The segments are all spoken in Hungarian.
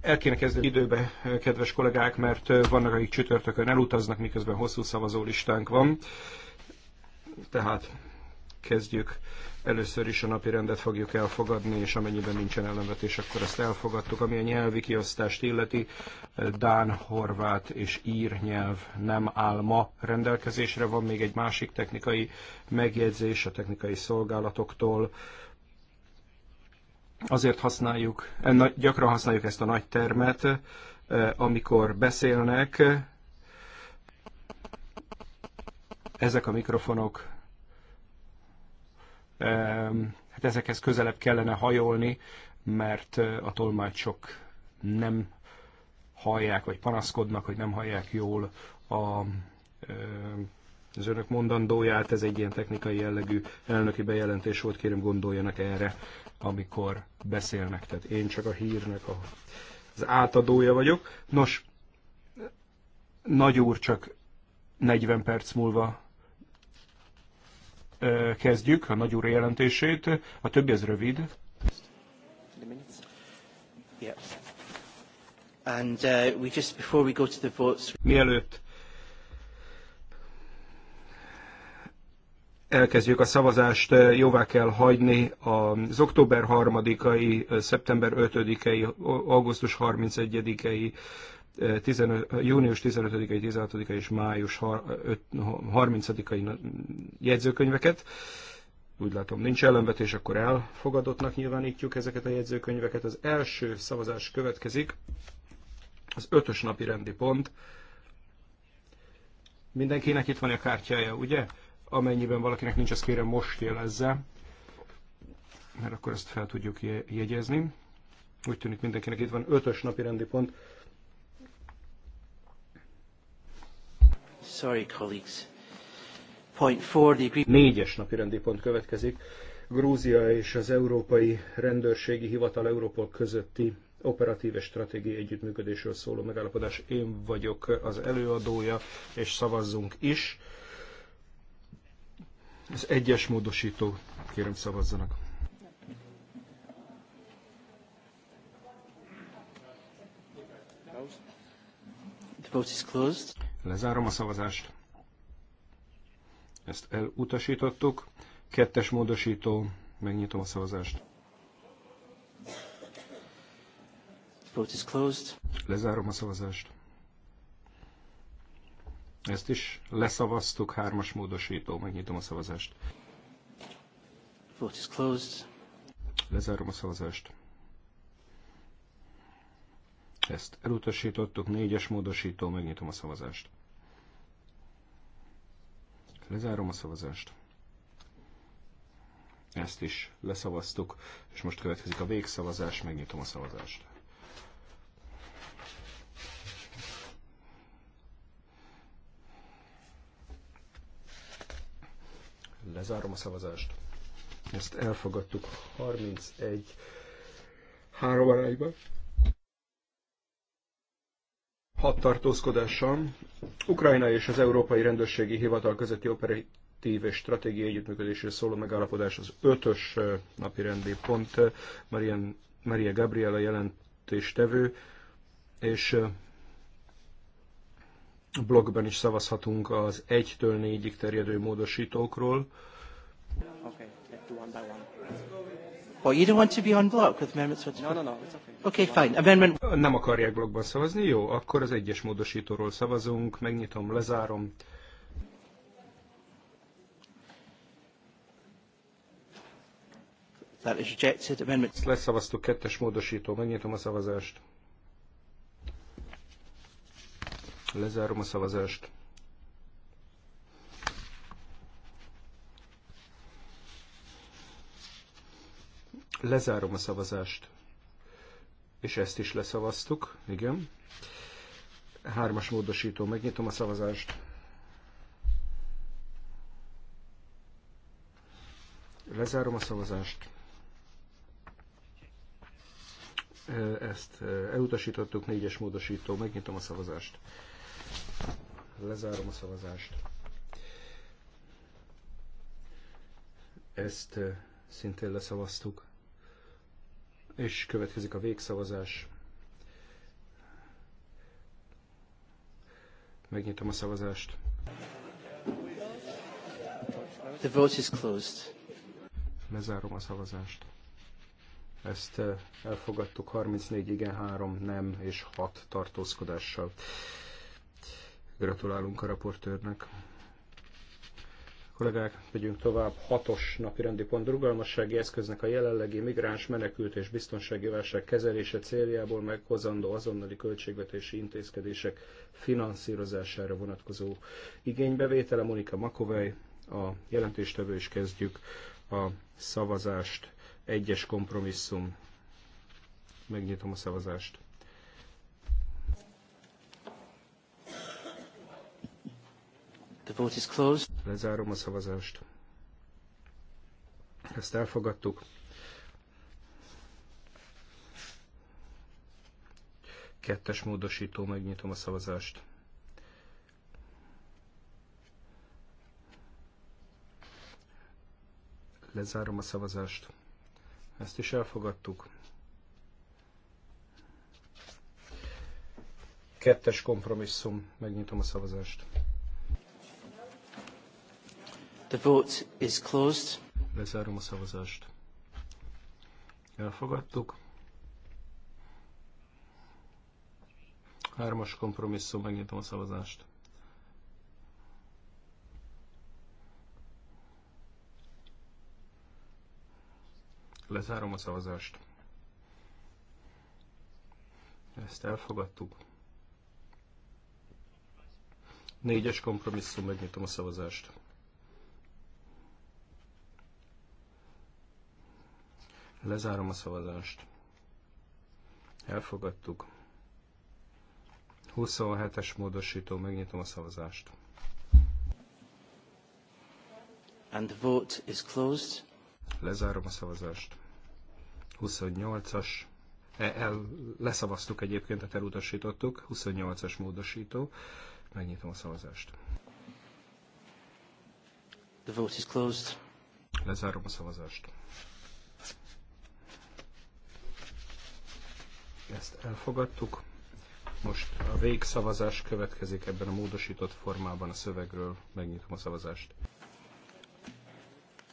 El kéne kezdeni időbe, kedves kollégák, mert vannak, akik csütörtökön elutaznak, miközben hosszú szavazólistánk van. Tehát kezdjük. Először is a napi rendet fogjuk elfogadni, és amennyiben nincsen ellenvetés, akkor ezt elfogadtuk. Ami a nyelvi kiosztást illeti, Dán, Horvát és Ír nyelv nem áll ma rendelkezésre. Van még egy másik technikai megjegyzés a technikai szolgálatoktól, Azért használjuk, e, gyakran használjuk ezt a nagy termet, e, amikor beszélnek, ezek a mikrofonok, e, hát ezekhez közelebb kellene hajolni, mert a tolmácsok nem hallják, vagy panaszkodnak, hogy nem hallják jól a az önök mondandóját, ez egy ilyen technikai jellegű elnöki bejelentés volt, kérem gondoljanak erre, amikor beszélnek. Tehát én csak a hírnek a, az átadója vagyok. Nos, nagy úr csak 40 perc múlva kezdjük a nagy úr jelentését, a többi ez rövid. Uh, Mielőtt elkezdjük a szavazást, jóvá kell hagyni az október 3-ai, szeptember 5-ei, augusztus 31-ei, 15, június 15-ai, 16-ai és május 30-ai jegyzőkönyveket. Úgy látom, nincs ellenvetés, akkor elfogadottnak nyilvánítjuk ezeket a jegyzőkönyveket. Az első szavazás következik, az ötös napi rendi pont. Mindenkinek itt van a kártyája, ugye? Amennyiben valakinek nincs, ezt kérem most jelezze, mert akkor ezt fel tudjuk jegyezni. Úgy tűnik mindenkinek itt van ötös napi rendi pont. Sorry, colleagues. Point four, the agreement. Négyes napi rendi pont következik. Grúzia és az Európai Rendőrségi Hivatal Európol közötti operatív és stratégiai együttműködésről szóló megállapodás. Én vagyok az előadója, és szavazzunk is. Az egyes módosító. Kérem szavazzanak. The vote is closed. Lezárom a szavazást. Ezt elutasítottuk. Kettes módosító. Megnyitom a szavazást. The vote is closed. Lezárom a szavazást. Ezt is leszavaztuk, hármas módosító. Megnyitom a szavazást. Vote is closed. Lezárom a szavazást. Ezt elutasítottuk, négyes módosító, megnyitom a szavazást. Lezárom a szavazást. Ezt is leszavaztuk, és most következik a végszavazás, megnyitom a szavazást. Lezárom a szavazást. Ezt elfogadtuk 31 három arányban. Hat tartózkodással Ukrajna és az Európai Rendőrségi Hivatal közötti operatív és stratégiai együttműködésről szóló megállapodás az ötös napi rendi pont. Marian, Maria Gabriela jelentéstevő, és blogban is szavazhatunk az 1-től 4-ig terjedő módosítókról. one. fine. Amendment... Nem akarják blogban szavazni? Jó, akkor az egyes módosítóról szavazunk. Megnyitom, lezárom. That is rejected. Amendment... Leszavaztuk kettes módosító. Megnyitom a szavazást. Lezárom a szavazást. Lezárom a szavazást. És ezt is leszavaztuk, igen. Hármas módosító, megnyitom a szavazást. Lezárom a szavazást. Ezt elutasítottuk, négyes módosító, megnyitom a szavazást. Lezárom a szavazást. Ezt szintén leszavaztuk. És következik a végszavazás. Megnyitom a szavazást. The vote is closed. Lezárom a szavazást. Ezt elfogadtuk 34 igen, 3 nem és 6 tartózkodással. Gratulálunk a raportőrnek. Kollégák, megyünk tovább. Hatos napi rendi pont rugalmassági eszköznek a jelenlegi migráns menekült és biztonsági válság kezelése céljából meghozandó azonnali költségvetési intézkedések finanszírozására vonatkozó igénybevétele. Monika Makovej, a jelentéstevő is kezdjük a szavazást. Egyes kompromisszum. Megnyitom a szavazást. The vote is closed. Lezárom a szavazást. Ezt elfogadtuk. Kettes módosító, megnyitom a szavazást. Lezárom a szavazást. Ezt is elfogadtuk. Kettes kompromisszum, megnyitom a szavazást. The vote is closed. Lezárom a szavazást. Elfogadtuk. Hármas kompromisszum, megnyitom a szavazást. Lezárom a szavazást. Ezt elfogadtuk. Négyes kompromisszum, megnyitom a szavazást. Lezárom a szavazást. Elfogadtuk. 27-es módosító, megnyitom a szavazást. And the vote is closed. Lezárom a szavazást. 28-as. E, el, leszavaztuk egyébként, tehát elutasítottuk. 28-as módosító. Megnyitom a szavazást. The vote is closed. Lezárom a szavazást. ezt elfogadtuk. Most a végszavazás következik ebben a módosított formában a szövegről. Megnyitom a szavazást.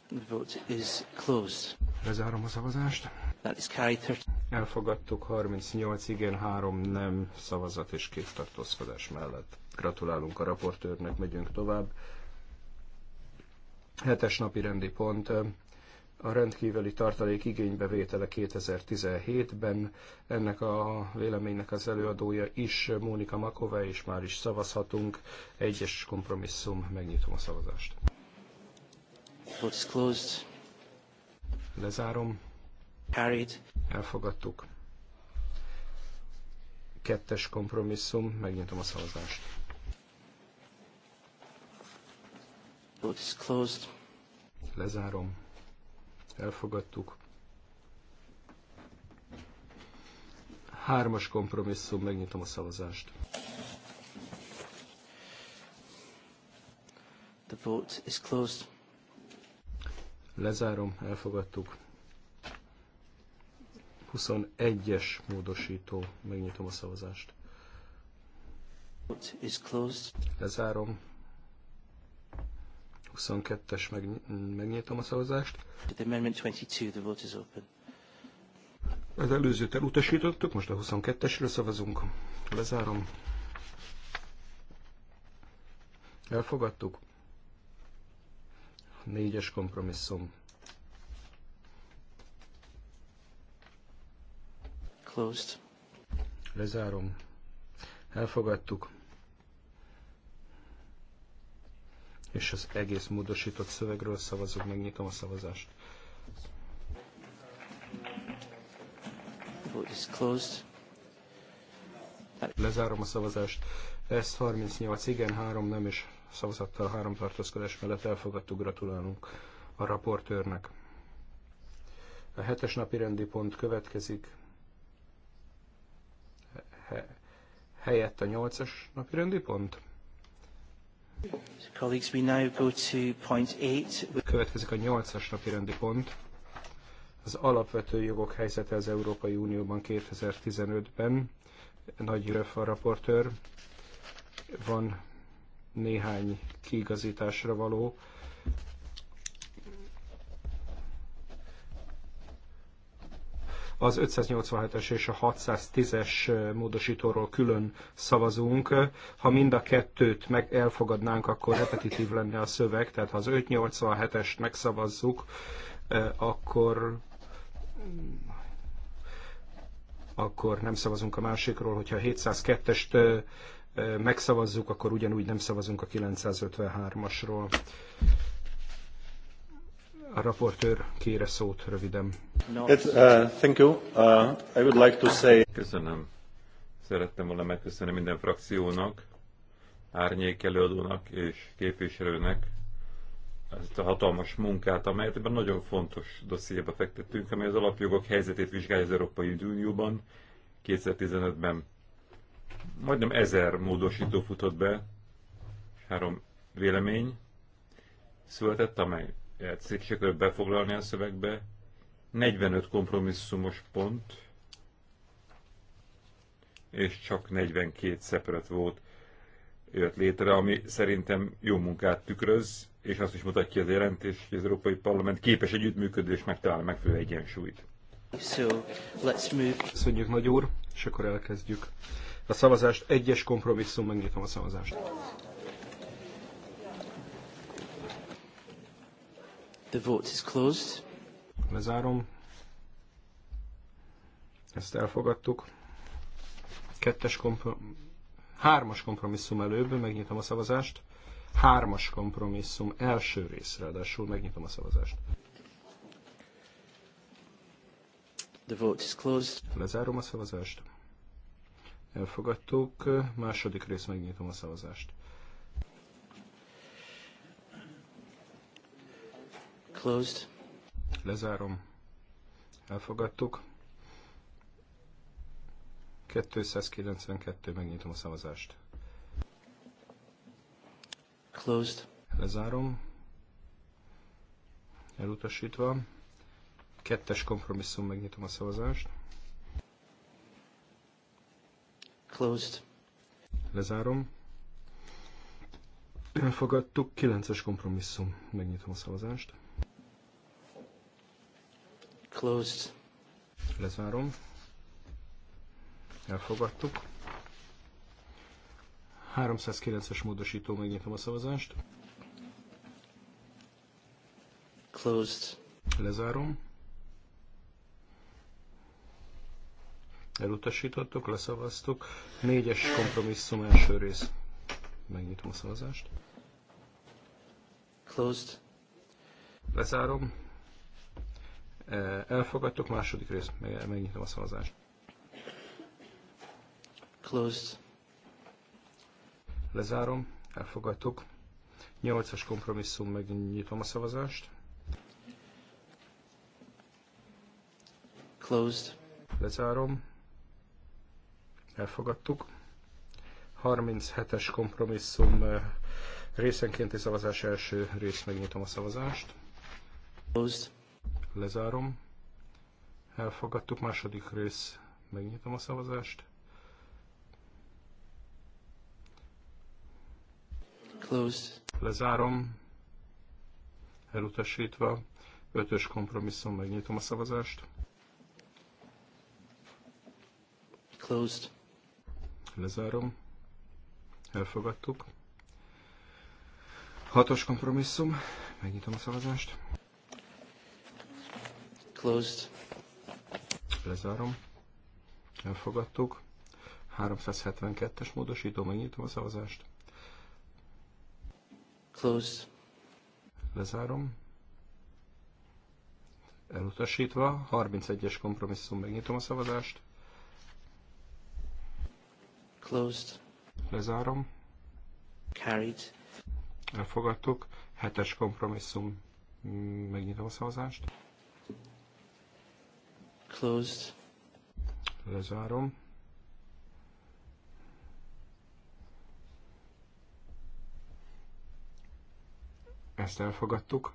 The vote is closed. Lezárom a szavazást. That is carried Elfogadtuk 38 igen, 3 nem szavazat és két tartózkodás mellett. Gratulálunk a raportőrnek, megyünk tovább. Hetes napi rendi pont a rendkívüli tartalék igénybevétele 2017-ben. Ennek a véleménynek az előadója is Mónika Makova, és már is szavazhatunk. Egyes kompromisszum, megnyitom a szavazást. Vote's closed. Lezárom. Carried. Elfogadtuk. Kettes kompromisszum, megnyitom a szavazást. Vote's closed. Lezárom elfogadtuk. Hármas kompromisszum, megnyitom a szavazást. The vote is closed. Lezárom, elfogadtuk. 21-es módosító, megnyitom a szavazást. Vote is closed. Lezárom, 22-es, meg, megnyitom a szavazást. Amendment 22, the vote is open. Az előzőt elutasítottuk, most a 22-esről szavazunk. Lezárom. Elfogadtuk. Négyes kompromisszum. Closed. Lezárom. Elfogadtuk. és az egész módosított szövegről szavazok megnyitom a szavazást. Lezárom a szavazást. Ez 38 igen, 3 nem, és szavazattal három tartózkodás mellett elfogadtuk, gratulálunk a raportőrnek. A hetes napi rendi pont következik, helyett a nyolcas napi rendi pont. Következik a nyolcas napi rendi pont. Az alapvető jogok helyzete az Európai Unióban 2015-ben. Nagy Röf a raportőr. Van néhány kiigazításra való az 587-es és a 610-es módosítóról külön szavazunk. Ha mind a kettőt meg elfogadnánk, akkor repetitív lenne a szöveg, tehát ha az 587-est megszavazzuk, eh, akkor akkor nem szavazunk a másikról, hogyha a 702-est eh, eh, megszavazzuk, akkor ugyanúgy nem szavazunk a 953-asról. A raportőr kére szót röviden. It, uh, thank you. Uh, I would like to say... Köszönöm. Szerettem volna megköszönni minden frakciónak, árnyék előadónak és képviselőnek ezt a hatalmas munkát, amelyet ebben nagyon fontos dossziéba fektettünk, amely az alapjogok helyzetét vizsgálja az Európai Unióban 2015-ben. Majdnem ezer módosító futott be, három vélemény született, amely játszik, sikerül befoglalni a szövegbe. 45 kompromisszumos pont, és csak 42 szeparat volt jött létre, ami szerintem jó munkát tükröz, és azt is mutatja az jelentés, hogy az Európai Parlament képes együttműködés megtalálni megfelelő egyensúlyt. So, let's move. Köszönjük, Nagy úr, és akkor elkezdjük. A szavazást egyes kompromisszum, megnyitom a szavazást. The vote is closed. Lezárom. Ezt elfogadtuk. Kettes kompromisszum. Hármas kompromisszum előbb, megnyitom a szavazást. Hármas kompromisszum első részre, ráadásul megnyitom a szavazást. The vote is closed. Lezárom a szavazást. Elfogadtuk. Második rész megnyitom a szavazást. Closed. Lezárom. Elfogadtuk. 292, megnyitom a szavazást. Closed. Lezárom. Elutasítva. Kettes kompromisszum, megnyitom a szavazást. Closed. Lezárom. Elfogadtuk. Kilences kompromisszum, megnyitom a szavazást. Closed. Lezárom. Elfogadtuk. 309-es módosító, megnyitom a szavazást. Closed. Lezárom. Elutasítottuk, leszavaztuk. Négyes kompromisszum első rész. Megnyitom a szavazást. Closed. Lezárom. Eh, elfogadtuk. Második részt? Megnyitom a szavazást. Closed. Lezárom. Elfogadtuk. Nyolcas kompromisszum. Megnyitom a szavazást. Closed. Lezárom. Elfogadtuk. 37-es kompromisszum eh, részenkénti szavazás első rész megnyitom a szavazást. Closed lezárom. Elfogadtuk, második rész, megnyitom a szavazást. Closed. Lezárom, elutasítva. Ötös kompromisszum, megnyitom a szavazást. Closed. Lezárom. Elfogadtuk. Hatos kompromisszum. Megnyitom a szavazást. Closed. Lezárom. Elfogadtuk. 372-es módosító, megnyitom a szavazást. Closed. Lezárom. Elutasítva. 31-es kompromisszum, megnyitom a szavazást. Closed. Lezárom. Carried. Elfogadtuk. Hetes kompromisszum. Megnyitom a szavazást closed. Lezárom. Ezt elfogadtuk.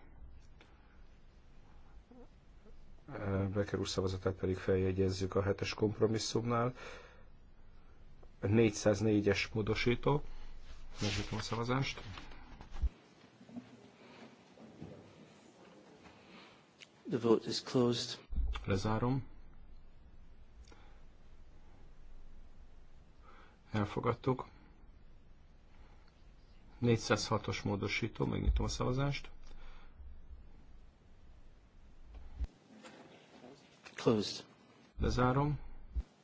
Bekerül úr szavazatát pedig feljegyezzük a hetes kompromisszumnál. 404-es módosító. Megnyitom a szavazást. The vote is closed. Lezárom. elfogadtuk. 406-os módosító, megnyitom a szavazást. Closed. Lezárom.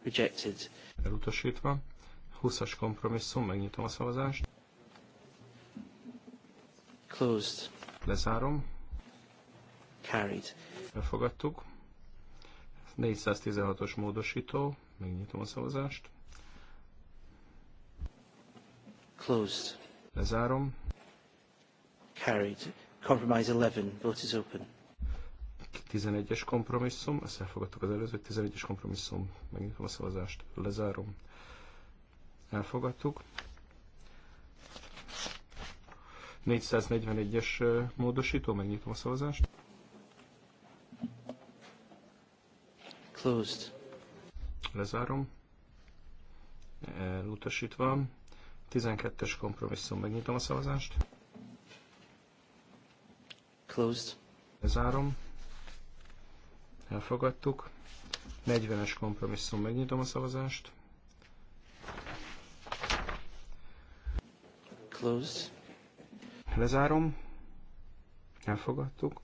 Rejected. Elutasítva. 20-as kompromisszum, megnyitom a szavazást. Closed. Lezárom. Carried. Elfogadtuk. 416-os módosító, megnyitom a szavazást. Closed. Lezárom. Carried. Compromise 11. Vote is open. 11-es kompromisszum, ezt elfogadtuk az előző, 11-es kompromisszum, megnyitom a szavazást, lezárom. Elfogadtuk. 441-es módosító, megnyitom a szavazást. Closed. Lezárom. Elutasítva. 12-es kompromisszum. Megnyitom a szavazást. Closed. Lezárom. Elfogadtuk. 40-es kompromisszum. Megnyitom a szavazást. Closed. Lezárom. Elfogadtuk.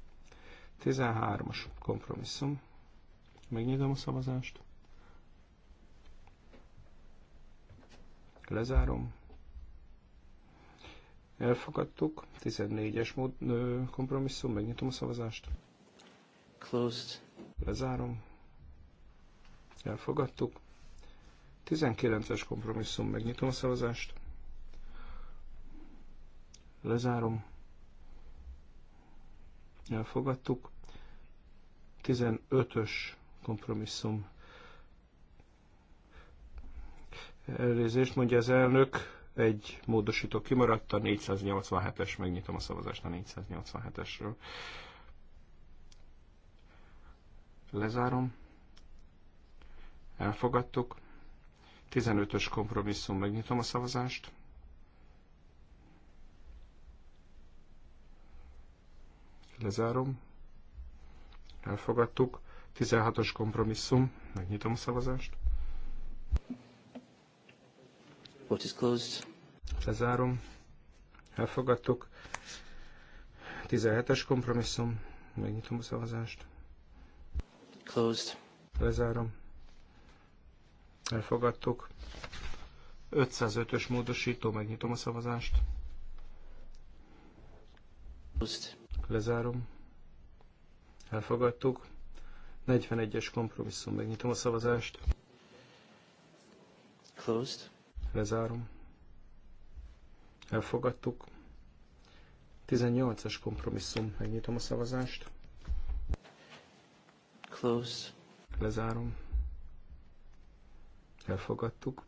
13-as kompromisszum. Megnyitom a szavazást. Lezárom. Elfogadtuk. 14-es mód, ö, kompromisszum. Megnyitom a szavazást. Closed. Lezárom. Elfogadtuk. 19-es kompromisszum. Megnyitom a szavazást. Lezárom. Elfogadtuk. 15-ös kompromisszum. Elnézést mondja az elnök egy módosító kimaradt, a 487-es, megnyitom a szavazást a 487-esről. Lezárom. Elfogadtuk. 15-ös kompromisszum, megnyitom a szavazást. Lezárom. Elfogadtuk. 16-os kompromisszum, megnyitom a szavazást is closed. Lezárom. Elfogadtuk. 17-es kompromisszum. Megnyitom a szavazást. Closed. Lezárom. Elfogadtuk. 505-ös módosító. Megnyitom a szavazást. Closed. Lezárom. Elfogadtuk. 41-es kompromisszum. Megnyitom a szavazást. Closed lezárom, elfogadtuk. 18-as kompromisszum, megnyitom a szavazást. Close. Lezárom. Elfogadtuk.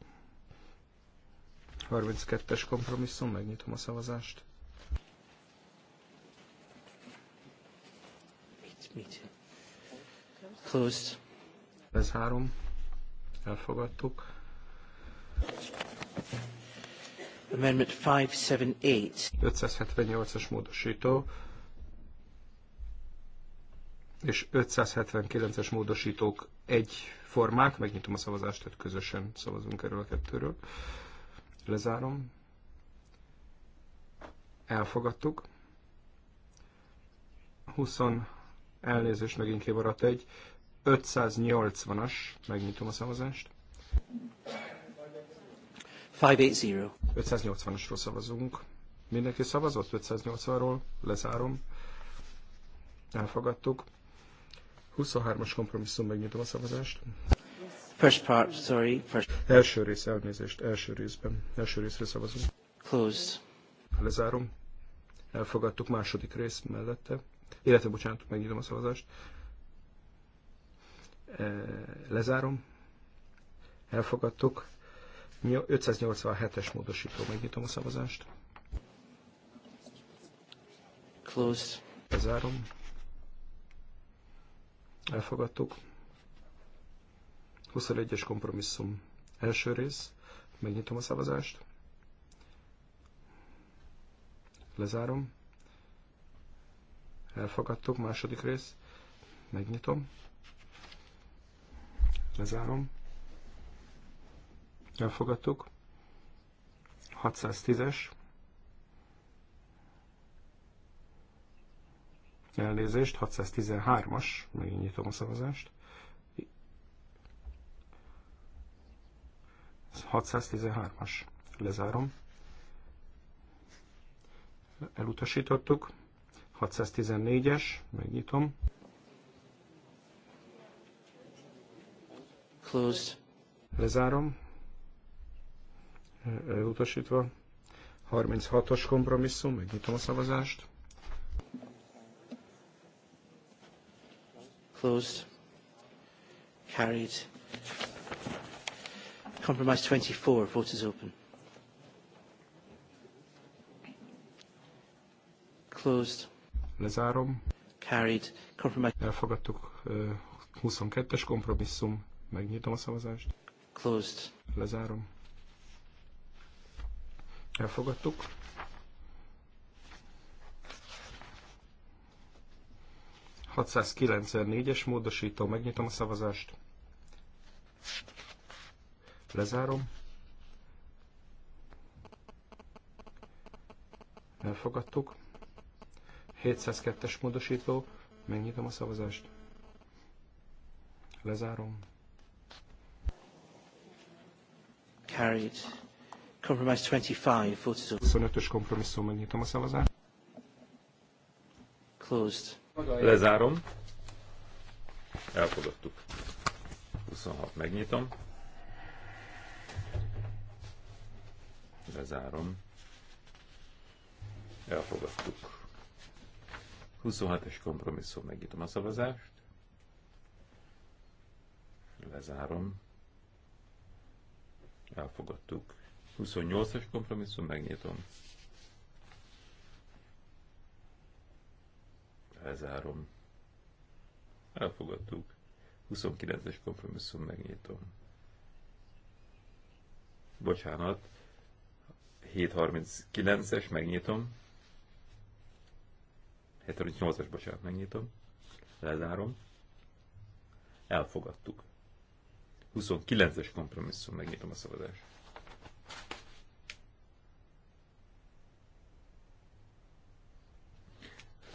32-es kompromisszum, megnyitom a szavazást. Close. Ez három. Elfogadtuk. Amendment 578. 578-as módosító és 579-es módosítók formák. Megnyitom a szavazást, tehát közösen szavazunk erről a kettőről. Lezárom. Elfogadtuk. 20 elnézés megint kivaradt egy. 580-as. Megnyitom a szavazást. 580. 580-asról szavazunk. Mindenki szavazott 580-ról, lezárom. Elfogadtuk. 23-as kompromisszum, megnyitom a szavazást. First part, sorry. First. Első rész, elnézést, első részben. Első részre szavazunk. Closed. Lezárom. Elfogadtuk második rész mellette. Illetve, bocsánat, megnyitom a szavazást. E, lezárom. Elfogadtuk. 587-es módosító. Megnyitom a szavazást. Closed. Bezárom. Elfogadtuk. 21-es kompromisszum. Első rész. Megnyitom a szavazást. Lezárom. Elfogadtuk. Második rész. Megnyitom. Lezárom elfogadtuk. 610-es, elnézést, 613-as, megint nyitom a szavazást. 613-as, lezárom. Elutasítottuk. 614-es, megnyitom. Closed. Lezárom elutasítva. 36-os kompromisszum, megnyitom a szavazást. Closed. Carried. Compromise 24, vote is open. Closed. Lezárom. Carried. Compromise. Elfogadtuk 22-es kompromisszum. Megnyitom a szavazást. Closed. Lezárom Elfogadtuk. es módosító, megnyitom a szavazást. Lezárom. Elfogadtuk. 702-es módosító, megnyitom a szavazást. Lezárom. Carried. Compromise 25, 25-ös kompromisszum, megnyitom a szavazást. Closed. Lezárom. Elfogadtuk. 26 megnyitom. Lezárom. Elfogadtuk. 26-es kompromisszum, megnyitom a szavazást. Lezárom. Elfogadtuk. 28-as kompromisszum, megnyitom. Lezárom. Elfogadtuk. 29-es kompromisszum, megnyitom. Bocsánat. 7.39-es, megnyitom. 7.38-as, bocsánat, megnyitom. Lezárom. Elfogadtuk. 29-es kompromisszum, megnyitom a szavazást.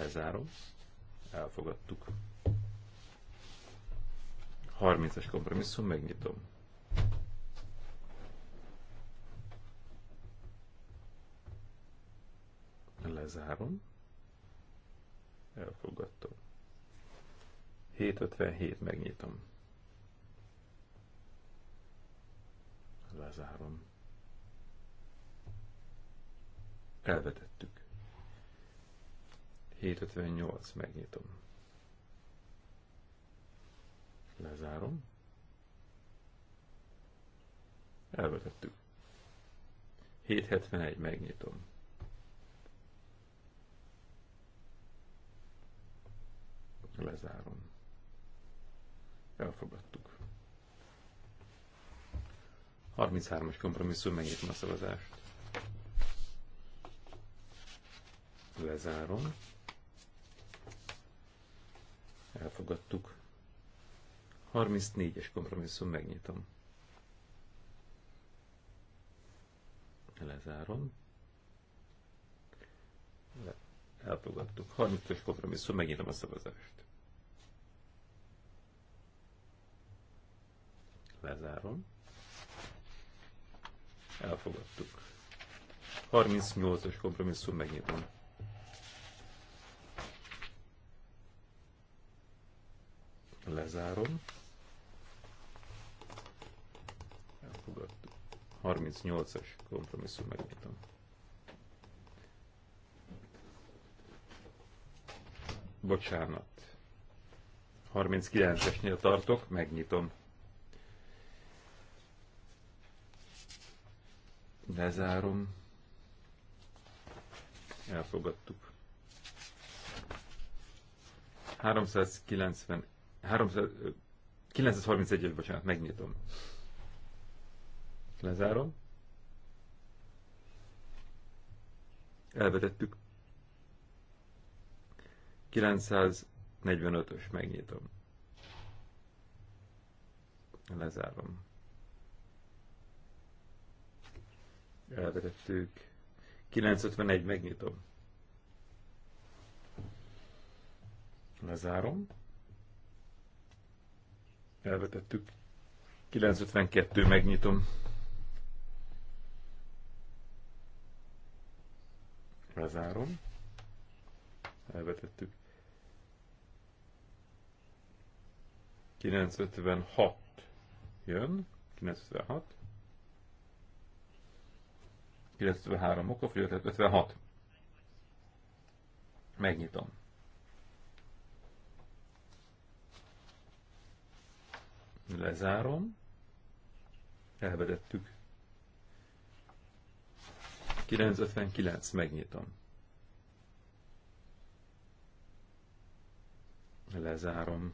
Lezárom. Elfogadtuk. 30-as kompromisszum, megnyitom. Lezárom. Elfogadtam. 757, megnyitom. Lezárom. Elvetett. 758, megnyitom. Lezárom. Elvetettük. 771, megnyitom. Lezárom. Elfogadtuk. 33-as kompromisszum, megnyitom a szavazást. Lezárom. Elfogadtuk. 34-es kompromisszum megnyitom. Lezárom. Elfogadtuk. 35-ös kompromisszum, megnyitom a szavazást. Lezárom. Elfogadtuk. 38-os kompromisszum, megnyitom. Lezárom. Elfogadtuk. 38-as kompromisszum megnyitom. Bocsánat. 39-esnél tartok, megnyitom. Lezárom. Elfogadtuk. 931-es, bocsánat, megnyitom. Lezárom. Elvetettük. 945-ös, megnyitom. Lezárom. Elvetettük. 951, megnyitom. Lezárom. Elvetettük. 952 megnyitom. Lezárom. Elvetettük. 956 jön. 956. 953 okafogyott, 56. Megnyitom. Lezárom. Elvedettük. 959, megnyitom. Lezárom.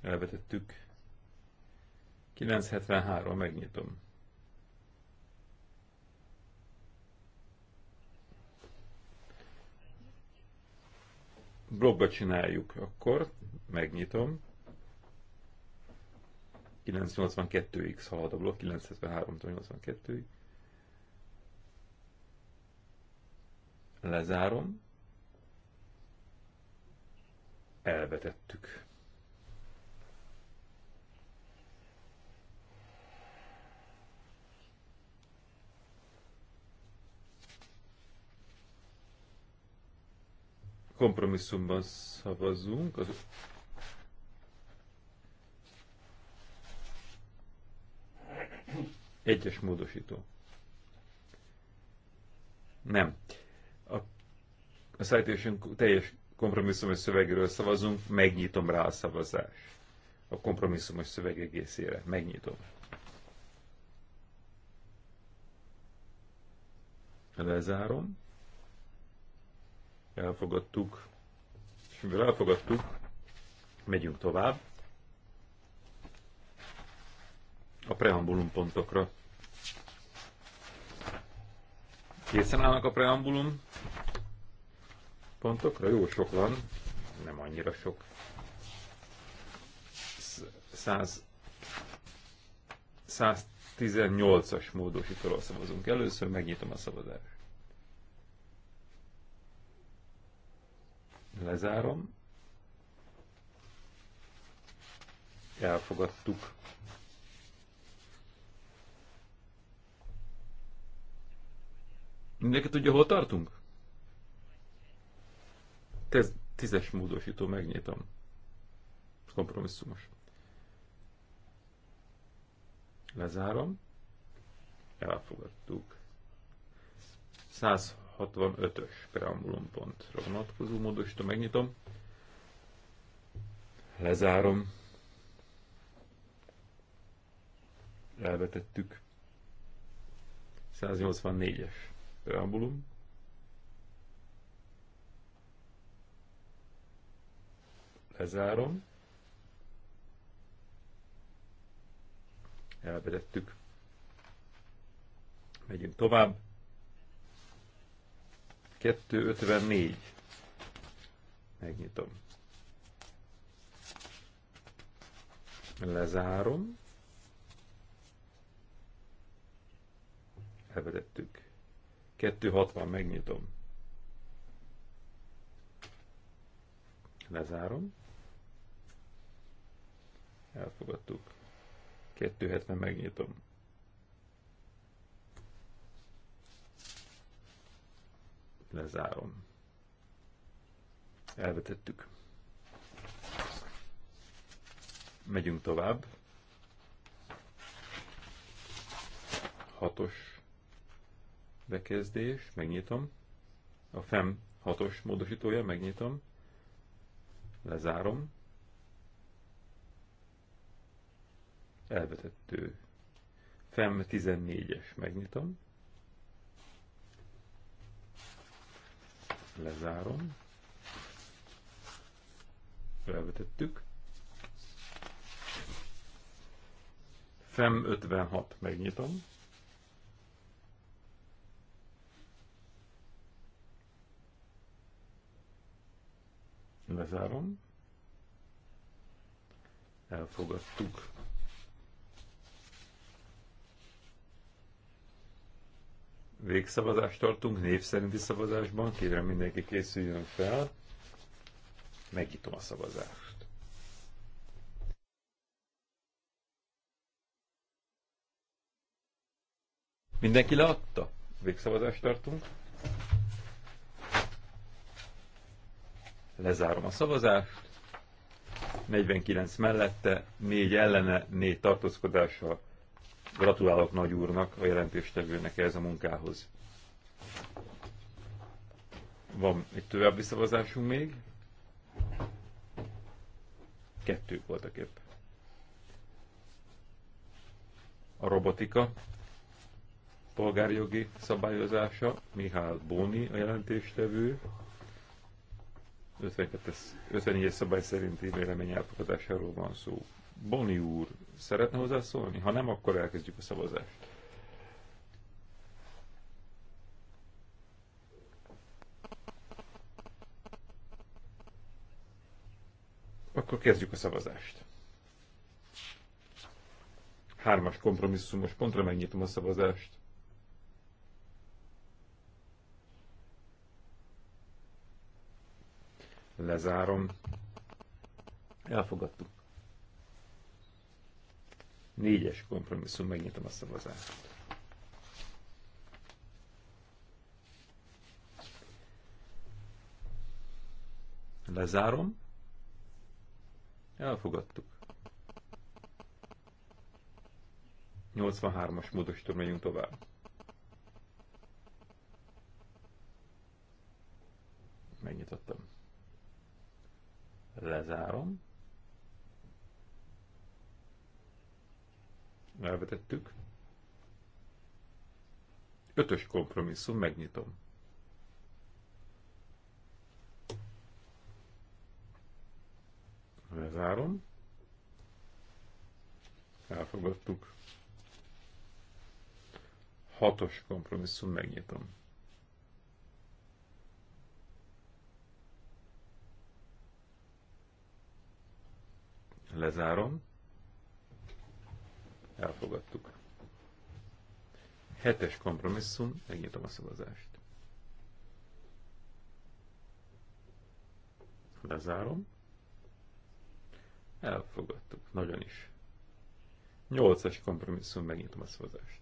Elvetettük. 973, megnyitom. blogba csináljuk akkor, megnyitom. 982-ig szalad a blog, 983 82-ig. Lezárom. Elvetettük. kompromisszumban szavazzunk. Az... Egyes módosító. Nem. A, a citation teljes kompromisszumos szövegéről szavazunk, megnyitom rá a szavazást. A kompromisszumos szöveg egészére. Megnyitom. Lezárom elfogadtuk, és mivel elfogadtuk, megyünk tovább a preambulum pontokra. Készen állnak a preambulum pontokra? Jó sok van, nem annyira sok. 100, 118-as módosítóról szavazunk. Először megnyitom a szavazást. Lezárom. Elfogadtuk. Mindenki tudja, hol tartunk? Tez, tízes módosító, megnyitom. Kompromisszumos. Lezárom. Elfogadtuk. 100 65-ös preambulum pontra vonatkozó módosító, megnyitom. Lezárom. Elvetettük. 184-es preambulum. Lezárom. Elvetettük. Megyünk tovább. 254. Megnyitom. Lezárom. Elvedettük. 260, megnyitom. Lezárom. Elfogadtuk. 270, megnyitom. Lezárom. Elvetettük. Megyünk tovább. Hatos bekezdés, megnyitom. A FEM hatos módosítója, megnyitom. Lezárom. Elvetettő. FEM 14-es, megnyitom Lezárom. Felvetettük. FEM 56 megnyitom. Lezárom. Elfogadtuk. végszavazást tartunk, név szerinti szavazásban. Kérem mindenki készüljön fel. Megnyitom a szavazást. Mindenki leadta? Végszavazást tartunk. Lezárom a szavazást. 49 mellette, 4 ellene, 4 tartózkodással Gratulálok nagy úrnak, a jelentéstevőnek ez a munkához. Van egy további szavazásunk még. Kettők voltak épp. A robotika polgárjogi szabályozása, Mihály Bóni a jelentéstevő, 52-es, 54-es szabály szerinti vélemény elfogadásáról van szó. Boni úr szeretne hozzászólni? Ha nem, akkor elkezdjük a szavazást. Akkor kezdjük a szavazást. Hármas kompromisszumos pontra megnyitom a szavazást. Lezárom. Elfogadtuk. Négyes kompromisszum, megnyitom a szavazást. Lezárom. Elfogadtuk. 83-as módosító megyünk tovább. Megnyitottam. Lezárom. elvetettük. Ötös kompromisszum, megnyitom. Lezárom. Elfogadtuk. Hatos kompromisszum, megnyitom. Lezárom elfogadtuk. Hetes kompromisszum, megnyitom a szavazást. Lezárom. Elfogadtuk, nagyon is. Nyolcas kompromisszum, megnyitom a szavazást.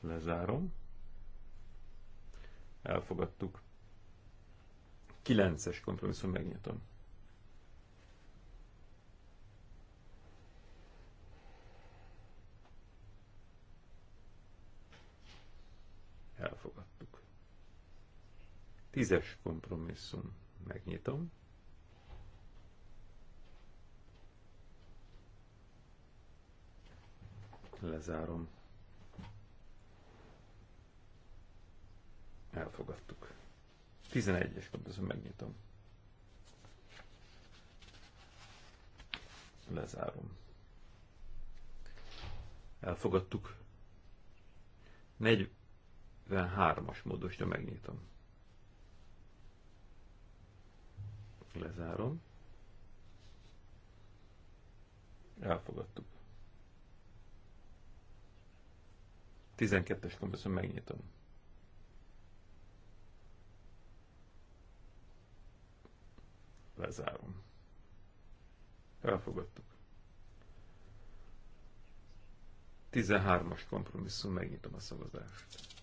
Lezárom. Elfogadtuk. Kilences kompromisszum, megnyitom. elfogadtuk. Tízes kompromisszum, megnyitom. Lezárom. Elfogadtuk. Tizenegyes kompromisszum, megnyitom. Lezárom. Elfogadtuk. 73-as módosra megnyitom. Lezárom. Elfogadtuk. 12-es kompresszor megnyitom. Lezárom. Elfogadtuk. 13-as kompromisszum, megnyitom a szavazást.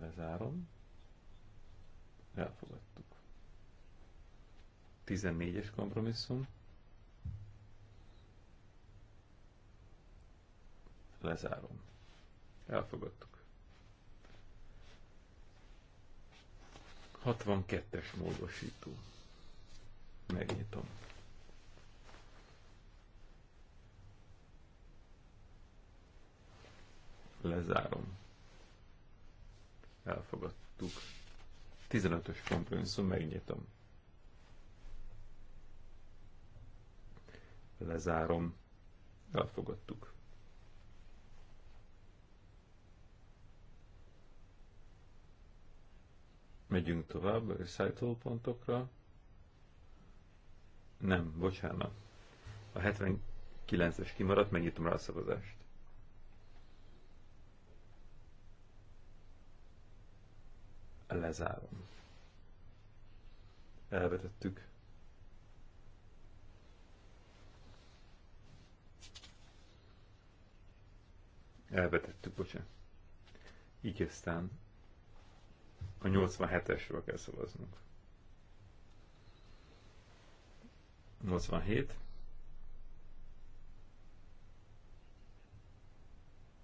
Lezárom. Elfogadtuk. 14-es kompromisszum. Lezárom. Elfogadtuk. 62-es módosító. Megnyitom. Lezárom elfogadtuk. 15-ös kompromisszum, megnyitom. Lezárom, elfogadtuk. Megyünk tovább a recital pontokra. Nem, bocsánat. A 79-es kimaradt, megnyitom rá a szavazást. Lezárom. Elvetettük. Elvetettük, bocsánat. Így aztán a 87-esről kell szavaznunk. 87.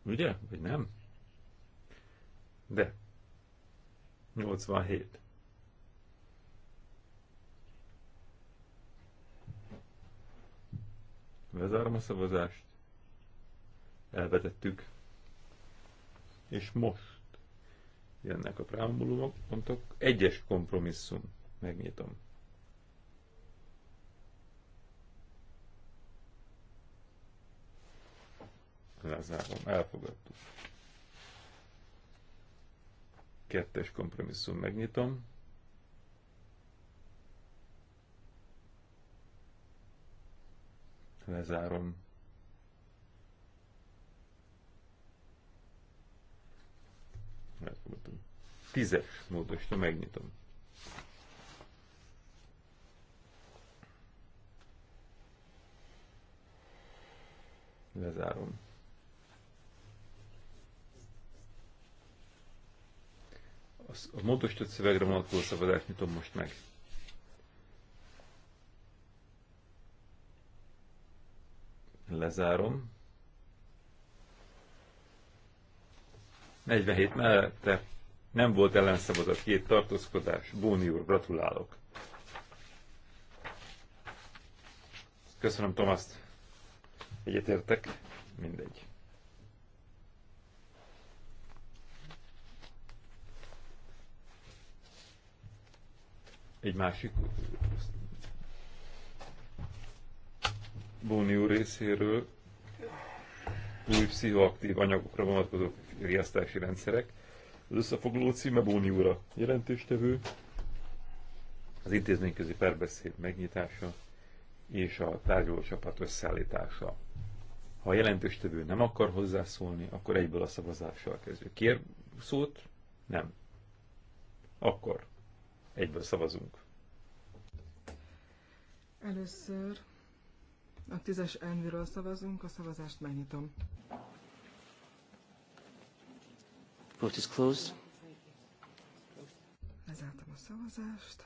Ugye? Vagy nem? De 87. Lezárom a szavazást. Elvetettük. És most jönnek a preambulumok, pontok egyes kompromisszum. Megnyitom. Lezárom. Elfogadtuk. Kettes kompromisszum megnyitom. Lezárom. Megmutatom. Tízes módosra megnyitom. Lezárom. A módosított szövegre vonatkozó szavazást nyitom most meg. Lezárom. 47 mellette nem volt ellenszavazat, két tartózkodás. Bóni úr, gratulálok. Köszönöm, Tomaszt. Egyetértek? Mindegy. egy másik Bóni úr részéről új pszichoaktív anyagokra vonatkozó riasztási rendszerek. Az összefoglaló címe Bóni a jelentéstevő, az intézményközi perbeszéd megnyitása és a tárgyaló összeállítása. Ha a jelentéstevő nem akar hozzászólni, akkor egyből a szavazással kezdjük. Kér szót? Nem. Akkor Egyből szavazunk. Először a tízes enviről szavazunk, a szavazást megnyitom. Vote is closed. Lezártam a szavazást.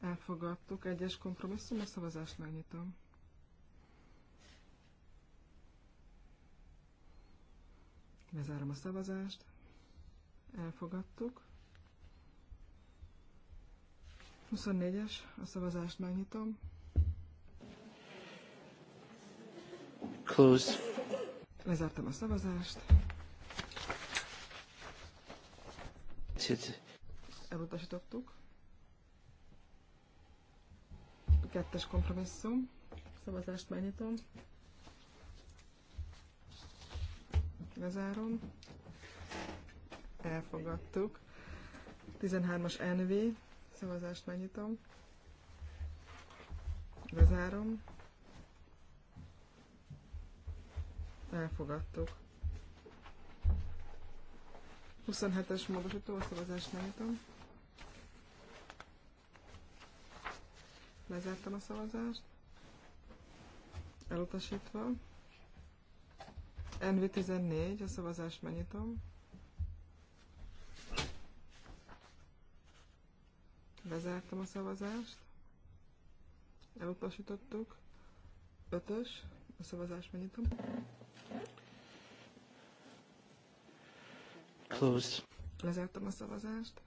Elfogadtuk. Egyes kompromisszum, a szavazást megnyitom. Lezárom a szavazást. Elfogadtuk. 24-es, a szavazást megnyitom. Close. Lezártam a szavazást. Elutasítottuk. A kettes kompromisszum. Szavazást megnyitom. Lezárom. Elfogadtuk. 13-as NV Szavazást megnyitom. Bezárom. Elfogadtuk. 27-es módosító, szavazást megnyitom. Lezártam a szavazást. Elutasítva. NV14, a szavazást megnyitom. Lezártam a szavazást. Elutasítottuk. Ötös. A szavazást megnyitom. Closed. Lezártam a szavazást.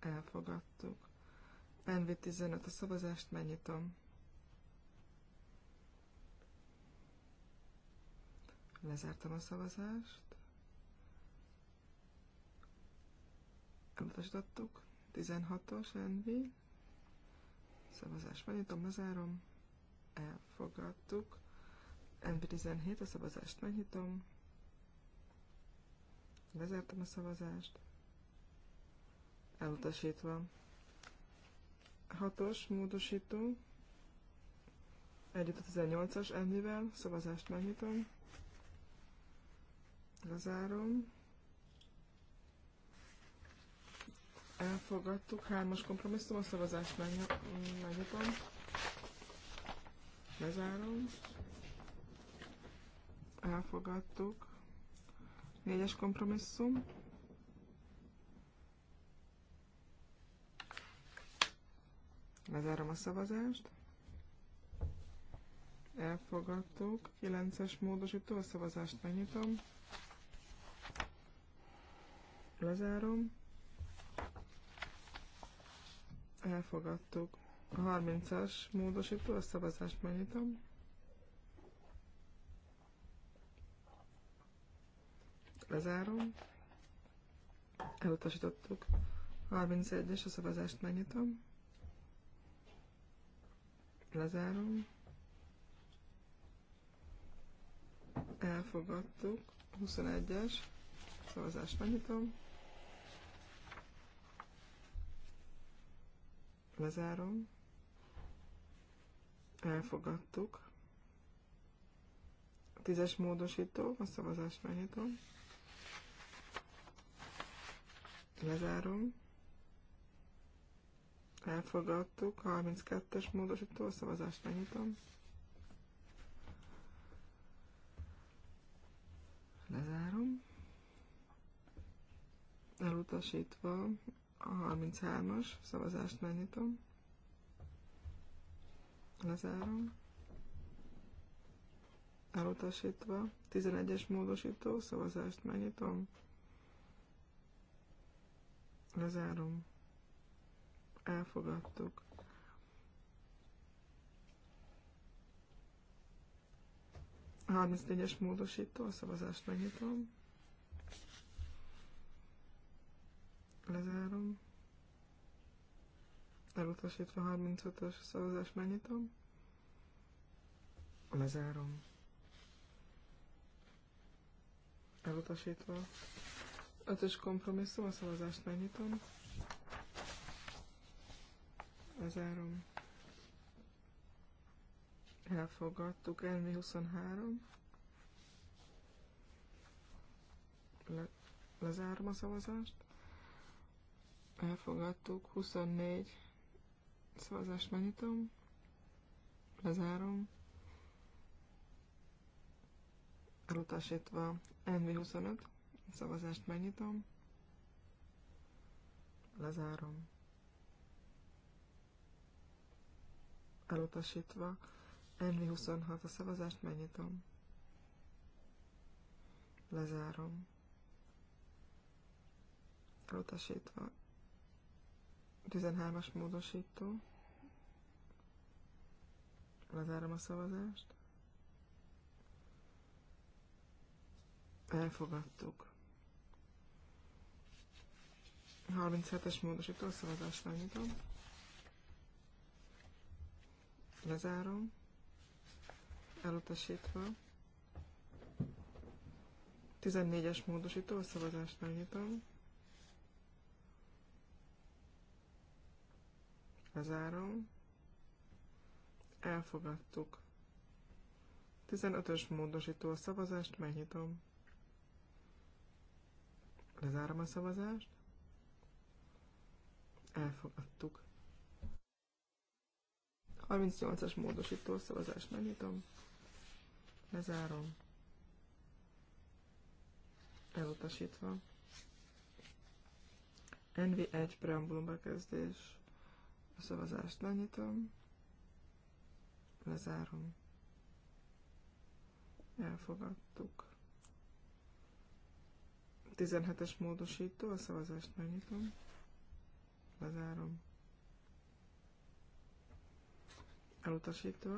Elfogadtuk. NV15 a szavazást megnyitom. Lezártam a szavazást. Elutasítottuk. 16-os NV. Szavazás megnyitom, lezárom. Elfogadtuk. NV17, a szavazást megnyitom. Lezártam a szavazást. Elutasítva. 6-os módosító. Együtt a 18-as ennivel. Szavazást megnyitom. Lezárom. elfogadtuk. Hármas kompromisszum, a szavazást megnyitom. Lezárom. Elfogadtuk. Négyes kompromisszum. Lezárom a szavazást. Elfogadtuk. Kilences módosító, a szavazást megnyitom. Lezárom elfogadtuk. A 30-as módosító, a szavazást megnyitom. Lezárom. Elutasítottuk. 31-es, a szavazást megnyitom. Lezárom. Elfogadtuk. 21-es, a szavazást megnyitom. Lezárom. Elfogadtuk. A tízes módosító, a szavazást megnyitom. Lezárom. Elfogadtuk. 32-es módosító, a szavazást megnyitom. Lezárom. Elutasítva a 33-as szavazást megnyitom. Lezárom. Elutasítva. 11-es módosító szavazást megnyitom. Lezárom. Elfogadtuk. A 34-es módosító szavazást megnyitom. Lezárom. Elutasítva 35-ös szavazást megnyitom. Lezárom. Elutasítva. 5-ös kompromisszum, a szavazást megnyitom. Lezárom. Elfogadtuk. Elmi 23. Le, lezárom a szavazást elfogadtuk, 24 szavazást megnyitom, lezárom, elutasítva NV25 szavazást megnyitom, lezárom, elutasítva NV26 a szavazást megnyitom, lezárom, elutasítva 13-as módosító. Lezárom a szavazást. Elfogadtuk. 37-es módosító szavazást megnyitom. Lezárom. Elutasítva. 14-es módosító szavazást megnyitom. Lezárom. Elfogadtuk. 15-ös módosító a szavazást, megnyitom. Lezárom a szavazást. Elfogadtuk. 38-as módosító szavazást megnyitom. Lezárom. Elutasítva. NV1 preambulum bekezdés. A szavazást lenyitom, Lezárom. Elfogadtuk. 17-es módosító, a szavazást megnyitom. Lezárom. Elutasítva.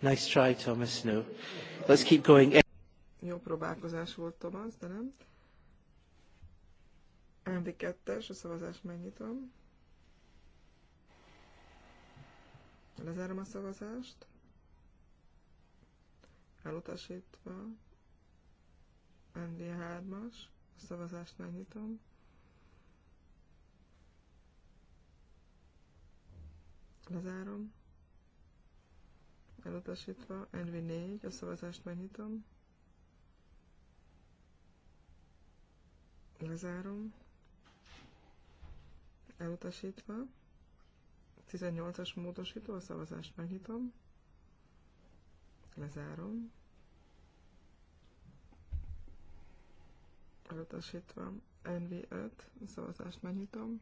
Nice try, Thomas. No. Let's keep going. Jó próbálkozás volt, Tomasz, de nem. Andy 2 es a szavazást megnyitom. Lezárom a szavazást. Elutasítva. Andy 3 as a szavazást megnyitom. Lezárom. Elutasítva. NV4, a szavazást megnyitom. Lezárom. Elutasítva. 18-as módosító, a szavazást megnyitom. Lezárom. Elutasítva. NV5, a szavazást megnyitom.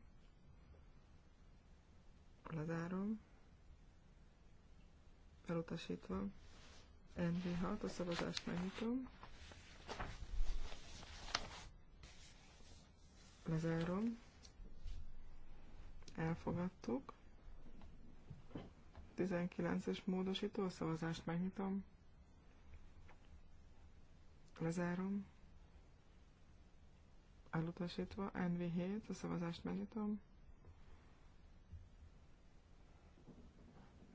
Lezárom. Elutasítva. NV6, a szavazást megnyitom. Lezárom. Elfogadtuk. 19-es módosító szavazást megnyitom. Lezárom. Elutasítva. NV7, a szavazást megnyitom.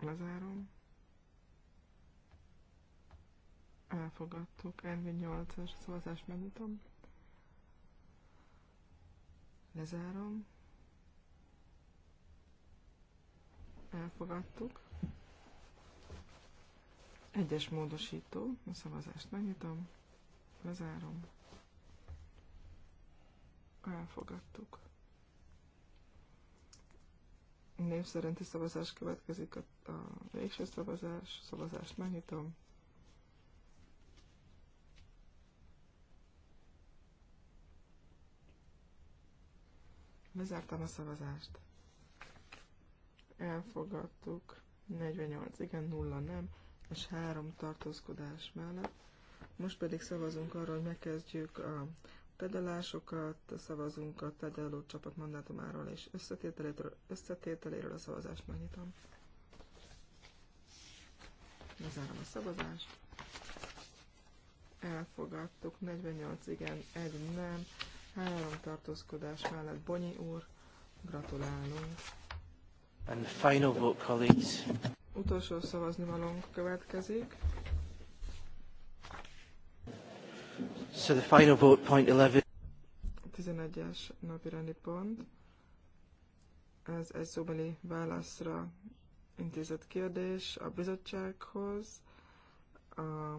Lezárom. Elfogadtuk. NV8-as szavazást megnyitom. Lezárom. Elfogadtuk. Egyes módosító. A szavazást megnyitom. Lezárom. Elfogadtuk. Név szerinti szavazás következik a, a végső szavazás. Szavazást megnyitom. Lezártam a szavazást. Elfogadtuk. 48 igen, 0 nem, és 3 tartózkodás mellett. Most pedig szavazunk arra, hogy megkezdjük a pedalásokat, szavazunk a pedaló csapat mandátumáról és összetételéről, összetételéről a szavazást megnyitom. Lezárom a szavazást. Elfogadtuk, 48 igen, 1 nem, Három tartózkodás mellett Bonyi úr, gratulálunk. And the final vote, colleagues. Utolsó szavazni következik. So the final vote, point 11. 11-es napi rendi pont. Ez egy szóbeli válaszra intézett kérdés a bizottsághoz. A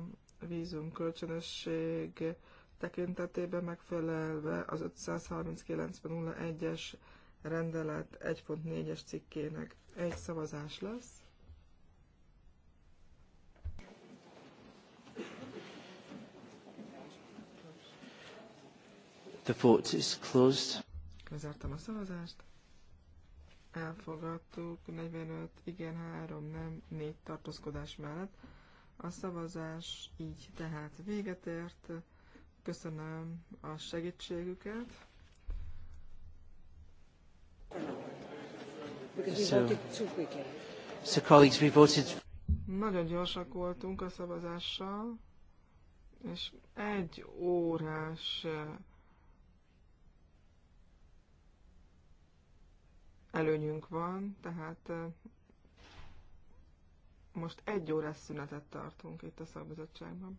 vízum kölcsönösség tekintetében megfelelve az 539.01-es rendelet 1.4-es cikkének egy szavazás lesz. The vote is closed. Lezártam a szavazást. Elfogadtuk 45, igen, 3, nem, 4 tartózkodás mellett. A szavazás így tehát véget ért köszönöm a segítségüket. So, so we voted... Nagyon gyorsak voltunk a szavazással, és egy órás eh, előnyünk van, tehát eh, most egy órás szünetet tartunk itt a szabadságban.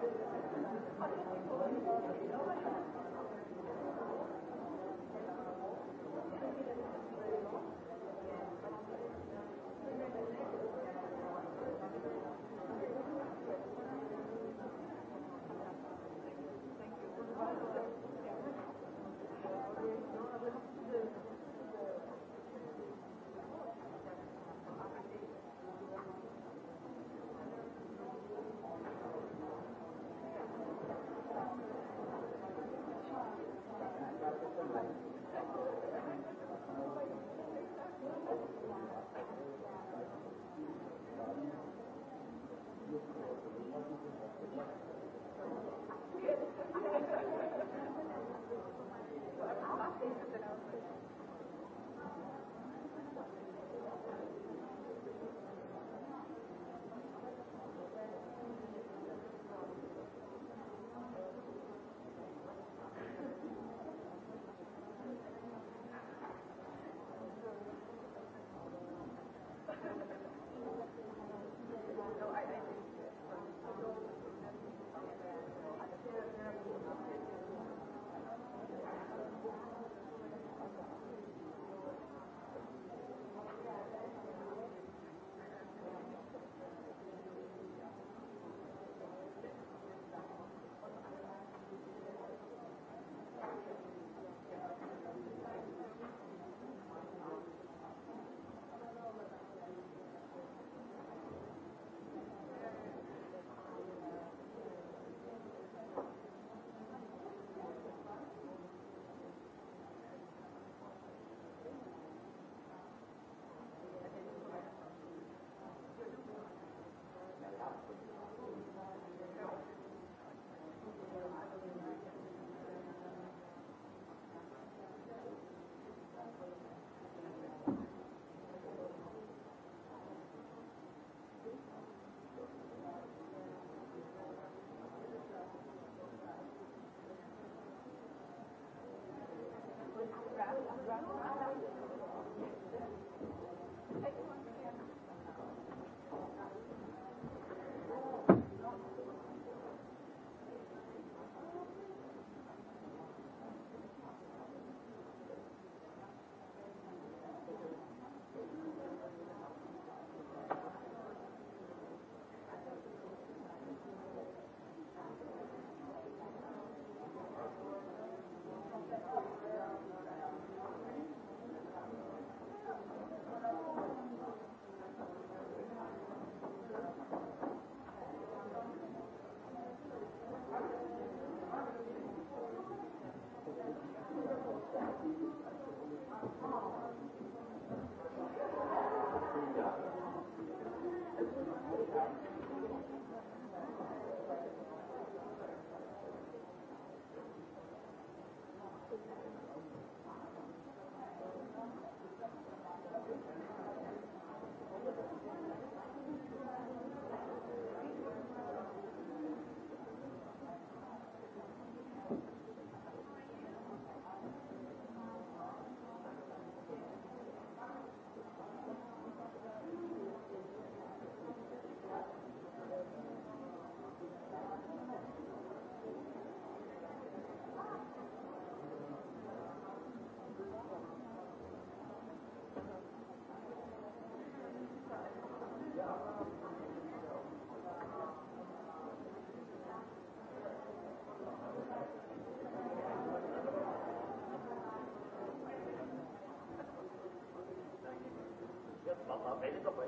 Thank you. 没这个本。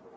Thank you.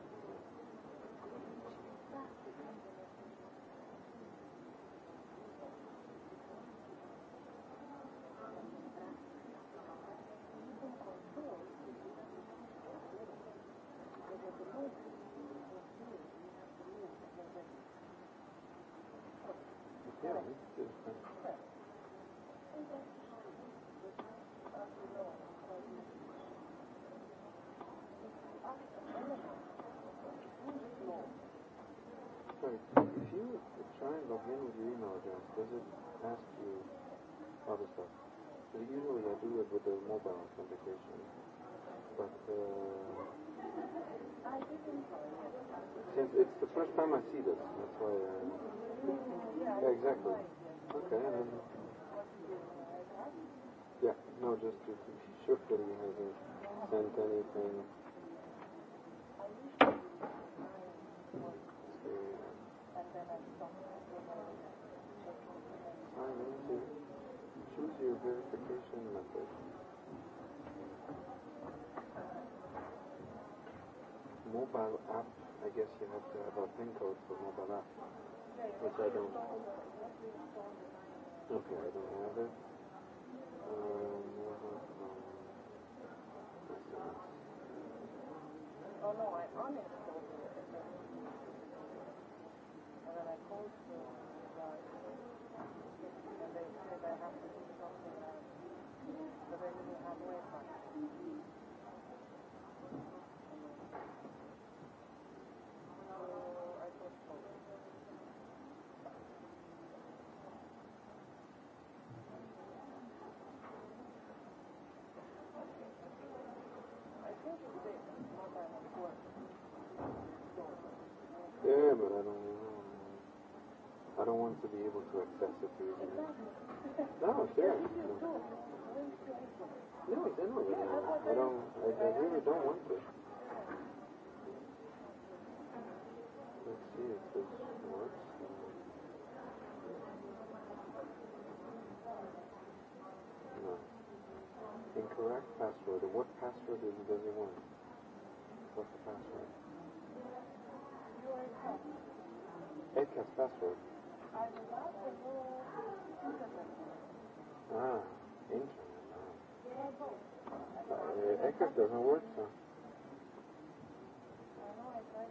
you try and log in with your email address, does it ask you other stuff? Because usually I do it with the mobile authentication. But uh, since it's the first time I see this, that's why. I, uh, yeah, exactly. Okay. Then, yeah. No, just to be sure that he hasn't sent anything. Thank you choose your verification method. Mobile app, I guess you have to have a PIN code for mobile app, which I don't. Okay, I don't have it. Um, oh no, I'm on it. And then I called, so, uh, and they said I have to correct password, and what password is it that you want? What's the password? Edcast password. Ah, internet. Ah. Uh, Edcast doesn't work, so. I I know, tried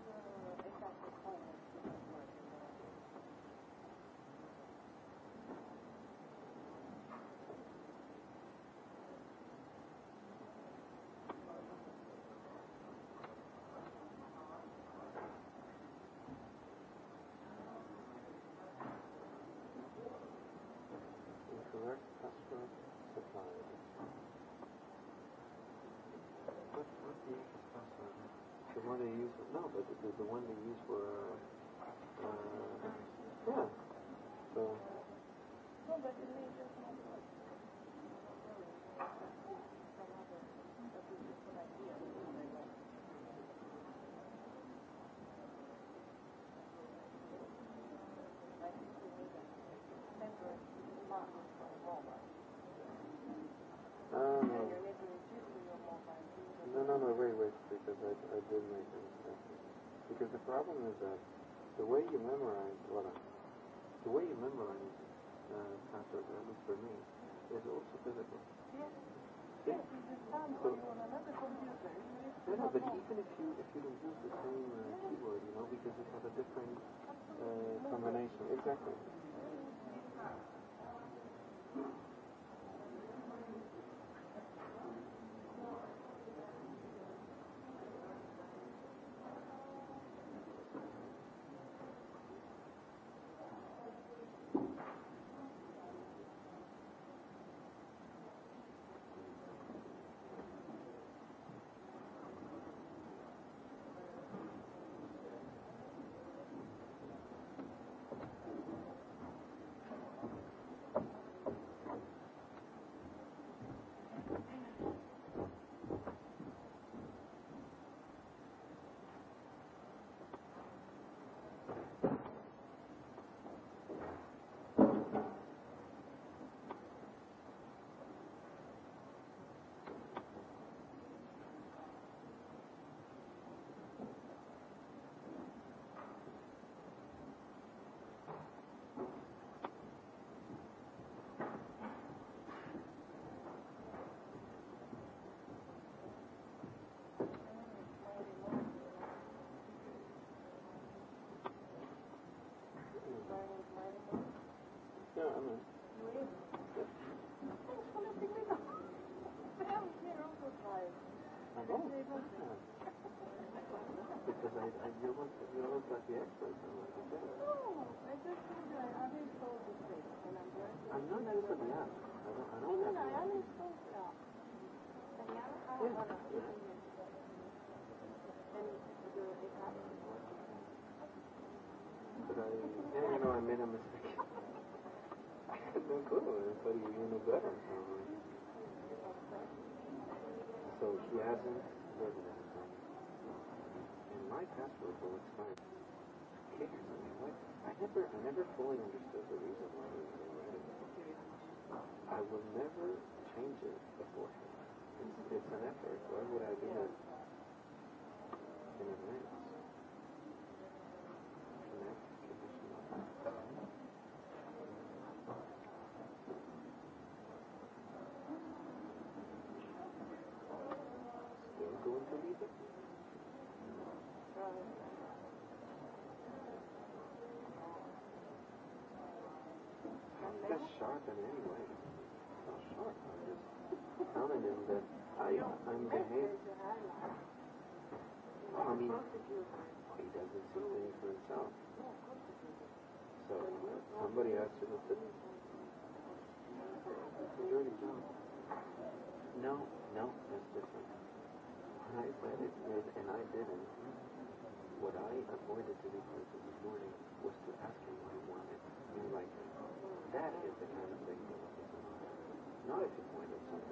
one they use for, no, but the, the one they use for, uh, uh, yeah. So. No, but it the major that the way you memorize, well, the way you memorize uh, at least for me, is also physical. Yes. Yeah. so, no, no, but even if you if you use the same uh, keyboard, you know, because it has a different uh, combination. Exactly. Yeah. You you better. So, she hasn't learned it my password will expire. Kick him, I mean, what? I never, I never fully understood the reason why we were writing I will never change it beforehand. It's, it's an effort. Why would I do it in advance?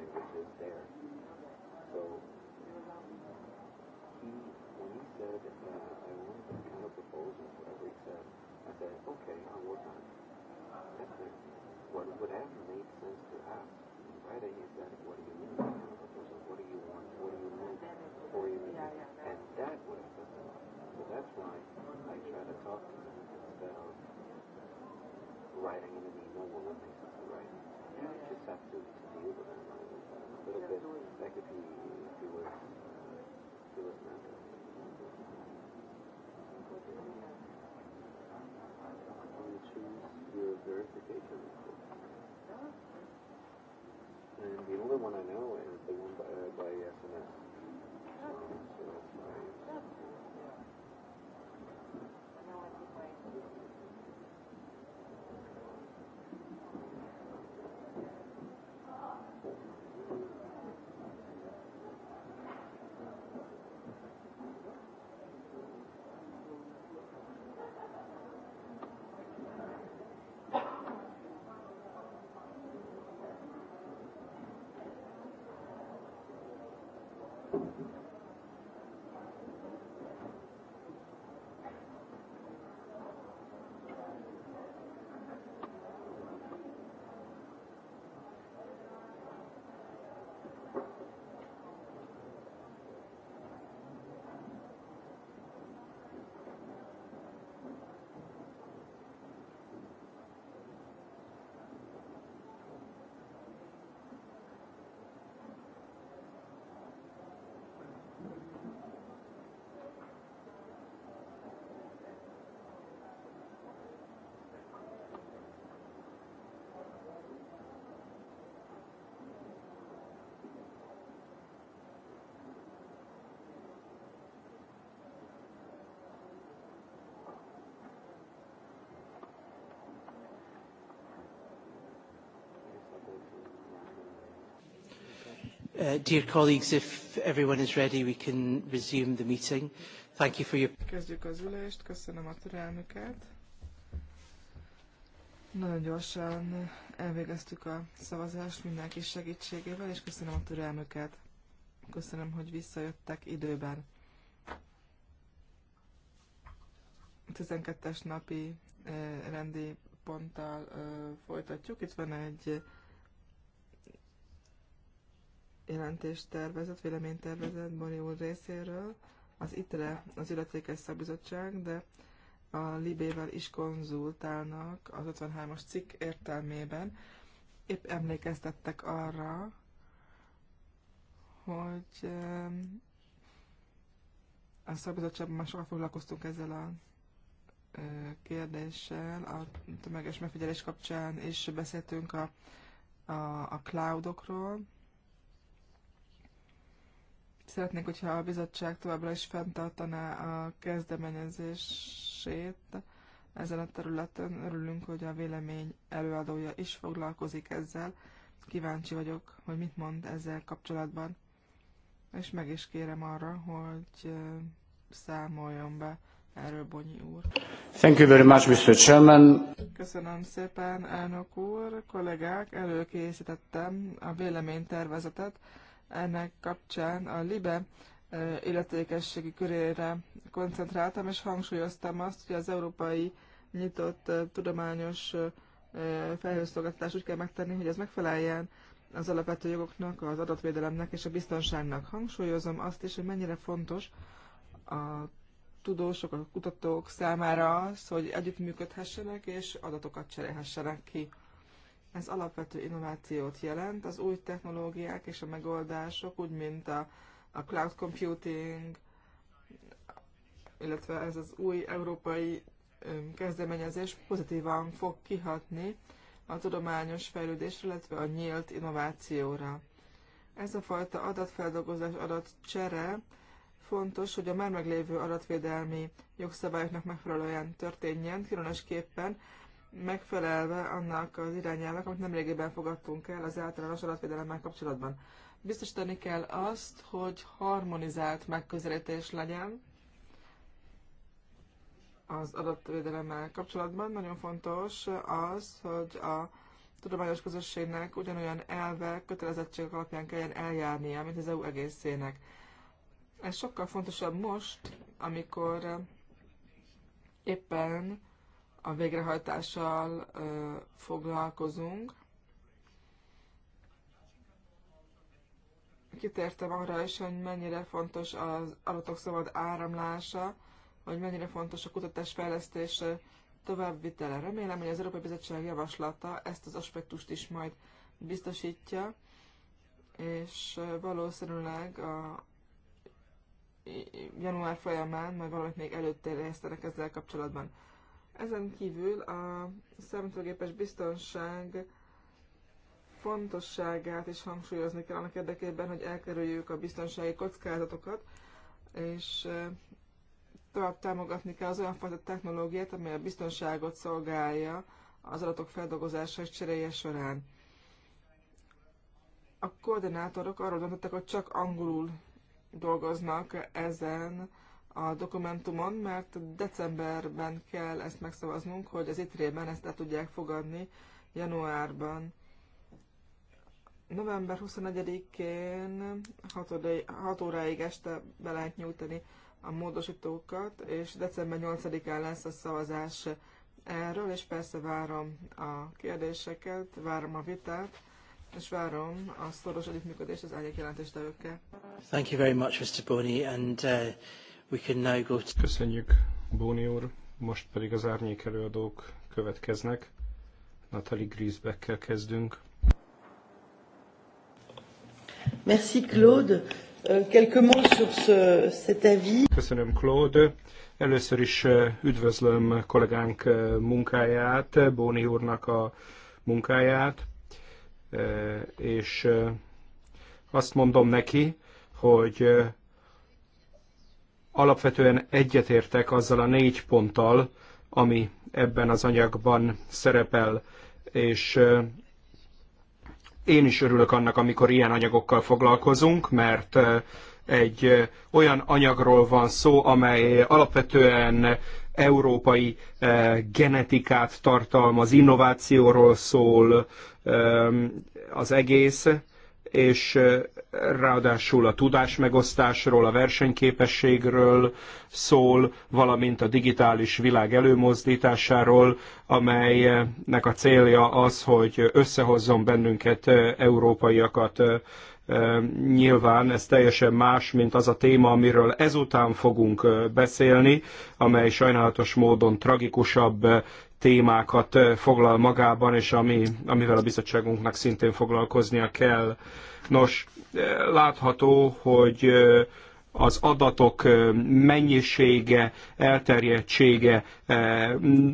language is there. So he, when he said, uh, I want to kind of proposal, whatever he said, I said, okay, I'll work on it. That's it. What would have made sense to ask in writing is that, what do you mean by kind of proposal? What do you want? What do you need? What do you need? Yeah, yeah. And that would have been So that's why I try to talk to them about writing in an email what would make sense to write. you just have to one I know. Uh, dear colleagues, if everyone is ready, we can resume the meeting. Thank you for your... Kezdjük az ülést, köszönöm a türelmüket. Nagyon gyorsan elvégeztük a szavazást mindenki segítségével, és köszönöm a türelmüket. Köszönöm, hogy visszajöttek időben. 12-es napi eh, rendi ponttal eh, folytatjuk. Itt van egy jelentéstervezet, véleménytervezet Bonnie úr részéről, az ITRE, az illetékes szabizottság, de a Libével is konzultálnak az 53-as cikk értelmében. Épp emlékeztettek arra, hogy a szabizottságban már sokat foglalkoztunk ezzel a kérdéssel, a tömeges megfigyelés kapcsán is beszéltünk a, a, a cloudokról, Szeretnék, hogyha a bizottság továbbra is fenntartaná a kezdeményezését ezen a területen. Örülünk, hogy a vélemény előadója is foglalkozik ezzel. Kíváncsi vagyok, hogy mit mond ezzel kapcsolatban. És meg is kérem arra, hogy számoljon be erről Bonyi úr. Thank you very much, Mr. Chairman. Köszönöm szépen, elnök úr, kollégák, előkészítettem a véleménytervezetet ennek kapcsán a LIBE illetékességi körére koncentráltam, és hangsúlyoztam azt, hogy az európai nyitott tudományos felhőszolgáltatás úgy kell megtenni, hogy ez megfeleljen az alapvető jogoknak, az adatvédelemnek és a biztonságnak. Hangsúlyozom azt is, hogy mennyire fontos a tudósok, a kutatók számára az, hogy együttműködhessenek és adatokat cserélhessenek ki. Ez alapvető innovációt jelent, az új technológiák és a megoldások, úgy mint a, a cloud computing, illetve ez az új európai kezdeményezés pozitívan fog kihatni a tudományos fejlődésre, illetve a nyílt innovációra. Ez a fajta adatfeldolgozás, adatcsere fontos, hogy a már meglévő adatvédelmi jogszabályoknak megfelelően történjen, különösképpen megfelelve annak az irányelvnek, amit nem régében fogadtunk el az általános adatvédelemmel kapcsolatban. Biztosítani kell azt, hogy harmonizált megközelítés legyen az adatvédelemmel kapcsolatban. Nagyon fontos az, hogy a tudományos közösségnek ugyanolyan elvek, kötelezettségek alapján kelljen eljárnia, mint az EU egészének. Ez sokkal fontosabb most, amikor éppen a végrehajtással foglalkozunk. Kitértem arra is, hogy mennyire fontos az adatok szabad áramlása, hogy mennyire fontos a kutatás fejlesztés továbbvitele. Remélem, hogy az Európai Bizottság javaslata ezt az aspektust is majd biztosítja, és valószínűleg a január folyamán, majd valamit még előterjesztenek ezzel kapcsolatban. Ezen kívül a számítógépes biztonság fontosságát is hangsúlyozni kell annak érdekében, hogy elkerüljük a biztonsági kockázatokat, és tovább támogatni kell az olyan fajta technológiát, amely a biztonságot szolgálja az adatok feldolgozása és cseréje során. A koordinátorok arról döntöttek, hogy csak angolul dolgoznak ezen a dokumentumon, mert decemberben kell ezt megszavaznunk, hogy az ITRE-ben ezt el tudják fogadni januárban. November 21-én 6 óráig este be lehet nyújtani a módosítókat, és december 8-án lesz a szavazás erről, és persze várom a kérdéseket, várom a vitát, és várom a szoros együttműködést az egyik jelentéstevőkkel. Thank you very much, Mr. Boni, and uh... We can now go to... Köszönjük, Bóni úr. Most pedig az árnyék előadók következnek. Natalie Griesbeck-kel kezdünk. Merci Claude. Euh, quelques mots sur ce, cet avis. Köszönöm Claude. Először is euh, üdvözlöm kollégánk euh, munkáját, Bóni úrnak a munkáját, és azt mondom neki, hogy alapvetően egyetértek azzal a négy ponttal, ami ebben az anyagban szerepel, és én is örülök annak, amikor ilyen anyagokkal foglalkozunk, mert egy olyan anyagról van szó, amely alapvetően európai genetikát tartalmaz, innovációról szól az egész, és ráadásul a tudás megosztásról, a versenyképességről szól, valamint a digitális világ előmozdításáról, amelynek a célja az, hogy összehozzon bennünket, európaiakat. Nyilván ez teljesen más, mint az a téma, amiről ezután fogunk beszélni, amely sajnálatos módon tragikusabb témákat foglal magában, és ami, amivel a bizottságunknak szintén foglalkoznia kell. Nos, látható, hogy az adatok mennyisége, elterjedtsége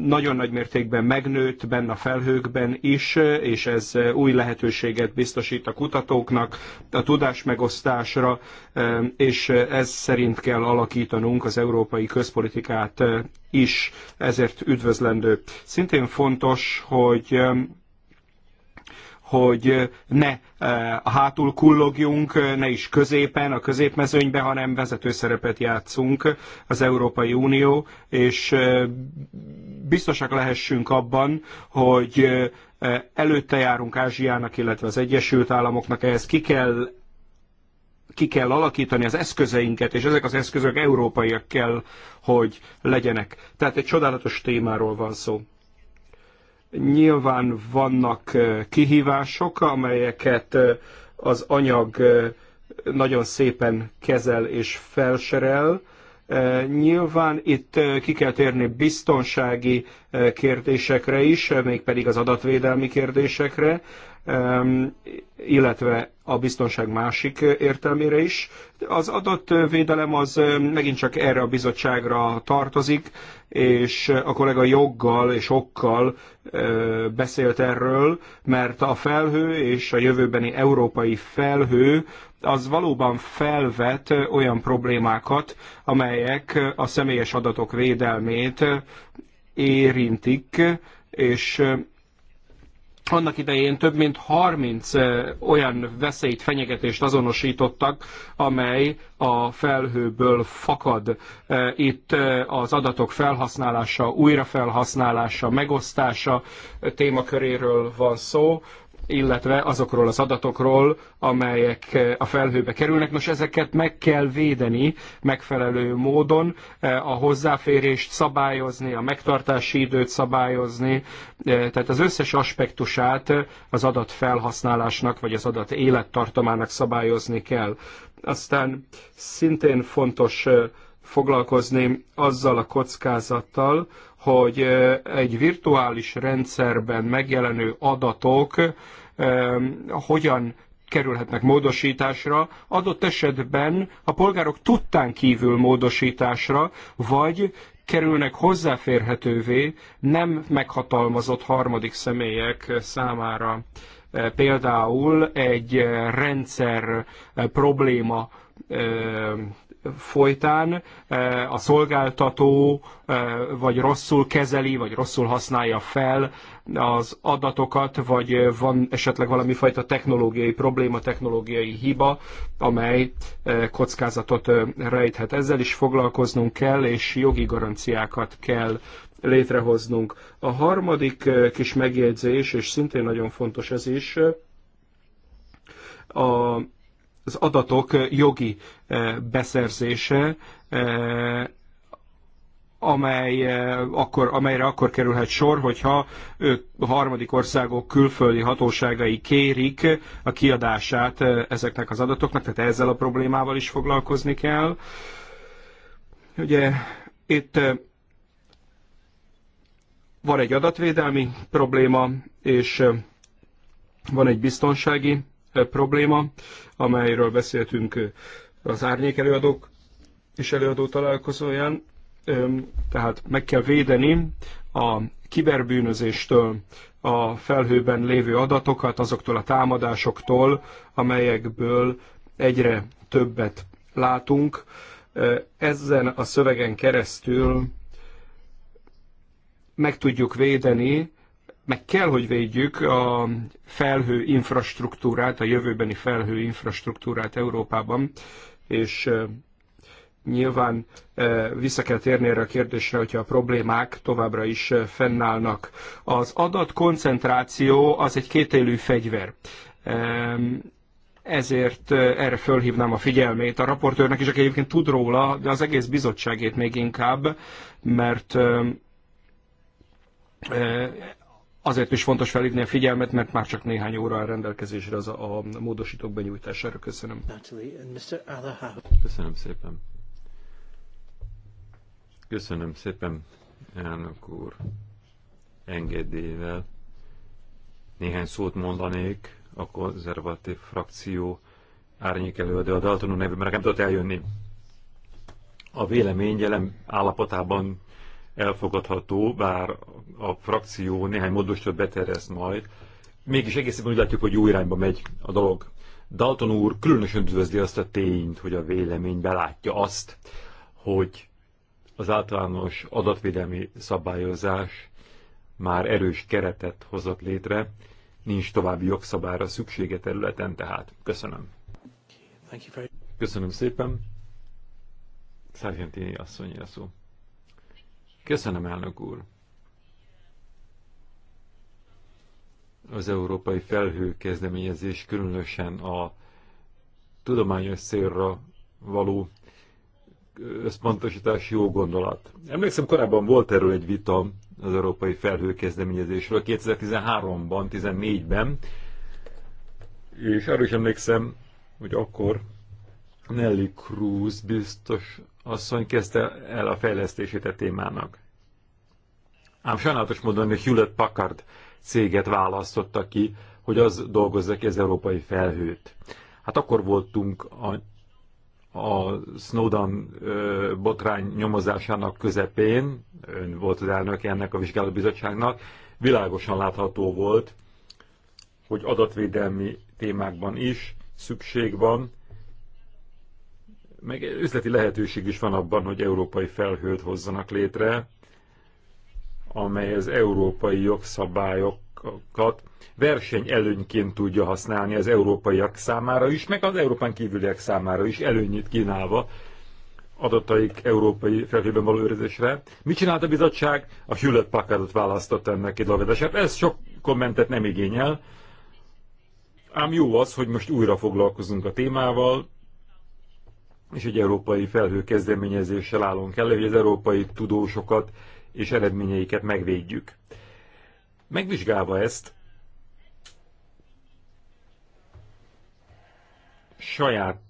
nagyon nagy mértékben megnőtt benne a felhőkben is, és ez új lehetőséget biztosít a kutatóknak a tudás megosztásra, és ez szerint kell alakítanunk az európai közpolitikát is, ezért üdvözlendő. Szintén fontos, hogy hogy ne a hátul kullogjunk, ne is középen, a középmezőnybe, hanem vezető szerepet játszunk az Európai Unió, és biztosak lehessünk abban, hogy előtte járunk Ázsiának, illetve az Egyesült Államoknak, ehhez ki kell ki kell alakítani az eszközeinket, és ezek az eszközök európaiak kell, hogy legyenek. Tehát egy csodálatos témáról van szó. Nyilván vannak kihívások, amelyeket az anyag nagyon szépen kezel és felserel. Nyilván itt ki kell térni biztonsági kérdésekre is, mégpedig az adatvédelmi kérdésekre, illetve a biztonság másik értelmére is. Az adatvédelem az megint csak erre a bizottságra tartozik, és a kollega joggal és okkal beszélt erről, mert a felhő és a jövőbeni európai felhő az valóban felvet olyan problémákat, amelyek a személyes adatok védelmét érintik, és annak idején több mint 30 olyan veszélyt, fenyegetést azonosítottak, amely a felhőből fakad. Itt az adatok felhasználása, újrafelhasználása, megosztása témaköréről van szó illetve azokról az adatokról, amelyek eh, a felhőbe kerülnek. Nos, ezeket meg kell védeni megfelelő módon, eh, a hozzáférést szabályozni, a megtartási időt szabályozni, eh, tehát az összes aspektusát az adat felhasználásnak, vagy az adat élettartamának szabályozni kell. Aztán szintén fontos foglalkozni azzal a kockázattal, hogy egy virtuális rendszerben megjelenő adatok hogyan kerülhetnek módosításra, adott esetben a polgárok tudtán kívül módosításra, vagy kerülnek hozzáférhetővé nem meghatalmazott harmadik személyek számára. Például egy rendszer probléma folytán e, a szolgáltató e, vagy rosszul kezeli, vagy rosszul használja fel az adatokat, vagy van esetleg valami fajta technológiai probléma, technológiai hiba, amely e, kockázatot rejthet. Ezzel is foglalkoznunk kell, és jogi garanciákat kell létrehoznunk. A harmadik kis megjegyzés, és szintén nagyon fontos ez is, a az adatok jogi eh, beszerzése, eh, amely, eh, akkor, amelyre akkor kerülhet sor, hogyha ők harmadik országok külföldi hatóságai kérik a kiadását ezeknek az adatoknak, tehát ezzel a problémával is foglalkozni kell. Ugye itt van egy adatvédelmi probléma, és van egy biztonsági probléma, amelyről beszéltünk az árnyék előadók és előadó találkozóján. Tehát meg kell védeni a kiberbűnözéstől, a felhőben lévő adatokat, azoktól a támadásoktól, amelyekből egyre többet látunk. Ezen a szövegen keresztül meg tudjuk védeni meg kell, hogy védjük a felhő infrastruktúrát, a jövőbeni felhő infrastruktúrát Európában, és nyilván vissza kell térni erre a kérdésre, hogyha a problémák továbbra is fennállnak. Az adatkoncentráció az egy kétélű fegyver. Ezért erre fölhívnám a figyelmét a raportőrnek is, aki egyébként tud róla, de az egész bizottságét még inkább, mert Azért is fontos felhívni a figyelmet, mert már csak néhány óra a rendelkezésre az a, a módosítók benyújtására. Köszönöm. Köszönöm szépen. Köszönöm szépen, elnök úr. Engedélyvel néhány szót mondanék a konzervatív frakció árnyék előadó a Daltonú nevében, mert nem tudott eljönni. A vélemény jelen állapotában elfogadható, bár a frakció néhány módosítót beterjeszt majd, mégis egészében úgy látjuk, hogy jó irányba megy a dolog. Dalton úr különösen üdvözli azt a tényt, hogy a vélemény belátja azt, hogy az általános adatvédelmi szabályozás már erős keretet hozott létre, nincs további jogszabályra szüksége területen, tehát köszönöm. Köszönöm szépen. Sargentini asszony a szó. Köszönöm, elnök úr. Az európai felhő kezdeményezés különösen a tudományos szélra való összpontosítás jó gondolat. Emlékszem, korábban volt erről egy vita az európai felhő kezdeményezésről 2013-ban, 2014 ben és arra is emlékszem, hogy akkor Nelly Cruz biztos asszony kezdte el a fejlesztését a témának. Ám sajnálatos módon a Hewlett Packard céget választotta ki, hogy az dolgozza ki az európai felhőt. Hát akkor voltunk a, a Snowden ö, botrány nyomozásának közepén, ön volt az elnök ennek a vizsgálóbizottságnak, világosan látható volt, hogy adatvédelmi témákban is szükség van meg üzleti lehetőség is van abban, hogy európai felhőt hozzanak létre, amely az európai jogszabályokat versenyelőnyként tudja használni az európaiak számára is, meg az Európán kívüliek számára is előnyit kínálva adataik európai felhőben való őrzésre. Mit csinált a bizottság? A Hewlett Packardot választott ennek kidolgozását. Ez sok kommentet nem igényel, ám jó az, hogy most újra foglalkozunk a témával, és egy európai felhő kezdeményezéssel állunk elő, hogy az európai tudósokat és eredményeiket megvédjük. Megvizsgálva ezt, saját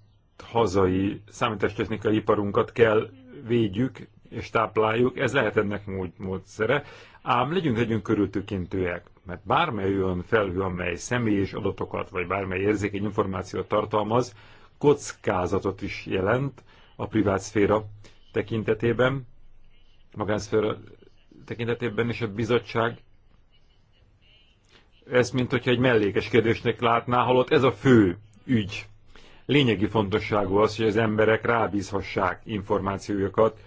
hazai számítástechnikai iparunkat kell védjük és tápláljuk, ez lehet ennek mód, módszere, ám legyünk legyünk körültőkintőek, mert bármely olyan felhő, amely személyes adatokat, vagy bármely érzékeny információt tartalmaz, kockázatot is jelent a privátszféra tekintetében, magánszféra tekintetében, és a bizottság ezt, mint hogyha egy mellékes kérdésnek látná, holott ez a fő ügy. Lényegi fontosságú az, hogy az emberek rábízhassák információjukat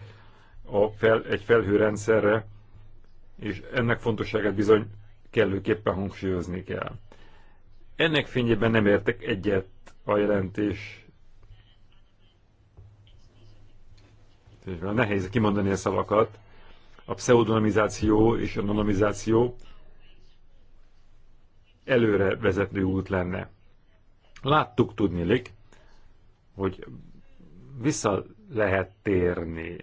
a fel, egy felhőrendszerre, és ennek fontosságát bizony kellőképpen hangsúlyozni kell. Ennek fényében nem értek egyet a jelentés nehéz kimondani a szavakat, a pseudonimizáció és a anonimizáció előre vezető út lenne. Láttuk tudnilik, hogy vissza lehet térni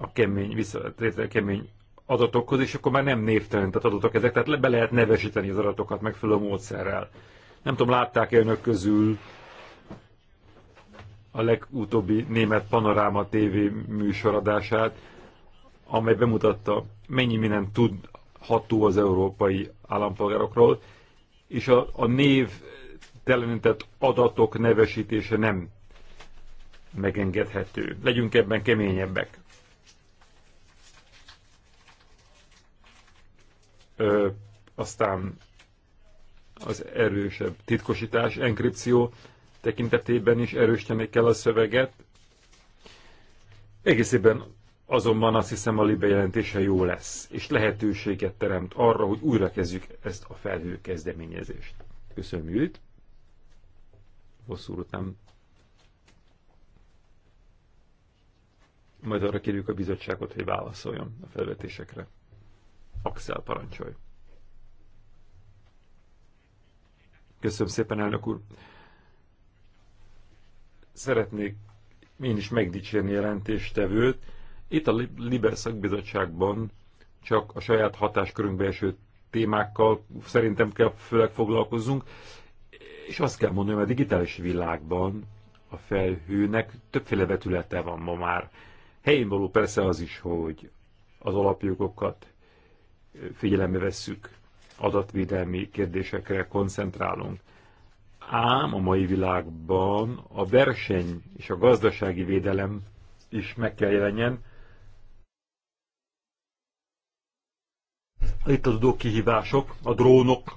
a kemény, vissza, a kemény adatokhoz, és akkor már nem névtelen tehát adatok ezek, tehát be lehet nevesíteni az adatokat megfelelő módszerrel. Nem tudom, látták-e önök közül a legutóbbi német Panoráma TV műsoradását, amely bemutatta, mennyi minden tudható az európai állampolgárokról, és a, a név telenített adatok nevesítése nem megengedhető. Legyünk ebben keményebbek. Ö, aztán az erősebb titkosítás, enkripció, tekintetében is erősíteni kell a szöveget. Egészében azonban azt hiszem a libe jelentése jó lesz, és lehetőséget teremt arra, hogy újra kezdjük ezt a felhő kezdeményezést. Köszönöm, Judit. Hosszú után. Majd arra kérjük a bizottságot, hogy válaszoljon a felvetésekre. Axel parancsolj. Köszönöm szépen, elnök úr szeretnék én is megdicsérni jelentéstevőt. Itt a Liber szakbizottságban csak a saját hatáskörünkbe eső témákkal szerintem kell főleg foglalkozzunk, és azt kell mondani, hogy a digitális világban a felhőnek többféle vetülete van ma már. Helyén való persze az is, hogy az alapjogokat figyelembe vesszük, adatvédelmi kérdésekre koncentrálunk. Ám a mai világban a verseny és a gazdasági védelem is meg kell jelenjen. Itt a tudó kihívások, a drónok,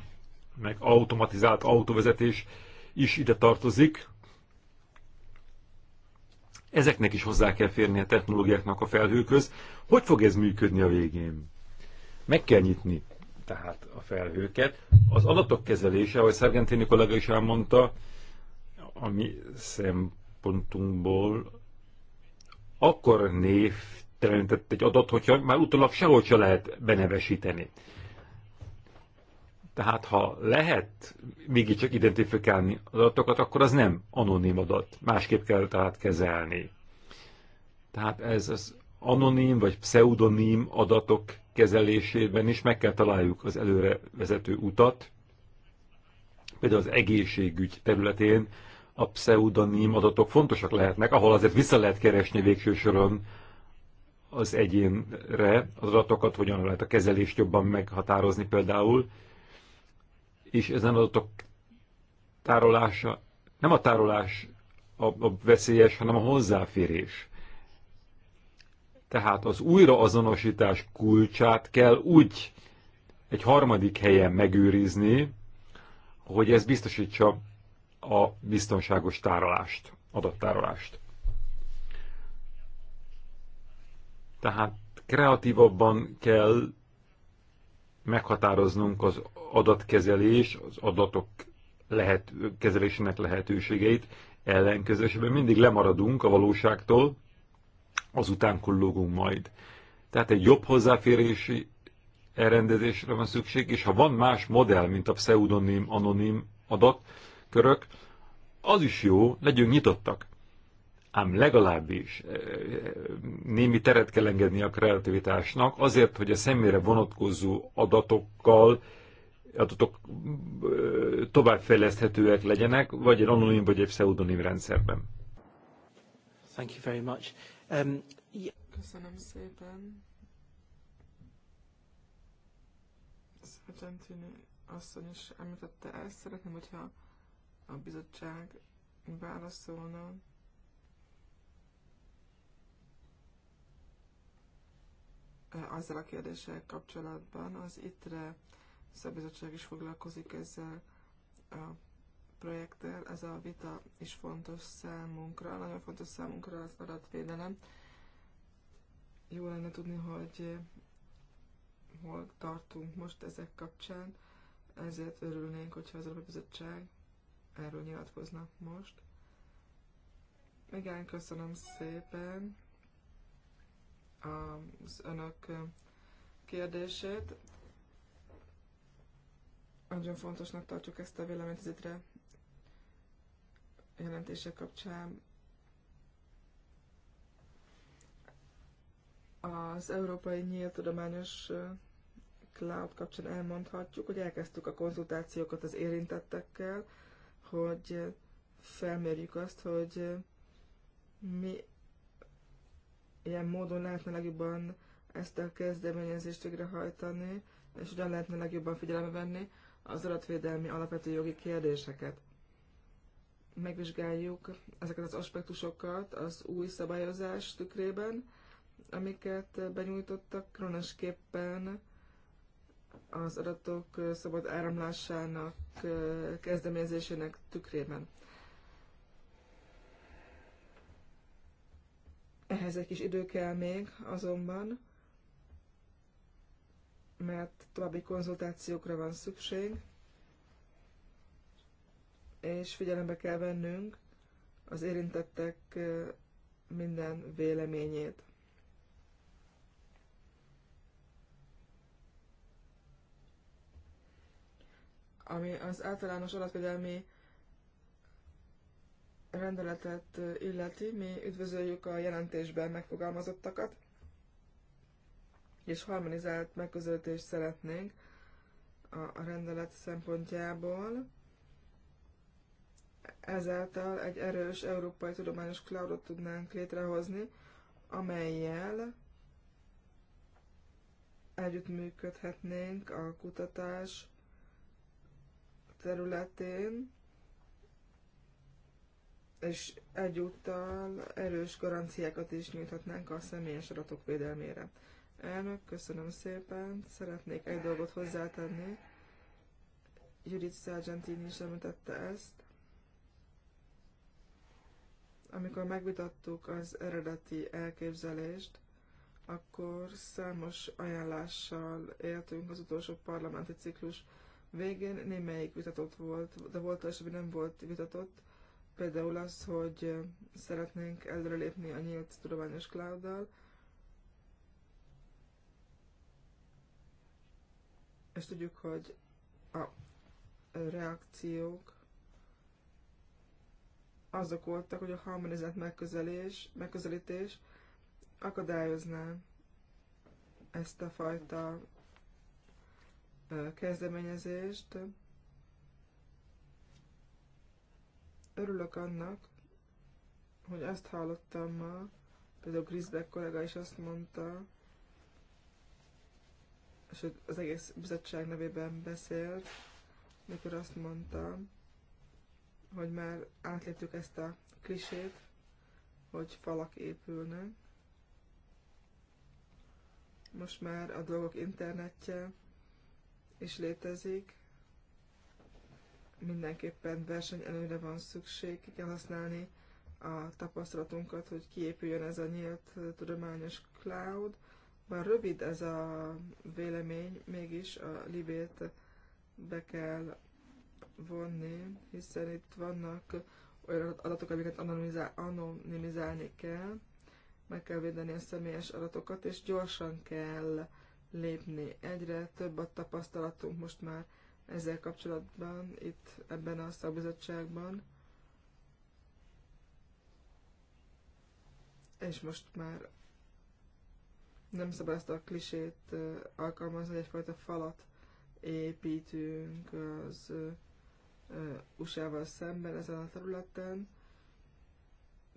meg automatizált autóvezetés is ide tartozik. Ezeknek is hozzá kell férni a technológiáknak a felhőköz. Hogy fog ez működni a végén? Meg kell nyitni tehát a felhőket. Az adatok kezelése, ahogy Szergentini kollega is elmondta, a mi szempontunkból akkor név teremtett egy adat, hogyha már utólag sehol se lehet benevesíteni. Tehát ha lehet mégiscsak identifikálni adatokat, akkor az nem anonim adat. Másképp kell tehát kezelni. Tehát ez az anonim vagy pseudonim adatok kezelésében is meg kell találjuk az előre vezető utat, például az egészségügy területén a pseudonim adatok fontosak lehetnek, ahol azért vissza lehet keresni végső soron az egyénre az adatokat, hogyan lehet a kezelést jobban meghatározni például, és ezen adatok tárolása, nem a tárolás a, a veszélyes, hanem a hozzáférés tehát az újraazonosítás kulcsát kell úgy egy harmadik helyen megőrizni, hogy ez biztosítsa a biztonságos tárolást, adattárolást. Tehát kreatívabban kell meghatároznunk az adatkezelés, az adatok lehet, kezelésének lehetőségeit ellenkezősben mindig lemaradunk a valóságtól, azután kullogunk majd. Tehát egy jobb hozzáférési elrendezésre van szükség, és ha van más modell, mint a pseudonim, anonim adatkörök, az is jó, legyünk nyitottak. Ám legalábbis eh, eh, némi teret kell engedni a kreativitásnak, azért, hogy a személyre vonatkozó adatokkal adatok eh, továbbfejleszthetőek legyenek, vagy egy anonim, vagy egy pseudonim rendszerben. Thank you very much. Um, Köszönöm szépen. Sargentini asszony is említette ezt. Szeretném, hogyha a bizottság válaszolna. azzal a kérdéssel kapcsolatban. Az ITRE szabizottság is foglalkozik ezzel a projekttel. Ez a vita is fontos számunkra, nagyon fontos számunkra az adatvédelem. Jó lenne tudni, hogy hol tartunk most ezek kapcsán, ezért örülnénk, hogyha az Európai Bizottság erről nyilatkoznak most. Igen, köszönöm szépen az önök kérdését. Nagyon fontosnak tartjuk ezt a véleményt, ezért jelentése kapcsán az Európai Nyílt Tudományos Cloud kapcsán elmondhatjuk, hogy elkezdtük a konzultációkat az érintettekkel, hogy felmérjük azt, hogy mi ilyen módon lehetne legjobban ezt a kezdeményezést végrehajtani, és hogyan lehetne legjobban figyelembe venni az adatvédelmi alapvető jogi kérdéseket megvizsgáljuk ezeket az aspektusokat az új szabályozás tükrében, amiket benyújtottak különösképpen az adatok szabad áramlásának kezdeményezésének tükrében. Ehhez egy kis idő kell még azonban, mert további konzultációkra van szükség és figyelembe kell vennünk az érintettek minden véleményét. Ami az általános adatvédelmi rendeletet illeti, mi üdvözöljük a jelentésben megfogalmazottakat, és harmonizált megközelítést szeretnénk a rendelet szempontjából. Ezáltal egy erős európai tudományos cloudot tudnánk létrehozni, amelyel együttműködhetnénk a kutatás területén, és egyúttal erős garanciákat is nyújthatnánk a személyes adatok védelmére. Elnök, köszönöm szépen. Szeretnék egy dolgot hozzátenni. Judith Sargentini is említette ezt. Amikor megvitattuk az eredeti elképzelést, akkor számos ajánlással éltünk az utolsó parlamenti ciklus végén, némelyik vitatott volt, de volt az, ami nem volt vitatott, például az, hogy szeretnénk előrelépni a nyílt tudományos cloud és tudjuk, hogy a reakciók azok voltak, hogy a harmonizált megközelés, megközelítés akadályozná ezt a fajta kezdeményezést. Örülök annak, hogy ezt hallottam ma, például Grisbeck kollega is azt mondta, és az egész bizottság nevében beszélt, mikor azt mondtam, hogy már átléptük ezt a klisét, hogy falak épülnek. Most már a dolgok internetje is létezik. Mindenképpen versenyelőre van szükség, ki kell használni a tapasztalatunkat, hogy kiépüljön ez a nyílt tudományos cloud. Bár rövid ez a vélemény, mégis a libét be kell vonni, hiszen itt vannak olyan adatok, amiket anonimizálni kell, meg kell védeni a személyes adatokat, és gyorsan kell lépni. Egyre több a tapasztalatunk most már ezzel kapcsolatban, itt ebben a szakbizottságban. És most már nem szabad ezt a klisét alkalmazni, egyfajta falat építünk az USA-val szemben ezen a területen.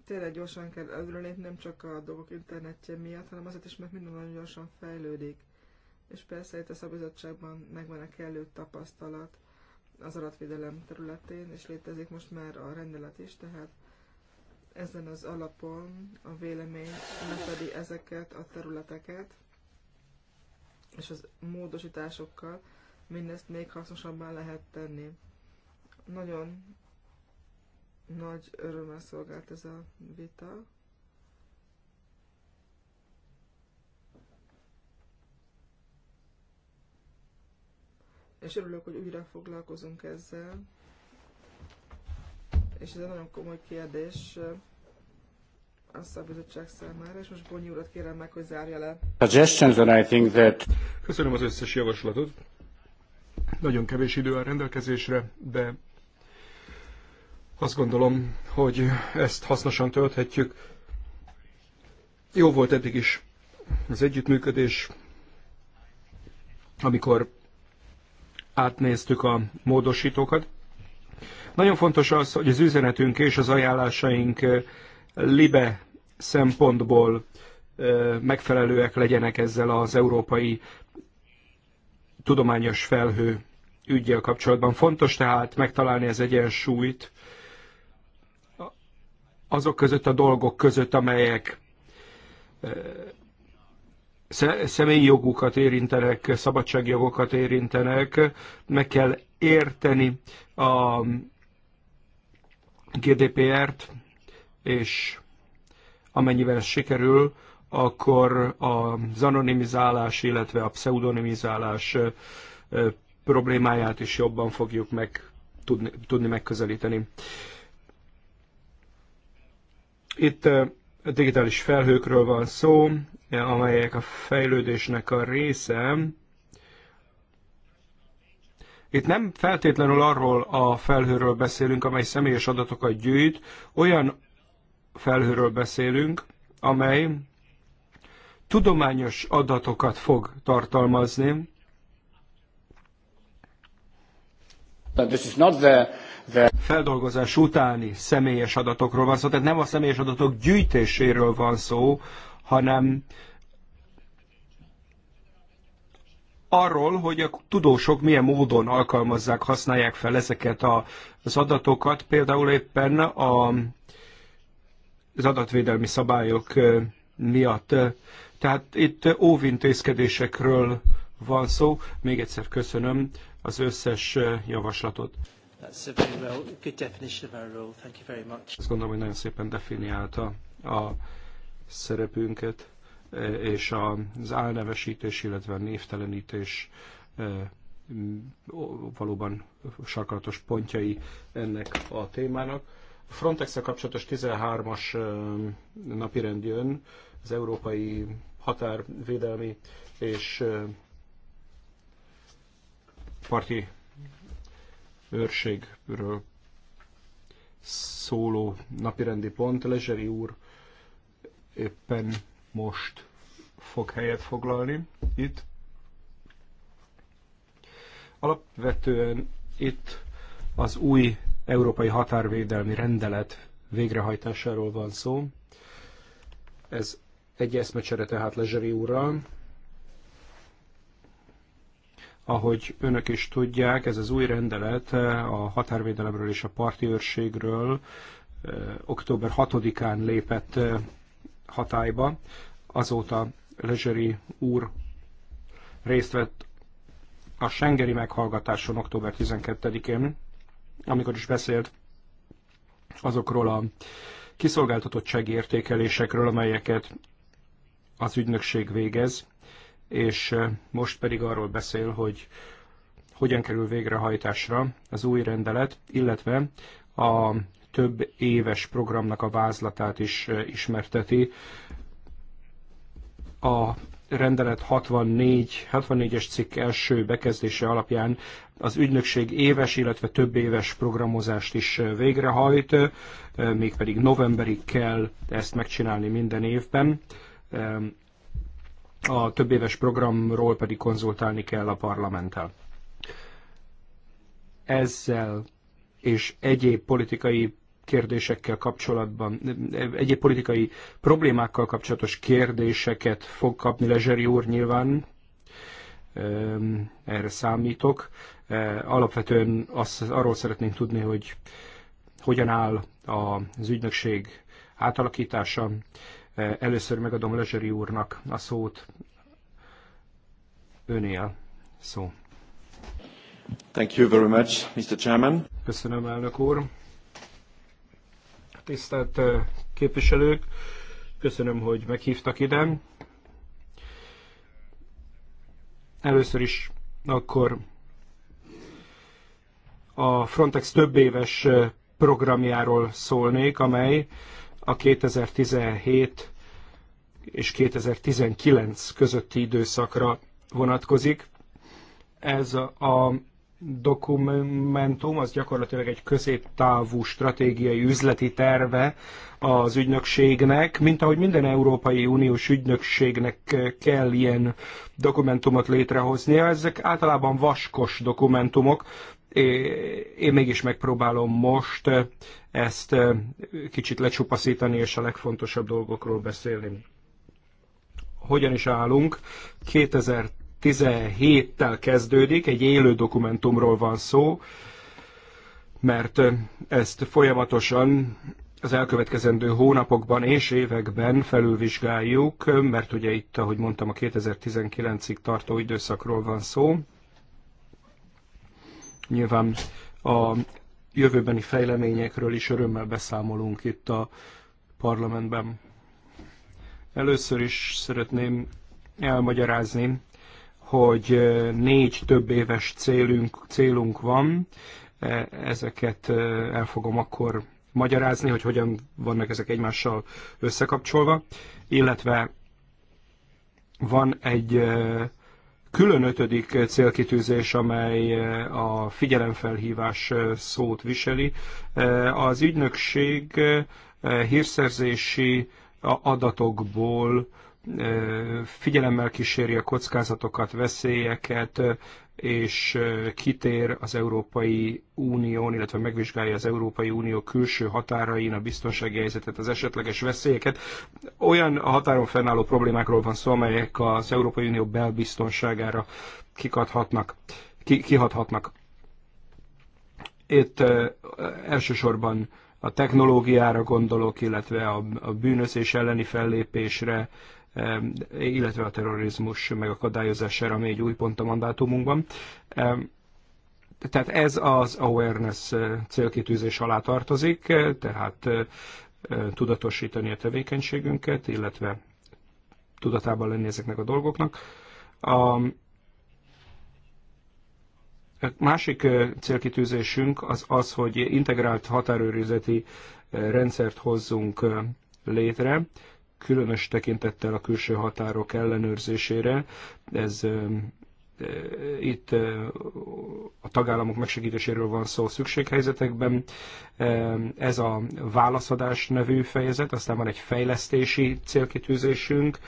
Tényleg gyorsan kell előrelépni, nem csak a dolgok internetje miatt, hanem azért is, mert minden nagyon gyorsan fejlődik. És persze itt a szabizottságban megvan a kellő tapasztalat az adatvédelem területén, és létezik most már a rendelet is, tehát ezen az alapon a vélemény lefedi ezeket a területeket, és az módosításokkal mindezt még hasznosabban lehet tenni nagyon nagy örömmel szolgált ez a vita. És örülök, hogy újra foglalkozunk ezzel. És ez egy nagyon komoly kérdés eh, a szabizottság számára, és most Bonyi urat kérem meg, hogy zárja le. Köszönöm az összes javaslatot. Nagyon kevés idő a rendelkezésre, de azt gondolom, hogy ezt hasznosan tölthetjük. Jó volt eddig is az együttműködés, amikor átnéztük a módosítókat. Nagyon fontos az, hogy az üzenetünk és az ajánlásaink eh, libe szempontból eh, megfelelőek legyenek ezzel az európai tudományos felhő ügyjel kapcsolatban. Fontos tehát megtalálni az egyensúlyt azok között a dolgok között, amelyek eh, személyi jogukat érintenek, szabadságjogokat érintenek, meg kell érteni a GDPR-t, és amennyiben ez sikerül, akkor az anonimizálás, illetve a pseudonimizálás eh, eh, problémáját is jobban fogjuk meg tudni, tudni megközelíteni. Itt digitális felhőkről van szó, e, amelyek a fejlődésnek a része. Itt nem feltétlenül arról a felhőről beszélünk, amely személyes adatokat gyűjt, olyan felhőről beszélünk, amely tudományos adatokat fog tartalmazni. This is not the feldolgozás utáni személyes adatokról van szó, tehát nem a személyes adatok gyűjtéséről van szó, hanem arról, hogy a tudósok milyen módon alkalmazzák, használják fel ezeket a, az adatokat, például éppen a, az adatvédelmi szabályok miatt. Tehát itt óvintézkedésekről van szó. Még egyszer köszönöm az összes javaslatot. Azt gondolom, hogy nagyon szépen definiálta a szerepünket, e, és az álnevesítés, illetve a névtelenítés e, valóban sarkalatos pontjai ennek a témának. A frontex kapcsolatos 13-as e, napirend jön, az Európai Határvédelmi és Parti őrségről szóló napirendi pont. Lezseri úr éppen most fog helyet foglalni itt. Alapvetően itt az új európai határvédelmi rendelet végrehajtásáról van szó. Ez egy eszmecsere tehát Lezseri úrral. Ahogy önök is tudják, ez az új rendelet eh, a határvédelemről és a parti őrségről eh, október 6-án lépett eh, hatályba. Azóta Lezseri úr részt vett a Schengeri meghallgatáson október 12-én, amikor is beszélt azokról a kiszolgáltatottsági értékelésekről, amelyeket az ügynökség végez, és most pedig arról beszél, hogy hogyan kerül végrehajtásra az új rendelet, illetve a több éves programnak a vázlatát is ismerteti. A rendelet 64, 64-es cikk első bekezdése alapján az ügynökség éves, illetve több éves programozást is végrehajt, mégpedig novemberig kell ezt megcsinálni minden évben a több éves programról pedig konzultálni kell a parlamenttel. Ezzel és egyéb politikai kérdésekkel kapcsolatban, egyéb politikai problémákkal kapcsolatos kérdéseket fog kapni Lezseri úr nyilván, erre számítok. Alapvetően azt, arról szeretnénk tudni, hogy hogyan áll az ügynökség átalakítása, Először megadom Lezseri úrnak a szót. Öné a szó. Thank you very much, Mr. Chairman. Köszönöm, elnök úr. Tisztelt képviselők, köszönöm, hogy meghívtak ide. Először is akkor a Frontex több éves programjáról szólnék, amely a 2017 és 2019 közötti időszakra vonatkozik. Ez a dokumentum, az gyakorlatilag egy középtávú stratégiai üzleti terve az ügynökségnek, mint ahogy minden Európai Uniós ügynökségnek kell ilyen dokumentumot létrehoznia. Ezek általában vaskos dokumentumok, én mégis megpróbálom most ezt kicsit lecsupaszítani, és a legfontosabb dolgokról beszélni. Hogyan is állunk? 2017-tel kezdődik, egy élő dokumentumról van szó, mert ezt folyamatosan az elkövetkezendő hónapokban és években felülvizsgáljuk, mert ugye itt, ahogy mondtam, a 2019-ig tartó időszakról van szó. Nyilván a jövőbeni fejleményekről is örömmel beszámolunk itt a parlamentben. Először is szeretném elmagyarázni, hogy eh, négy több éves célünk, célunk van. E, ezeket eh, el fogom akkor magyarázni, hogy hogyan vannak ezek egymással összekapcsolva, illetve van egy eh, külön ötödik célkitűzés, amely eh, a figyelemfelhívás eh, szót viseli, eh, az ügynökség hírszerzési adatokból figyelemmel kíséri a kockázatokat, veszélyeket, és kitér az Európai Unión, illetve megvizsgálja az Európai Unió külső határain a biztonsági helyzetet, az esetleges veszélyeket. Olyan a határon fennálló problémákról van szó, amelyek az Európai Unió belbiztonságára kikadhatnak, ki, kihathatnak. Itt elsősorban a technológiára gondolok, illetve a, a bűnözés elleni fellépésre, illetve a terrorizmus megakadályozására, ami egy új pont a mandátumunkban. Tehát ez az awareness eh, célkitűzés alá tartozik, eh, tehát eh, tudatosítani a tevékenységünket, illetve tudatában lenni ezeknek a dolgoknak. A másik célkitűzésünk az az, hogy integrált határőrizeti rendszert hozzunk létre, különös tekintettel a külső határok ellenőrzésére. Ez itt a tagállamok megsegítéséről van szó szükséghelyzetekben. Ez a válaszadás nevű fejezet, aztán van egy fejlesztési célkitűzésünk,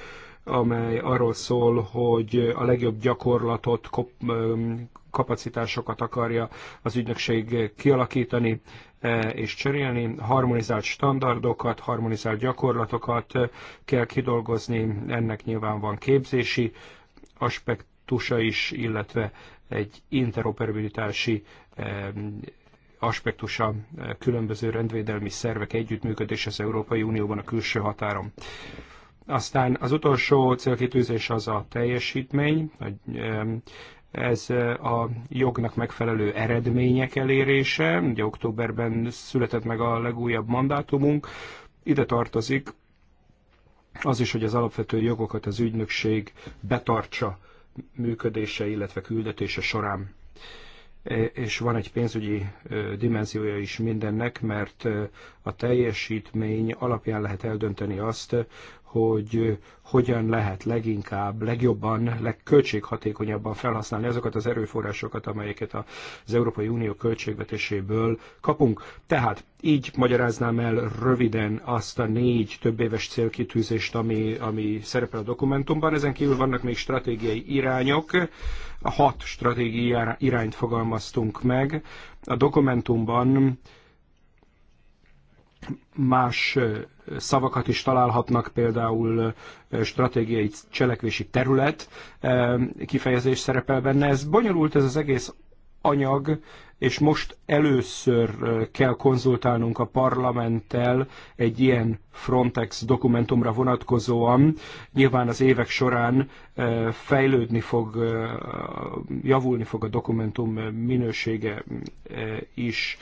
amely arról szól, hogy a legjobb gyakorlatot kapacitásokat akarja az ügynökség kialakítani e, és cserélni. Harmonizált standardokat, harmonizált gyakorlatokat kell kidolgozni, ennek nyilván van képzési aspektusa is, illetve egy interoperabilitási e, aspektusa e, különböző rendvédelmi szervek együttműködése az Európai Unióban a külső határon. Aztán az utolsó célkitűzés az a teljesítmény, ez a jognak megfelelő eredmények elérése. Ugye októberben született meg a legújabb mandátumunk. Ide tartozik az is, hogy az alapvető jogokat az ügynökség betartsa működése, illetve küldetése során. És van egy pénzügyi dimenziója is mindennek, mert a teljesítmény alapján lehet eldönteni azt, hogy hogyan lehet leginkább, legjobban, legköltséghatékonyabban felhasználni azokat az erőforrásokat, amelyeket az Európai Unió költségvetéséből kapunk. Tehát így magyaráznám el röviden azt a négy több éves célkitűzést, ami, ami szerepel a dokumentumban. Ezen kívül vannak még stratégiai irányok. A hat stratégiai irányt fogalmaztunk meg. A dokumentumban más szavakat is találhatnak, például stratégiai cselekvési terület kifejezés szerepel benne. Ez bonyolult ez az egész anyag, és most először kell konzultálnunk a parlamenttel egy ilyen Frontex dokumentumra vonatkozóan. Nyilván az évek során fejlődni fog, javulni fog a dokumentum minősége is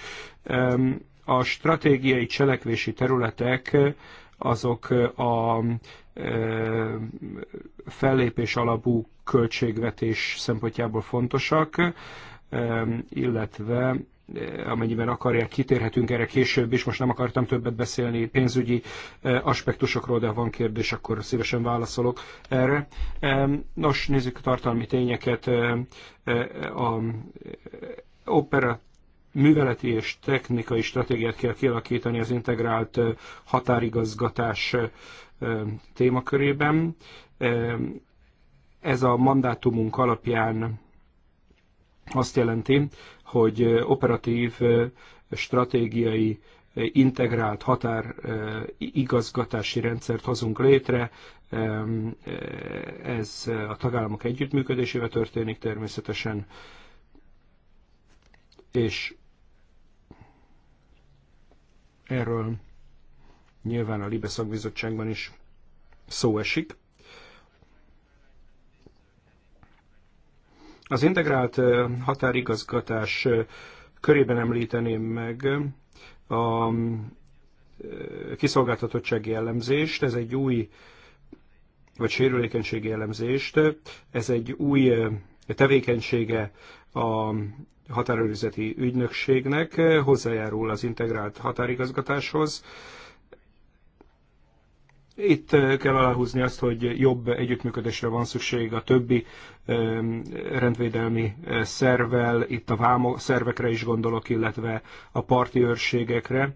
a stratégiai cselekvési területek azok a e, fellépés alapú költségvetés szempontjából fontosak, e, illetve e, amennyiben akarják, kitérhetünk erre később is. Most nem akartam többet beszélni pénzügyi aspektusokról, de ha van kérdés, akkor szívesen válaszolok erre. Nos, nézzük a tartalmi tényeket. A opera műveleti és technikai stratégiát kell kialakítani az integrált határigazgatás témakörében. Ez a mandátumunk alapján azt jelenti, hogy operatív, stratégiai, integrált határ igazgatási rendszert hozunk létre. Ez a tagállamok együttműködésével történik természetesen, és Erről nyilván a Libe szakbizottságban is szó esik. Az integrált határigazgatás körében említeném meg a kiszolgáltatottsági jellemzést. Ez egy új, vagy sérülékenységi jellemzést. Ez egy új tevékenysége a határőrizeti ügynökségnek, hozzájárul az integrált határigazgatáshoz. Itt kell aláhúzni azt, hogy jobb együttműködésre van szükség a többi rendvédelmi eh, szervvel, itt a vámo szervekre is gondolok, illetve a parti őrségekre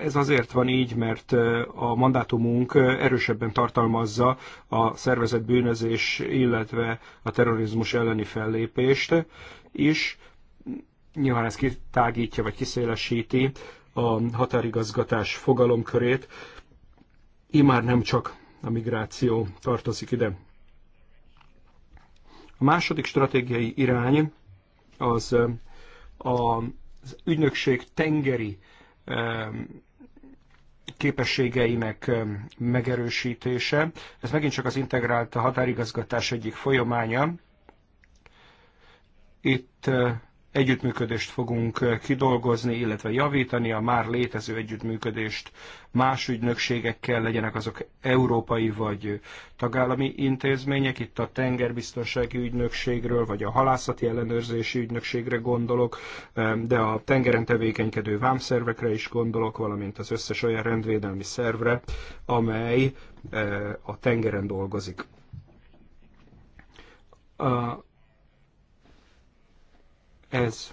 ez azért van így, mert a mandátumunk erősebben tartalmazza a szervezett bűnözés, illetve a terrorizmus elleni fellépést is. Nyilván ez kitágítja vagy kiszélesíti a határigazgatás fogalomkörét. Imár nem csak a migráció tartozik ide. A második stratégiai irány az az ügynökség tengeri Um, képességeinek um, megerősítése. Ez megint csak az integrált határigazgatás egyik folyamánya. Itt uh, együttműködést fogunk kidolgozni, illetve javítani a már létező együttműködést más ügynökségekkel, legyenek azok európai vagy tagállami intézmények, itt a tengerbiztonsági ügynökségről, vagy a halászati ellenőrzési ügynökségre gondolok, de a tengeren tevékenykedő vámszervekre is gondolok, valamint az összes olyan rendvédelmi szervre, amely eh, a tengeren dolgozik. A ez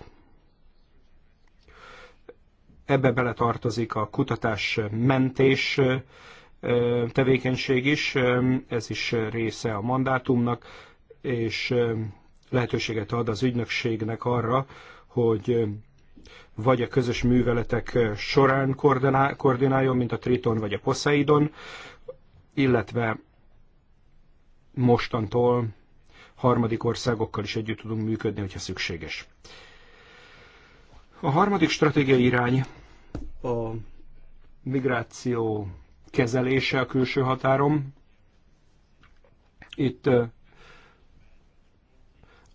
ebbe beletartozik a kutatás mentés tevékenység is, ez is része a mandátumnak, és lehetőséget ad az ügynökségnek arra, hogy vagy a közös műveletek során koordináljon, mint a Triton vagy a Poseidon, illetve mostantól harmadik országokkal is együtt tudunk működni, hogyha szükséges. A harmadik stratégiai irány a migráció kezelése a külső határom. Itt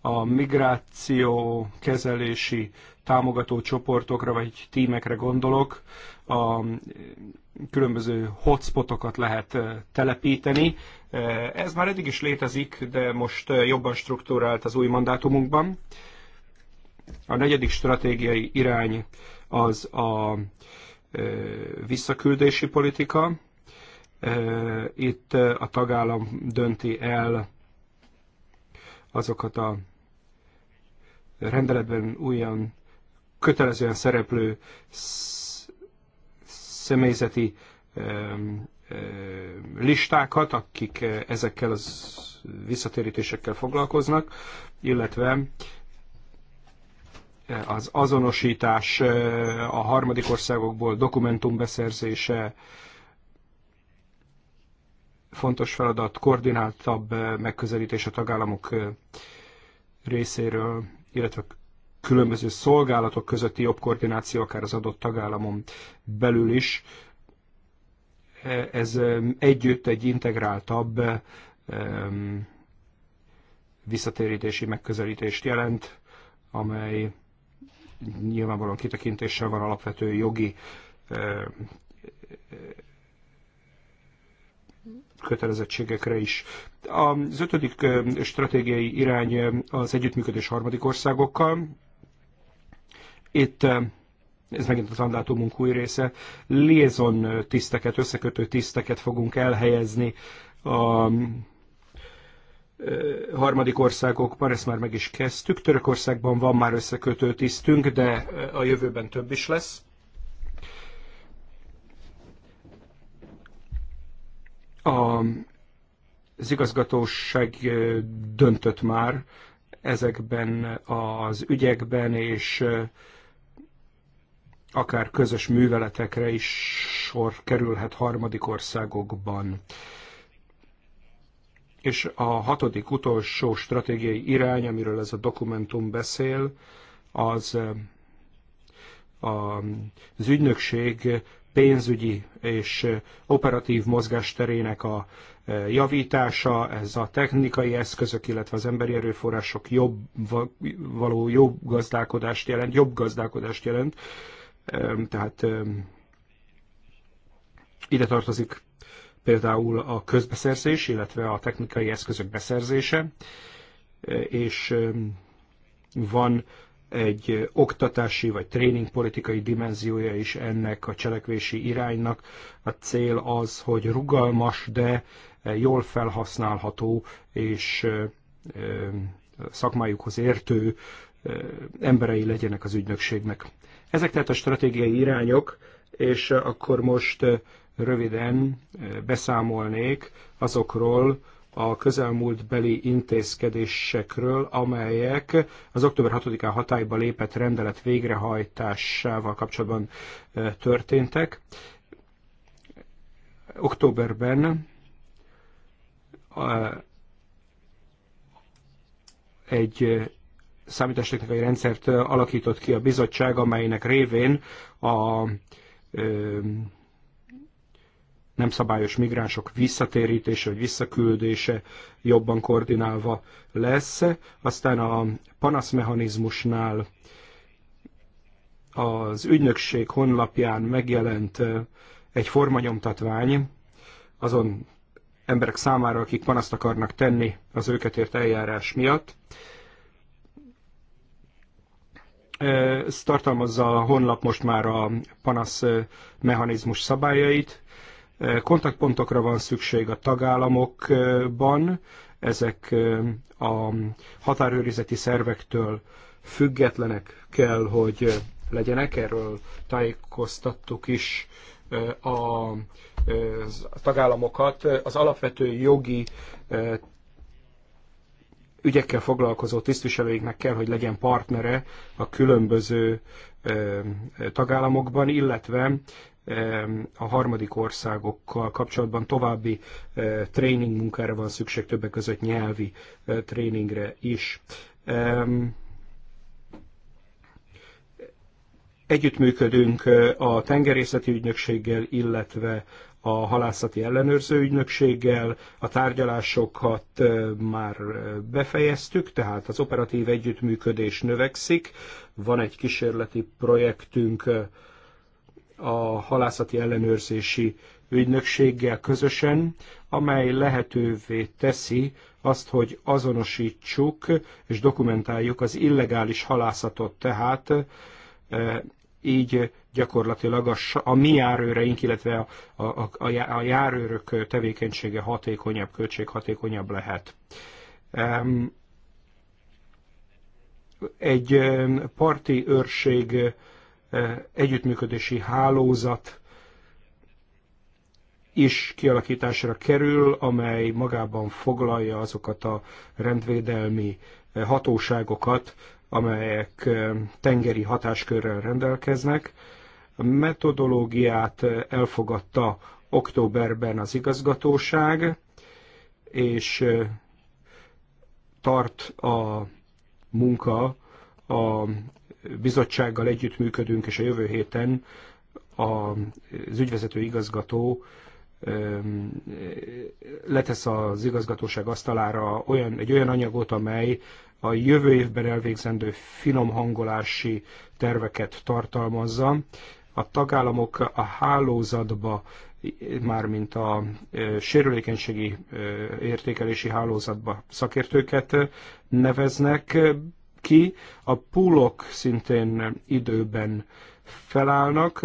a migráció kezelési támogató csoportokra vagy tímekre gondolok, a különböző hotspotokat lehet telepíteni. Ez már eddig is létezik, de most jobban struktúrált az új mandátumunkban. A negyedik stratégiai irány az a visszaküldési politika. Itt a tagállam dönti el azokat a rendeletben újan kötelezően szereplő személyzeti listákat, akik eh, ezekkel az visszatérítésekkel foglalkoznak, illetve eh, az azonosítás, eh, a harmadik országokból dokumentum beszerzése, fontos feladat, koordináltabb megközelítés a tagállamok részéről, illetve különböző szolgálatok közötti jobb koordináció, akár az adott tagállamon belül is, ez együtt egy integráltabb visszatérítési megközelítést jelent, amely nyilvánvalóan kitekintéssel van alapvető jogi kötelezettségekre is. Az ötödik stratégiai irány az együttműködés harmadik országokkal. Itt ez megint az mandátumunk új része, liaison tiszteket, összekötő tiszteket fogunk elhelyezni a harmadik országokban, ezt már meg is kezdtük. Törökországban van már összekötő tisztünk, de a jövőben több is lesz. A, az igazgatóság döntött már ezekben az ügyekben, és akár közös műveletekre is sor kerülhet harmadik országokban. És a hatodik utolsó stratégiai irány, amiről ez a dokumentum beszél, az eh, az ügynökség pénzügyi és operatív mozgásterének a eh, javítása, ez a technikai eszközök, illetve az emberi erőforrások jobb, való jobb gazdálkodást jelent, jobb gazdálkodást jelent, tehát ide tartozik például a közbeszerzés, illetve a technikai eszközök beszerzése, és van egy oktatási vagy tréning politikai dimenziója is ennek a cselekvési iránynak. A cél az, hogy rugalmas, de jól felhasználható és szakmájukhoz értő emberei legyenek az ügynökségnek. Ezek tehát a stratégiai irányok, és akkor most röviden beszámolnék azokról a közelmúltbeli intézkedésekről, amelyek az október 6-án hatályba lépett rendelet végrehajtásával kapcsolatban történtek. Októberben egy számítástechnikai rendszert alakított ki a bizottság, amelynek révén a ö, nem szabályos migránsok visszatérítése vagy visszaküldése jobban koordinálva lesz. Aztán a panaszmechanizmusnál az ügynökség honlapján megjelent egy formanyomtatvány azon emberek számára, akik panaszt akarnak tenni az őket ért eljárás miatt. Ez tartalmazza a honlap most már a panasz mechanizmus szabályait. Kontaktpontokra van szükség a tagállamokban, ezek a határőrizeti szervektől függetlenek kell, hogy legyenek, erről tájékoztattuk is a tagállamokat az alapvető jogi ügyekkel foglalkozó tisztviselőinknek kell, hogy legyen partnere a különböző tagállamokban, illetve a harmadik országokkal kapcsolatban további tréning munkára van szükség, többek között nyelvi tréningre is. Együttműködünk a tengerészeti ügynökséggel, illetve a halászati ellenőrző ügynökséggel, a tárgyalásokat már befejeztük, tehát az operatív együttműködés növekszik, van egy kísérleti projektünk a halászati ellenőrzési ügynökséggel közösen, amely lehetővé teszi azt, hogy azonosítsuk és dokumentáljuk az illegális halászatot, tehát így gyakorlatilag a, a mi járőreink, illetve a, a, a, a járőrök tevékenysége hatékonyabb, költséghatékonyabb lehet. Egy parti őrség eh, együttműködési hálózat is kialakításra kerül, amely magában foglalja azokat a rendvédelmi eh, hatóságokat, amelyek tengeri hatáskörrel rendelkeznek, metodológiát elfogadta októberben az igazgatóság, és tart a munka, a bizottsággal együttműködünk, és a jövő héten az ügyvezető igazgató letesz az igazgatóság asztalára olyan, egy olyan anyagot, amely a jövő évben elvégzendő hangolási terveket tartalmazza, a tagállamok a hálózatba, mármint a sérülékenységi értékelési hálózatba szakértőket neveznek ki, a púlok szintén időben felállnak.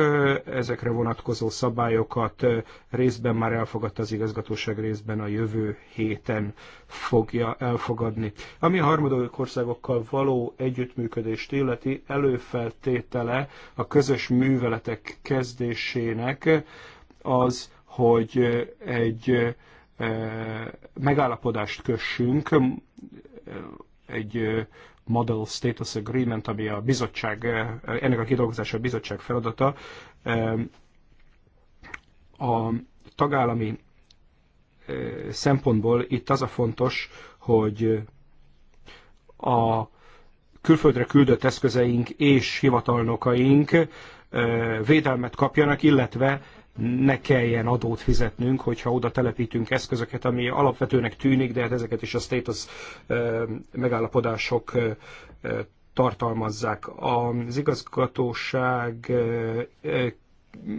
Ezekre vonatkozó szabályokat részben már elfogadta az igazgatóság, részben a jövő héten fogja elfogadni. Ami a harmadik országokkal való együttműködést illeti, előfeltétele a közös műveletek kezdésének az, hogy egy megállapodást kössünk, egy Model Status Agreement, ami a bizottság, eh, ennek a kidolgozása a bizottság feladata, eh, a tagállami eh, szempontból itt az a fontos, hogy a külföldre küldött eszközeink és hivatalnokaink védelmet kapjanak, illetve ne kelljen adót fizetnünk, hogyha oda telepítünk eszközöket, ami alapvetőnek tűnik, de hát ezeket is a status megállapodások tartalmazzák. Az igazgatóság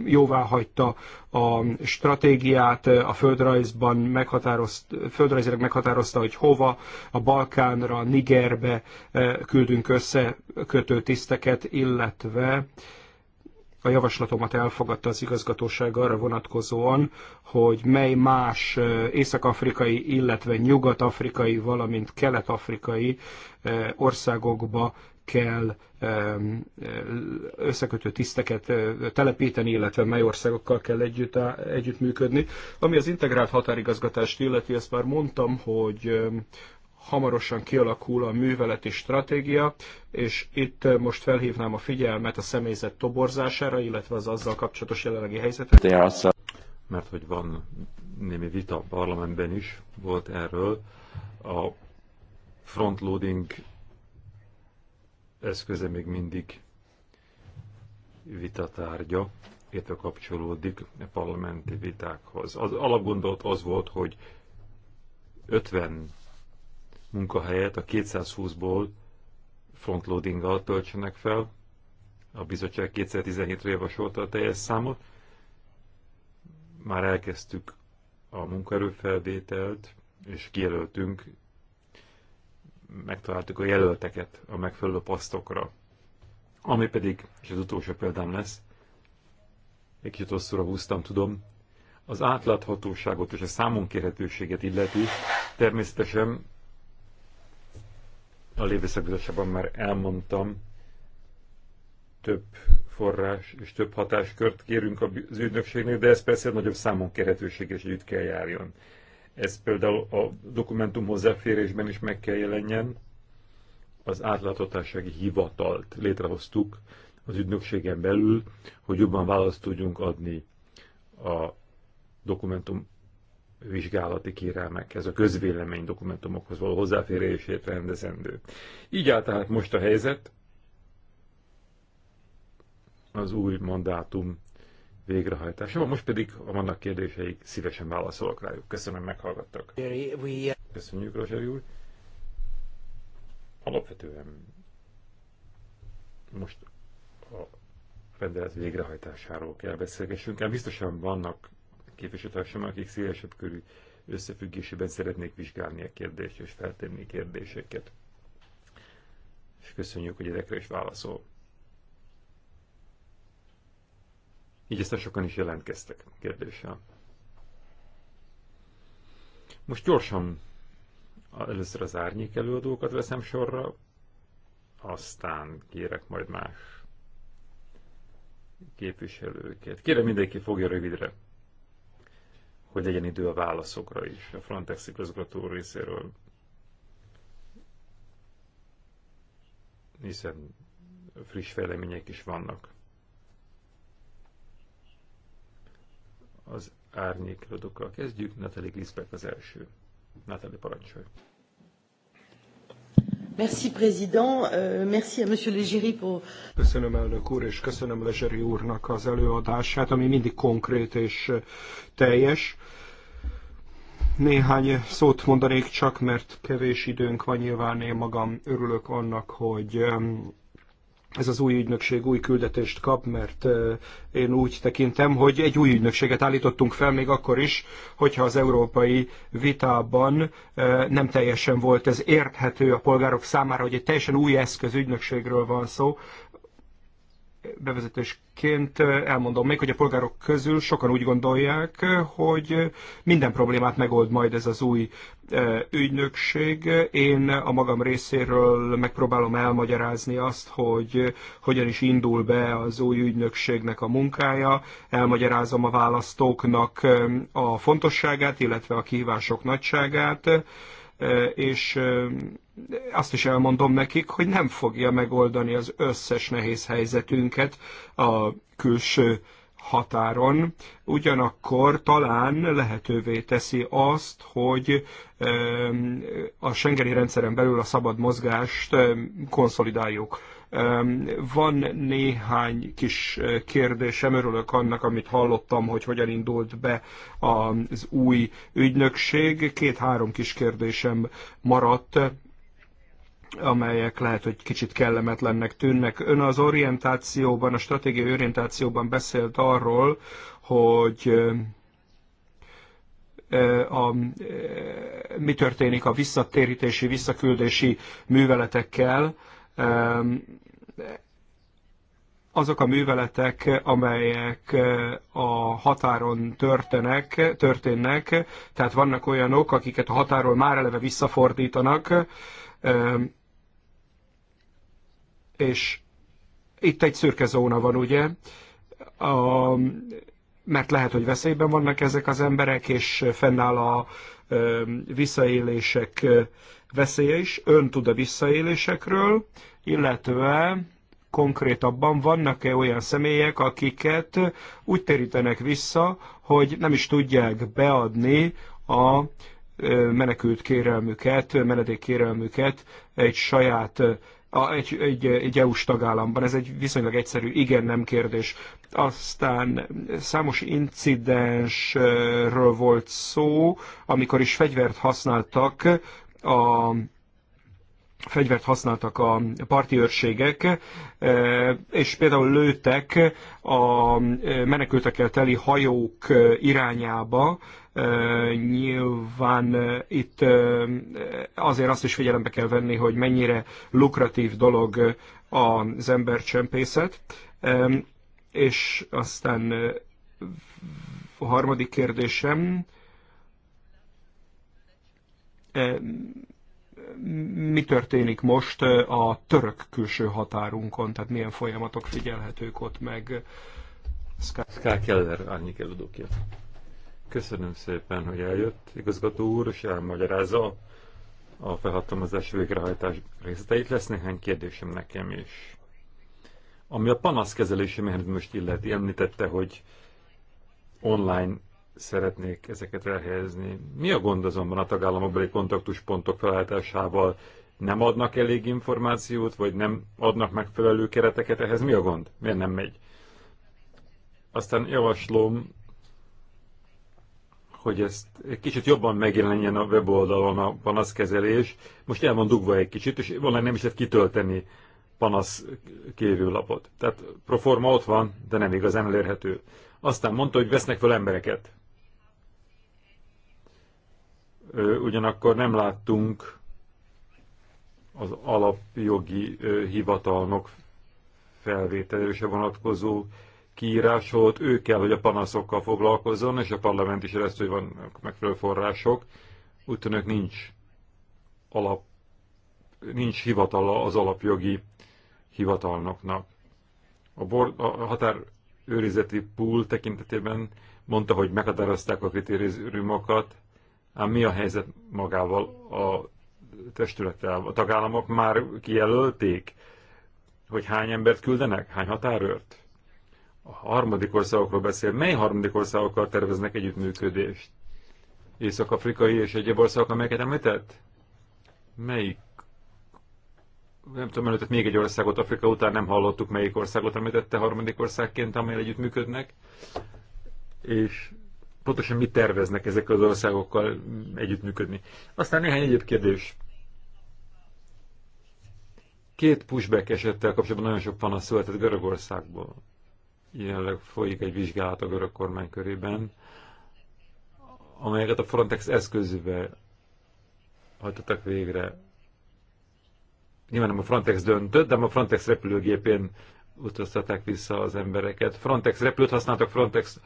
jóvá hagyta a stratégiát, a földrajzban meghatároz, földrajzileg meghatározta, hogy hova, a Balkánra, Nigerbe küldünk össze kötő tiszteket, illetve a javaslatomat elfogadta az igazgatóság arra vonatkozóan, hogy mely más észak-afrikai, illetve nyugat-afrikai, valamint kelet-afrikai országokba kell összekötő tiszteket telepíteni, illetve mely országokkal kell együtt, együttműködni. Ami az integrált határigazgatást illeti, ezt már mondtam, hogy hamarosan kialakul a műveleti stratégia, és itt most felhívnám a figyelmet a személyzet toborzására, illetve az azzal kapcsolatos jelenlegi helyzetre. Mert hogy van némi vita a parlamentben is volt erről, a frontloading eszköze még mindig vitatárgya, illetve kapcsolódik a parlamenti vitákhoz. Az alapgondolat az volt, hogy 50 munkahelyet a 220-ból frontloadinggal töltsenek fel. A bizottság 2017-re javasolta a teljes számot. Már elkezdtük a munkaerőfelvételt, és kijelöltünk, megtaláltuk a jelölteket a megfelelő pasztokra. Ami pedig, és az utolsó példám lesz, egy kicsit hosszúra húztam, tudom, az átláthatóságot és a számonkérhetőséget illeti, természetesen a Lévészakbizottságban már elmondtam, több forrás és több hatáskört kérünk az ügynökségnek, de ez persze nagyobb számon kérhetőség és együtt kell járjon. Ez például a dokumentum hozzáférésben is meg kell jelenjen. Az átláthatósági hivatalt létrehoztuk az ügynökségen belül, hogy jobban választ tudjunk adni a dokumentum vizsgálati kérelmekhez, a közvélemény dokumentumokhoz való hozzáférését rendezendő. Így áll tehát most a helyzet, az új mandátum végrehajtása. Most pedig, ha vannak kérdéseik, szívesen válaszolok rájuk. Köszönöm, meghallgattak. Köszönjük, Roger úr. Alapvetően most a rendelet végrehajtásáról kell beszélgessünk. biztosan vannak képviselőtársam, akik szélesebb körű összefüggésében szeretnék vizsgálni a kérdést és feltenni kérdéseket. És köszönjük, hogy ezekre is válaszol. Így ezt sokan is jelentkeztek kérdéssel. Most gyorsan először az árnyék előadókat veszem sorra, aztán kérek majd más képviselőket. Kérem mindenki fogja rövidre hogy legyen idő a válaszokra is a Frontex igazgató részéről. Hiszen friss fejlemények is vannak. Az árnyék kezdjük, Natalie Grisbeck az első. Natalie parancsolj. Merci, président. Euh, merci à monsieur pour... Köszönöm elnök úr, és köszönöm Legeri úrnak az előadását, ami mindig konkrét és teljes. Néhány szót mondanék csak, mert kevés időnk van nyilván, én magam örülök annak, hogy ez az új ügynökség új küldetést kap, mert én úgy tekintem, hogy egy új ügynökséget állítottunk fel még akkor is, hogyha az európai vitában nem teljesen volt ez érthető a polgárok számára, hogy egy teljesen új eszköz ügynökségről van szó, bevezetősként elmondom még, hogy a polgárok közül sokan úgy gondolják, hogy minden problémát megold majd ez az új ügynökség. Én a magam részéről megpróbálom elmagyarázni azt, hogy hogyan is indul be az új ügynökségnek a munkája, elmagyarázom a választóknak a fontosságát, illetve a kihívások nagyságát, és azt is elmondom nekik, hogy nem fogja megoldani az összes nehéz helyzetünket a külső határon, ugyanakkor talán lehetővé teszi azt, hogy a Schengeni rendszeren belül a szabad mozgást konszolidáljuk. Van néhány kis eh, kérdésem, örülök annak, amit hallottam, hogy hogyan indult be az új ügynökség. Két-három kis kérdésem maradt amelyek lehet, hogy kicsit kellemetlennek tűnnek. Ön az orientációban, a stratégiai orientációban beszélt arról, hogy a, mi történik a visszatérítési, visszaküldési műveletekkel. Azok a műveletek, amelyek a határon történnek, történnek, tehát vannak olyanok, akiket a határól már eleve visszafordítanak, és itt egy szürke zóna van, ugye, a, mert lehet, hogy veszélyben vannak ezek az emberek, és fennáll a ö, visszaélések veszélye is, ön tud a visszaélésekről, illetve konkrétabban vannak-e olyan személyek, akiket úgy térítenek vissza, hogy nem is tudják beadni a menekült kérelmüket, menedékkérelmüket egy saját a, egy, egy, egy EU-s tagállamban. Ez egy viszonylag egyszerű igen-nem kérdés. Aztán számos incidensről volt szó, amikor is fegyvert használtak a fegyvert használtak a parti őrségek, e, és például lőttek a e, menekültekkel teli hajók e, irányába. Nyilván itt azért azt is figyelembe kell venni, hogy mennyire lukratív dolog az embercsempészet. És aztán a harmadik kérdésem, mi történik most a török külső határunkon, tehát milyen folyamatok figyelhetők ott meg. Ská Keller árnyék előadóként. Köszönöm szépen, hogy eljött igazgató úr, és elmagyarázza a felhatalmazás végrehajtás részleteit. Lesz néhány kérdésem nekem is. Ami a panaszkezelési mechanizmust illeti, említette, hogy online szeretnék ezeket elhelyezni. Mi a gond azonban a tagállamokbeli kontaktuspontok felállításával? Nem adnak elég információt, vagy nem adnak megfelelő kereteket ehhez? Mi a gond? Miért nem megy? Aztán javaslom, hogy ezt egy kicsit jobban megjelenjen a weboldalon a panaszkezelés. Most el van dugva egy kicsit, és valami nem is lehet kitölteni panasz kérőlapot. Tehát proforma ott van, de nem igazán elérhető. Aztán mondta, hogy vesznek fel embereket ugyanakkor nem láttunk az alapjogi hivatalnok felvételőse vonatkozó kiírásolt, ő kell, hogy a panaszokkal foglalkozzon, és a parlament is lesz, hogy vannak megfelelő források. Úgy tűnök nincs alap, nincs hivatala az alapjogi hivatalnoknak. A, bord, a határőrizeti pool tekintetében mondta, hogy meghatározták a kritériumokat, Ám mi a helyzet magával a testülettel? A tagállamok már kijelölték, hogy hány embert küldenek, hány határőrt? A harmadik országokról beszél. Mely harmadik országokkal terveznek együttműködést? Észak-afrikai és egyéb országok, amelyeket említett? Melyik? Nem tudom, előtt még egy országot Afrika után, nem hallottuk melyik országot említette harmadik országként, amelyel együttműködnek. És pontosan mit terveznek ezek az országokkal együttműködni. Aztán néhány egyéb kérdés. Két pushback esettel kapcsolatban nagyon sok panasz született Görögországból. Jelenleg folyik egy vizsgálat a görög kormány körében, amelyeket a Frontex eszközével hajtottak végre. Nyilván nem a Frontex döntött, de a Frontex repülőgépén utaztatták vissza az embereket. Frontex repülőt használtak, Frontex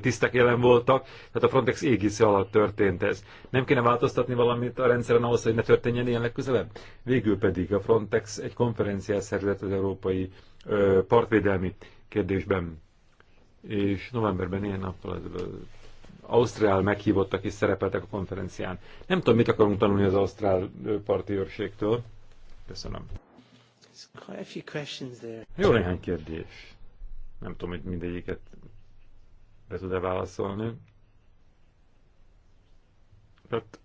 tisztek jelen voltak, tehát a Frontex égisze alatt történt ez. Nem kéne változtatni valamit a rendszeren ahhoz, hogy ne történjen ilyen legközelebb? Végül pedig a Frontex egy konferenciát szervezett az európai partvédelmi kérdésben, és novemberben ilyen nappal az Ausztrál meghívottak és szerepeltek a konferencián. Nem tudom, mit akarunk tanulni az Ausztrál parti őrségtől. Köszönöm. Jó néhány kérdés. Nem tudom, hogy mindegyiket be tud-e válaszolni. Tehát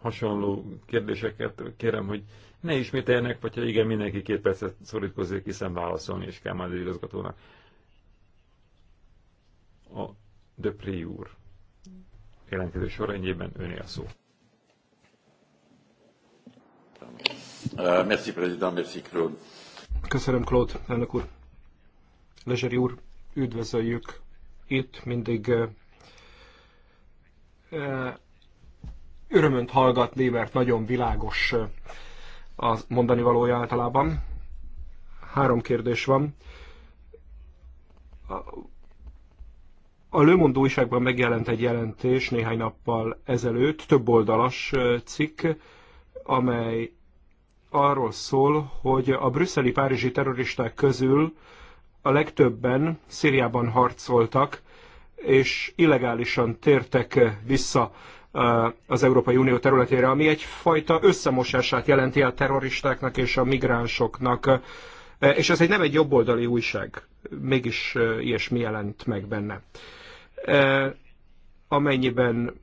hasonló kérdéseket kérem, hogy ne ismételjenek, vagy ha igen, mindenki két percet szorítkozik, hiszen válaszolni is kell majd az igazgatónak. A Döpré úr jelentkező sorrendjében öné a szó. Uh, merci, président, merci, Claude. Köszönöm, Claude, elnök úr. Lezseri úr, üdvözöljük itt mindig uh, uh, örömönt hallgatni, mert nagyon világos uh, a mondani valója általában. Három kérdés van. A Lőmond újságban megjelent egy jelentés néhány nappal ezelőtt, több oldalas cikk, amely arról szól, hogy a brüsszeli-párizsi terroristák közül a legtöbben Szíriában harcoltak, és illegálisan tértek vissza az Európai Unió területére, ami egyfajta összemosását jelenti a terroristáknak és a migránsoknak. És ez egy nem egy jobboldali újság, mégis ilyesmi jelent meg benne. Amennyiben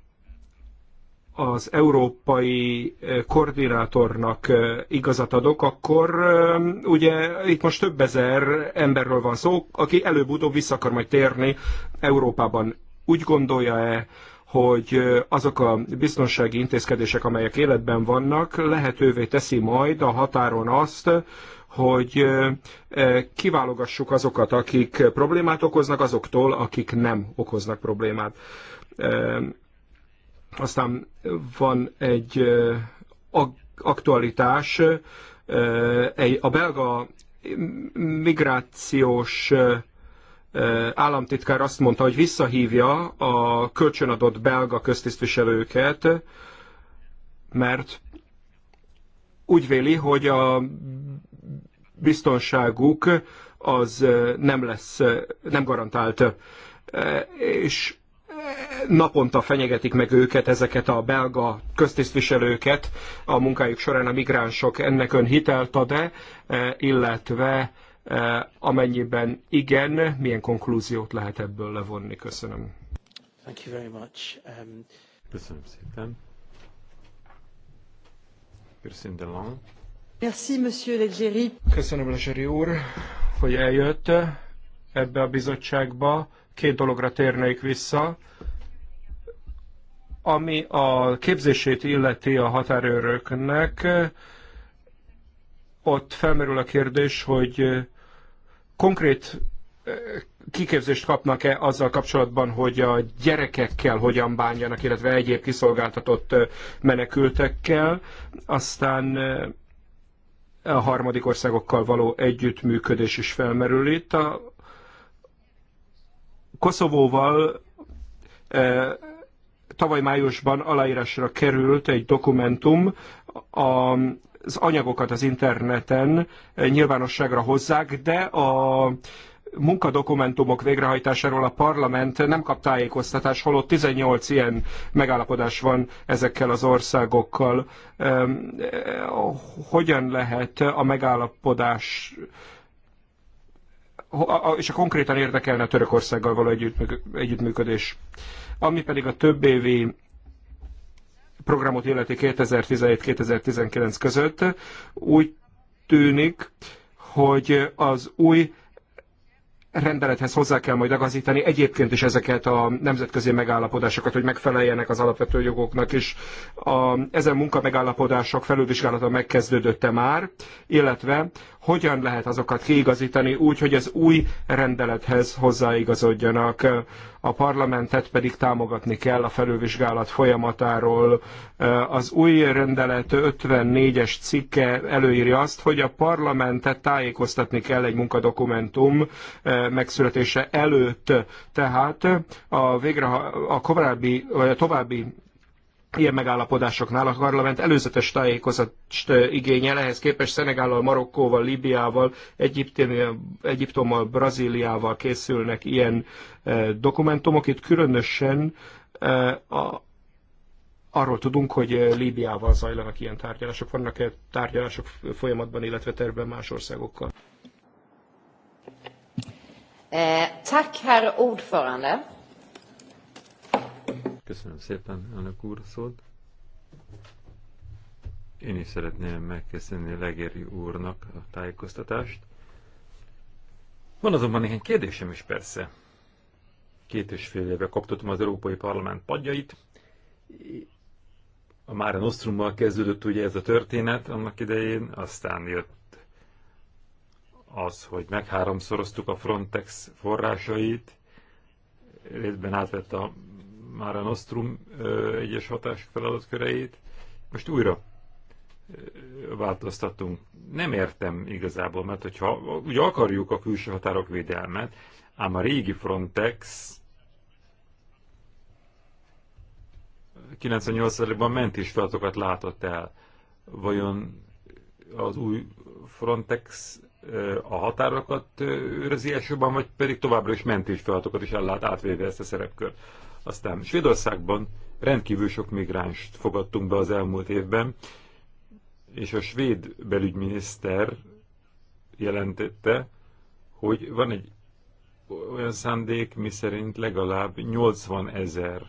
az európai eh, koordinátornak eh, igazat adok, akkor eh, ugye itt most több ezer emberről van szó, aki előbb-utóbb vissza akar majd térni Európában. Úgy gondolja-e, hogy azok a biztonsági intézkedések, amelyek életben vannak, lehetővé teszi majd a határon azt, hogy kiválogassuk azokat, akik problémát okoznak, azoktól, akik nem okoznak problémát aztán van egy aktualitás, a belga migrációs államtitkár azt mondta, hogy visszahívja a kölcsönadott belga köztisztviselőket, mert úgy véli, hogy a biztonságuk az nem lesz, nem garantált. És naponta fenyegetik meg őket, ezeket a belga köztisztviselőket a munkájuk során a migránsok. Ennek ön hitelt ad-e, e, illetve e, amennyiben igen, milyen konklúziót lehet ebből levonni? Köszönöm. Thank you very much. Um... Köszönöm szépen. Köszönöm, Delan. Merci, monsieur Legeri. Köszönöm, Legeri úr, hogy eljött ebbe a bizottságba két dologra térnék vissza. Ami a képzését illeti a határőröknek, ott felmerül a kérdés, hogy konkrét eh, kiképzést kapnak-e azzal kapcsolatban, hogy a gyerekekkel hogyan bánjanak, illetve egyéb kiszolgáltatott eh, menekültekkel, aztán eh, a harmadik országokkal való együttműködés is felmerül itt. A Koszovóval eh, tavaly májusban aláírásra került egy dokumentum, a, az anyagokat az interneten eh, nyilvánosságra hozzák, de a munkadokumentumok végrehajtásáról a parlament nem kap tájékoztatást, holott 18 ilyen megállapodás van ezekkel az országokkal. Eh, hogyan lehet a megállapodás és a konkrétan érdekelne a Törökországgal való együttműködés. Ami pedig a több évi programot illeti 2017-2019 között, úgy tűnik, hogy az új rendelethez hozzá kell majd agazítani egyébként is ezeket a nemzetközi megállapodásokat, hogy megfeleljenek az alapvető jogoknak is. A, ezen munkamegállapodások felülvizsgálata megkezdődötte már, illetve hogyan lehet azokat kiigazítani úgy, hogy az új rendelethez hozzáigazodjanak. A parlamentet pedig támogatni kell a felülvizsgálat folyamatáról. Az új rendelet 54-es cikke előírja azt, hogy a parlamentet tájékoztatni kell egy munkadokumentum eh, megszületése előtt. Tehát a, végre, a korábbi, vagy a további ilyen megállapodásoknál a parlament előzetes tájékozást igényel, ehhez képest Szenegállal, Marokkóval, Líbiával, Egyiptommal, Brazíliával készülnek ilyen dokumentumok. Itt különösen a, a, arról tudunk, hogy Líbiával zajlanak ilyen tárgyalások. Vannak-e tárgyalások folyamatban, illetve tervben más országokkal? Eh, tack, herr ordförande. Köszönöm szépen, elnök úr szót. Én is szeretném megköszönni Legéri úrnak a tájékoztatást. Van azonban néhány kérdésem is persze. Két és fél éve kaptottam az Európai Parlament padjait. A Mára Nostrummal kezdődött ugye ez a történet annak idején, aztán jött az, hogy megháromszoroztuk a Frontex forrásait, részben átvett a már a Nostrum egyes hatások feladatköreit, most újra változtatunk. Nem értem igazából, mert hogyha ugye akarjuk a külső határok védelmet, ám a régi Frontex 98%-ban mentés feladatokat látott el. Vajon az új Frontex a határokat őrzi elsőben, vagy pedig továbbra is mentés feladatokat is ellát, átvéve ezt a szerepkört. Aztán Svédországban rendkívül sok migránst fogadtunk be az elmúlt évben, és a svéd belügyminiszter jelentette, hogy van egy olyan szándék, miszerint legalább 80 ezer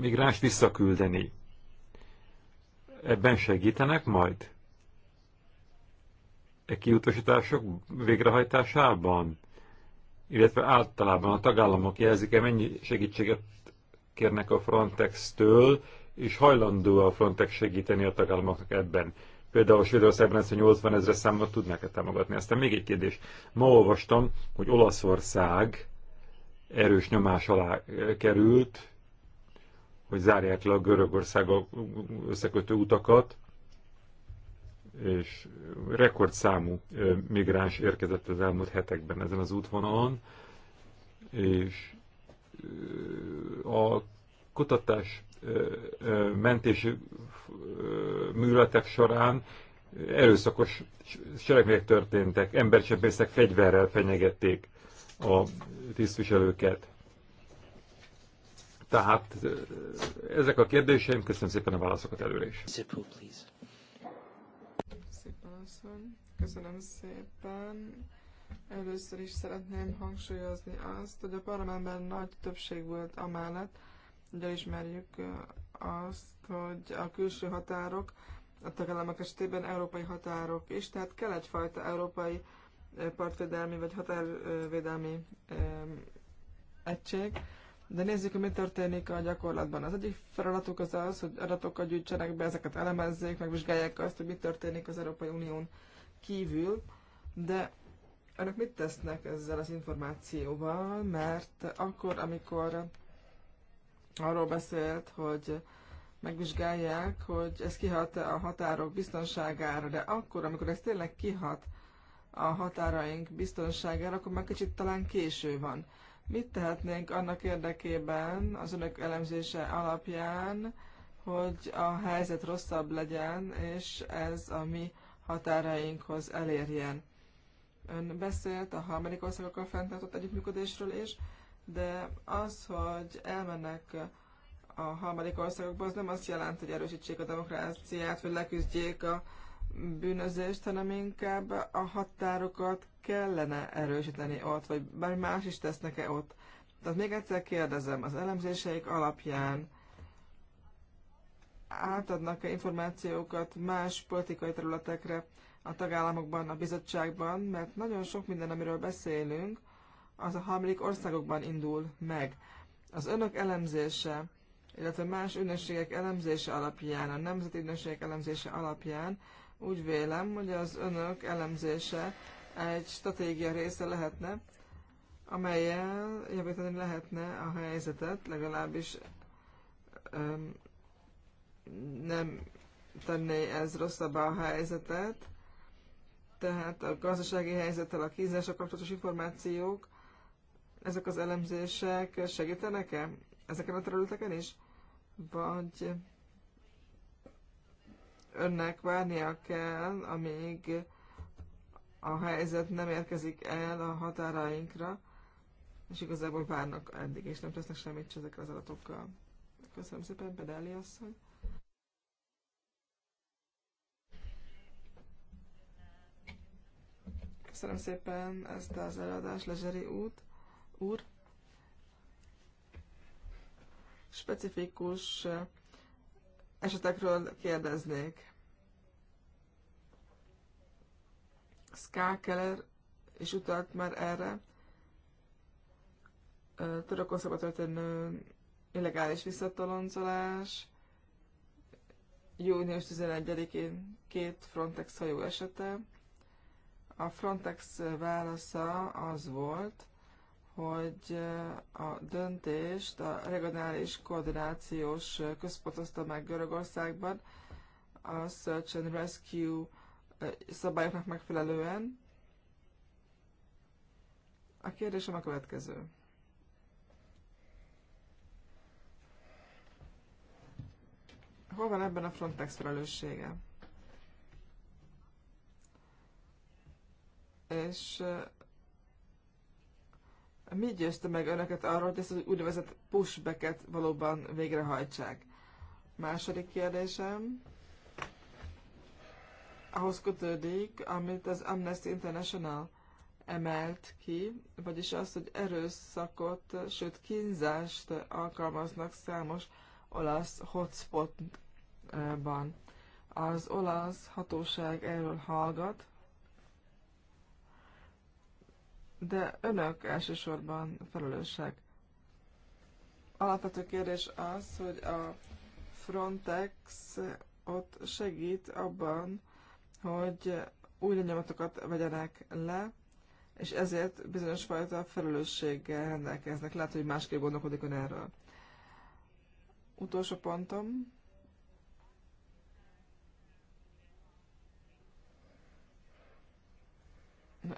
migráns visszaküldeni. Ebben segítenek majd? e kiutasítások végrehajtásában, illetve általában a tagállamok jelzik-e, mennyi segítséget kérnek a Frontex-től, és hajlandó a Frontex segíteni a tagállamoknak ebben. Például Svédországban ezt a 80 ezre számot tudnák-e támogatni? Aztán még egy kérdés. Ma olvastam, hogy Olaszország erős nyomás alá e, került, hogy zárják le a Görögország összekötő utakat, és rekordszámú migráns érkezett az elmúlt hetekben ezen az útvonalon, és a kutatás mentési műletek során erőszakos cselekmények történtek, embercsempészek fegyverrel fenyegették a tisztviselőket. Tehát ezek a kérdéseim, köszönöm szépen a válaszokat előre is. Köszönöm. Köszönöm szépen. Először is szeretném hangsúlyozni azt, hogy a parlamentben nagy többség volt amellett, hogy elismerjük azt, hogy a külső határok a tagállamok esetében európai határok is, tehát kell egyfajta európai partvédelmi vagy határvédelmi egység. De nézzük, hogy mi történik a gyakorlatban. Az egyik feladatuk az az, hogy adatokat gyűjtsenek be, ezeket elemezzék, megvizsgálják azt, hogy mi történik az Európai Unión kívül, de önök mit tesznek ezzel az információval, mert akkor, amikor arról beszélt, hogy megvizsgálják, hogy ez kihat a határok biztonságára, de akkor, amikor ez tényleg kihat a határaink biztonságára, akkor már kicsit talán késő van. Mit tehetnénk annak érdekében az önök elemzése alapján, hogy a helyzet rosszabb legyen, és ez a mi határainkhoz elérjen? Ön beszélt a harmadik országokkal fenntartott együttműködésről is, de az, hogy elmennek a harmadik országokba, az nem azt jelenti, hogy erősítsék a demokráciát, vagy leküzdjék a bűnözést, hanem inkább a határokat kellene erősíteni ott, vagy bármi más is tesznek-e ott. Tehát még egyszer kérdezem, az elemzéseik alapján átadnak-e információkat más politikai területekre a tagállamokban, a bizottságban, mert nagyon sok minden, amiről beszélünk, az a harmadik országokban indul meg. Az önök elemzése, illetve más ünnösségek elemzése alapján, a nemzeti ünnösségek elemzése alapján úgy vélem, hogy az önök elemzése egy stratégia része lehetne, amelyel javítani lehetne a helyzetet, legalábbis öm, nem tenné ez rosszabbá a helyzetet, tehát a gazdasági helyzettel, a kínzásra kapcsolatos információk, ezek az elemzések segítenek-e ezeken a területeken is? Vagy önnek várnia kell, amíg a helyzet nem érkezik el a határainkra, és igazából várnak eddig, és nem tesznek semmit se ezekkel az adatokkal. Köszönöm szépen, Pedeli asszony. Köszönöm szépen ezt az előadást, Lezseri út, úr. Specifikus esetekről kérdeznék. Skákeller is utalt már erre. Törökországban történő illegális visszatoloncolás, június 11-én két Frontex hajó esete. A Frontex válasza az volt, hogy a döntést a regionális koordinációs központ hozta meg Görögországban a Search and Rescue szabályoknak megfelelően. A kérdésem a következő. Hol van ebben a Frontex felelőssége? És mi győzte meg önöket arra, hogy ezt az úgynevezett pushbacket valóban végrehajtsák? Második kérdésem ahhoz kötődik, amit az Amnesty International emelt ki, vagyis az, hogy erőszakot, sőt kínzást alkalmaznak számos olasz hotspotban. Az olasz hatóság erről hallgat, de önök elsősorban felelősek. Alapvető kérdés az, hogy a Frontex ott segít abban, hogy új lenyomatokat vegyenek le, és ezért bizonyos fajta felelősséggel rendelkeznek. Lehet, hogy másképp gondolkodik ön erről. Utolsó pontom.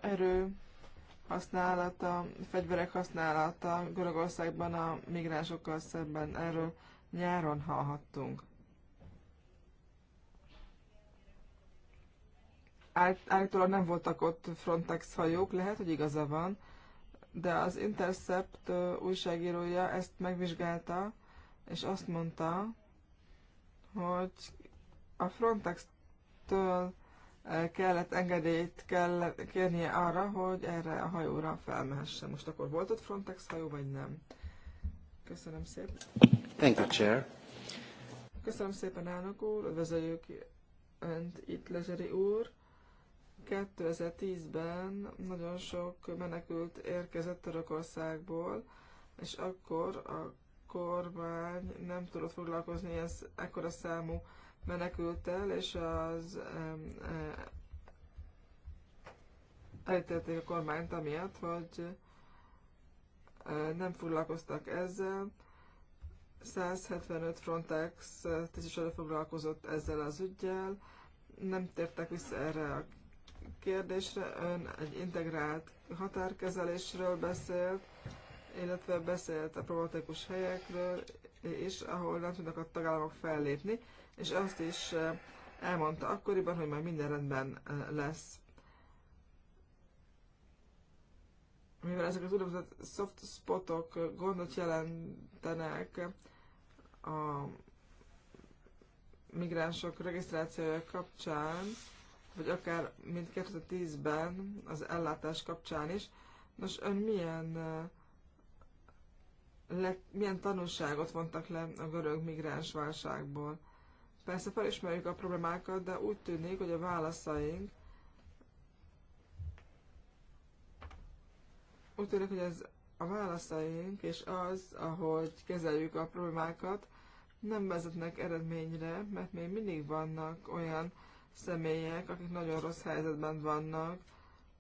Erő, használata, fegyverek használata Görögországban a migránsokkal szemben. Erről nyáron hallhattunk. Állítólag nem voltak ott Frontex hajók, lehet, hogy igaza van, de az Intercept újságírója ezt megvizsgálta, és azt mondta, hogy a Frontex-től kellett engedélyt kell kérnie arra, hogy erre a hajóra felmehessen. Most akkor volt ott Frontex hajó, vagy nem? Köszönöm szépen. Thank you, Chair. Köszönöm szépen, elnök úr. Üdvözöljük Önt itt, Lezseri úr. 2010-ben nagyon sok menekült érkezett Törökországból, és akkor a kormány nem tudott foglalkozni ez ekkora számú menekült el, és az e, elítélték a kormányt amiatt, hogy e, nem foglalkoztak ezzel. 175 Frontex tisztviselő foglalkozott ezzel az ügyjel, nem tértek vissza erre a kérdésre. Ön egy integrált határkezelésről beszélt, illetve beszélt a problematikus helyekről, és ahol nem tudnak a tagállamok fellépni és azt is eh, elmondta akkoriban, hogy majd minden rendben eh, lesz. Mivel ezek az úgynevezett soft spotok eh, gondot jelentenek a migránsok regisztrációja kapcsán, vagy akár mint 2010-ben az ellátás kapcsán is. Nos, ön milyen, le, milyen tanulságot vontak le a görög migráns válságból? Persze felismerjük a problémákat, de úgy tűnik, hogy a válaszaink úgy tűnik, hogy ez a válaszaink és az, ahogy kezeljük a problémákat, nem vezetnek eredményre, mert még mindig vannak olyan személyek, akik nagyon rossz helyzetben vannak,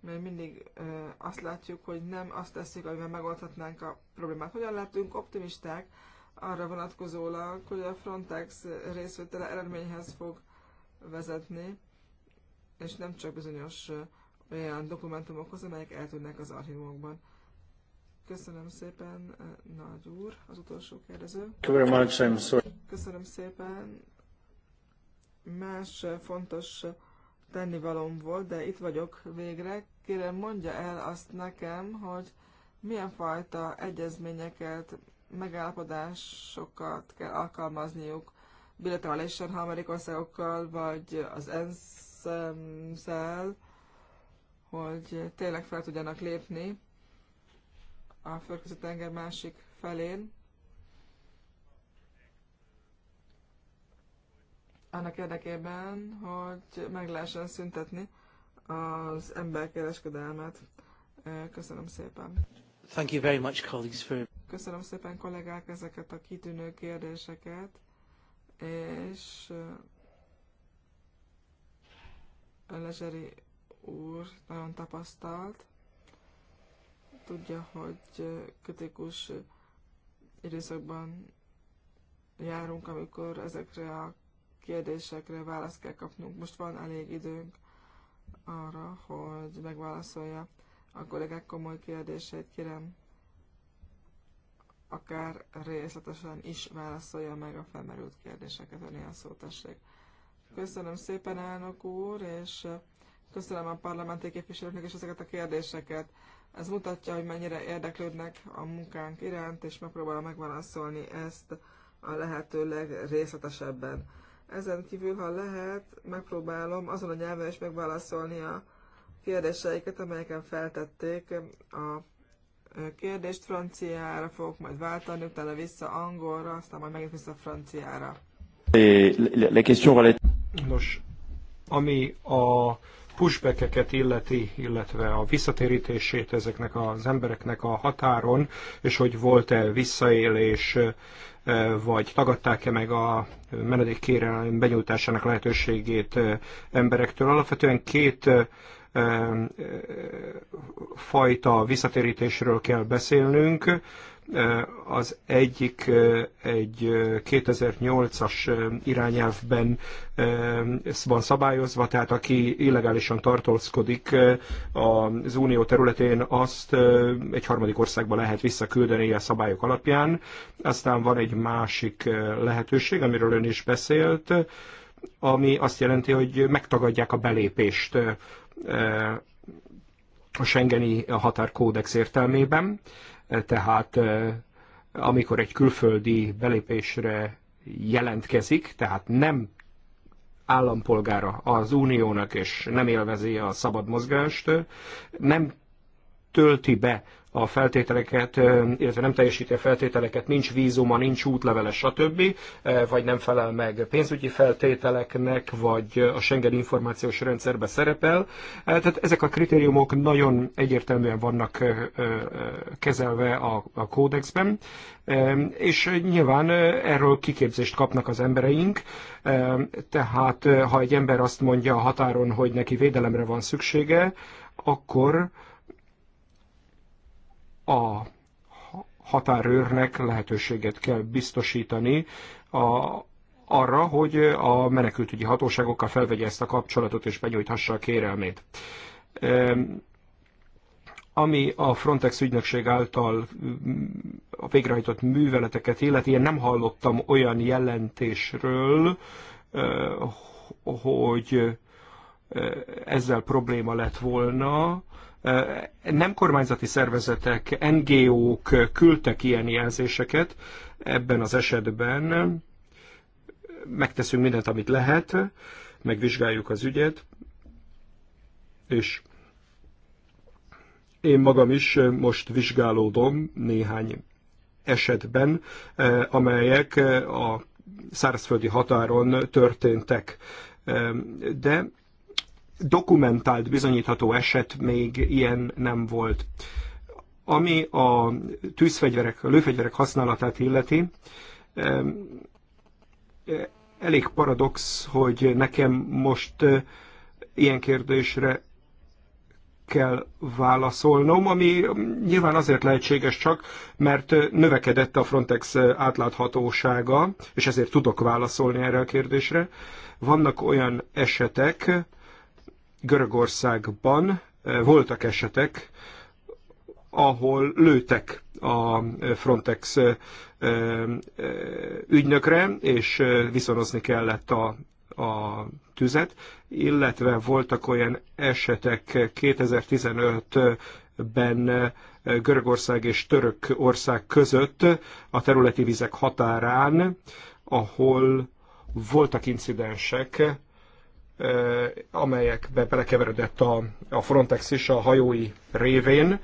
mert mindig ö, azt látjuk, hogy nem azt tesszük, amivel megoldhatnánk a problémát. Hogyan lehetünk optimisták arra vonatkozólag, hogy a Frontex részvétele eredményhez fog vezetni, és nem csak bizonyos olyan dokumentumokhoz, amelyek eltűnnek az archívumokban. Köszönöm szépen, Nagy úr, az utolsó kérdező. Köszönöm szépen. Más fontos tennivalom volt, de itt vagyok végre. Kérem, mondja el azt nekem, hogy milyen fajta egyezményeket megállapodásokat kell alkalmazniuk bilaterálisan harmadik országokkal, vagy az ENSZ-szel, hogy tényleg fel tudjanak lépni a földközi tenger másik felén. Annak érdekében, hogy meg lehessen szüntetni az emberkereskedelmet. Köszönöm szépen! Thank you very much, colleagues, for... Köszönöm szépen kollégák ezeket a kitűnő kérdéseket, és Lezseri úr nagyon tapasztalt, tudja, hogy kritikus időszakban járunk, amikor ezekre a kérdésekre választ kell kapnunk. Most van elég időnk arra, hogy megválaszolja a kollégák komoly kérdéseit, kérem, akár részletesen is válaszolja meg a felmerült kérdéseket, ön ilyen szót tessék. Köszönöm szépen, elnök úr, és köszönöm a parlamenti képviselőknek is ezeket a kérdéseket. Ez mutatja, hogy mennyire érdeklődnek a munkánk iránt, és megpróbálom megválaszolni ezt a lehető legrészletesebben. Ezen kívül, ha lehet, megpróbálom azon a nyelven is megválaszolni a kérdéseiket, amelyeken feltették a kérdést franciára, fogok majd váltani, utána vissza angolra, aztán majd megint vissza franciára. Nos, ami a pushbackeket illeti, illetve a visszatérítését ezeknek az embereknek a határon, és hogy volt-e visszaélés, vagy tagadták-e meg a menedékkérelem benyújtásának lehetőségét emberektől. Alapvetően két fajta visszatérítésről kell beszélnünk. Az egyik egy 2008-as irányelvben van szabályozva, tehát aki illegálisan tartózkodik az unió területén, azt egy harmadik országba lehet visszaküldeni a szabályok alapján. Aztán van egy másik lehetőség, amiről ön is beszélt, ami azt jelenti, hogy megtagadják a belépést a Schengeni határkódex értelmében, tehát amikor egy külföldi belépésre jelentkezik, tehát nem állampolgára az uniónak, és nem élvezi a szabad mozgást, nem tölti be a feltételeket, illetve nem teljesíti a feltételeket, nincs vízuma, nincs útlevele, stb., e, vagy nem felel meg pénzügyi feltételeknek, vagy a Schengen információs rendszerbe szerepel. E, tehát ezek a kritériumok nagyon egyértelműen vannak kezelve a, a kódexben, e, és nyilván erről kiképzést kapnak az embereink, tehát ha egy ember azt mondja a határon, hogy neki védelemre van szüksége, akkor a határőrnek lehetőséget kell biztosítani a, arra, hogy a menekültügyi hatóságokkal felvegye ezt a kapcsolatot és benyújthassa a kérelmét. Ami a Frontex ügynökség által mm, a végrehajtott műveleteket illeti, én nem hallottam olyan jelentésről, hogy ezzel probléma lett volna nem kormányzati szervezetek, NGO-k küldtek ilyen jelzéseket, ebben az esetben megteszünk mindent, amit lehet, megvizsgáljuk az ügyet, és én magam is most vizsgálódom néhány esetben, amelyek a szárazföldi határon történtek. De dokumentált, bizonyítható eset még ilyen nem volt. Ami a tűzfegyverek, a lőfegyverek használatát illeti, elég paradox, hogy nekem most ilyen kérdésre kell válaszolnom, ami nyilván azért lehetséges csak, mert növekedett a Frontex átláthatósága, és ezért tudok válaszolni erre a kérdésre. Vannak olyan esetek, Görögországban eh, voltak esetek, ahol lőtek a Frontex eh, eh, ügynökre, és viszonozni kellett a, a tüzet, illetve voltak olyan esetek 2015-ben Görögország és Törökország között a területi vizek határán, ahol voltak incidensek, Eh, amelyekbe belekeveredett a, a Frontex is a hajói révén,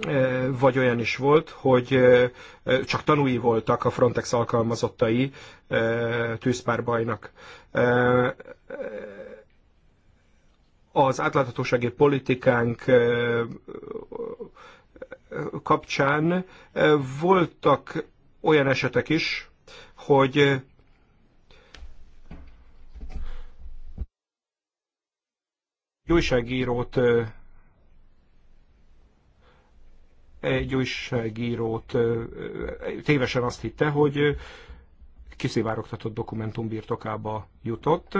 eh, vagy olyan is volt, hogy eh, csak tanúi voltak a Frontex alkalmazottai tűzpárbajnak. Az átláthatósági politikánk kapcsán voltak olyan esetek is, hogy egy újságírót egy újságírót tévesen azt hitte, hogy kiszivárogtatott dokumentum birtokába jutott.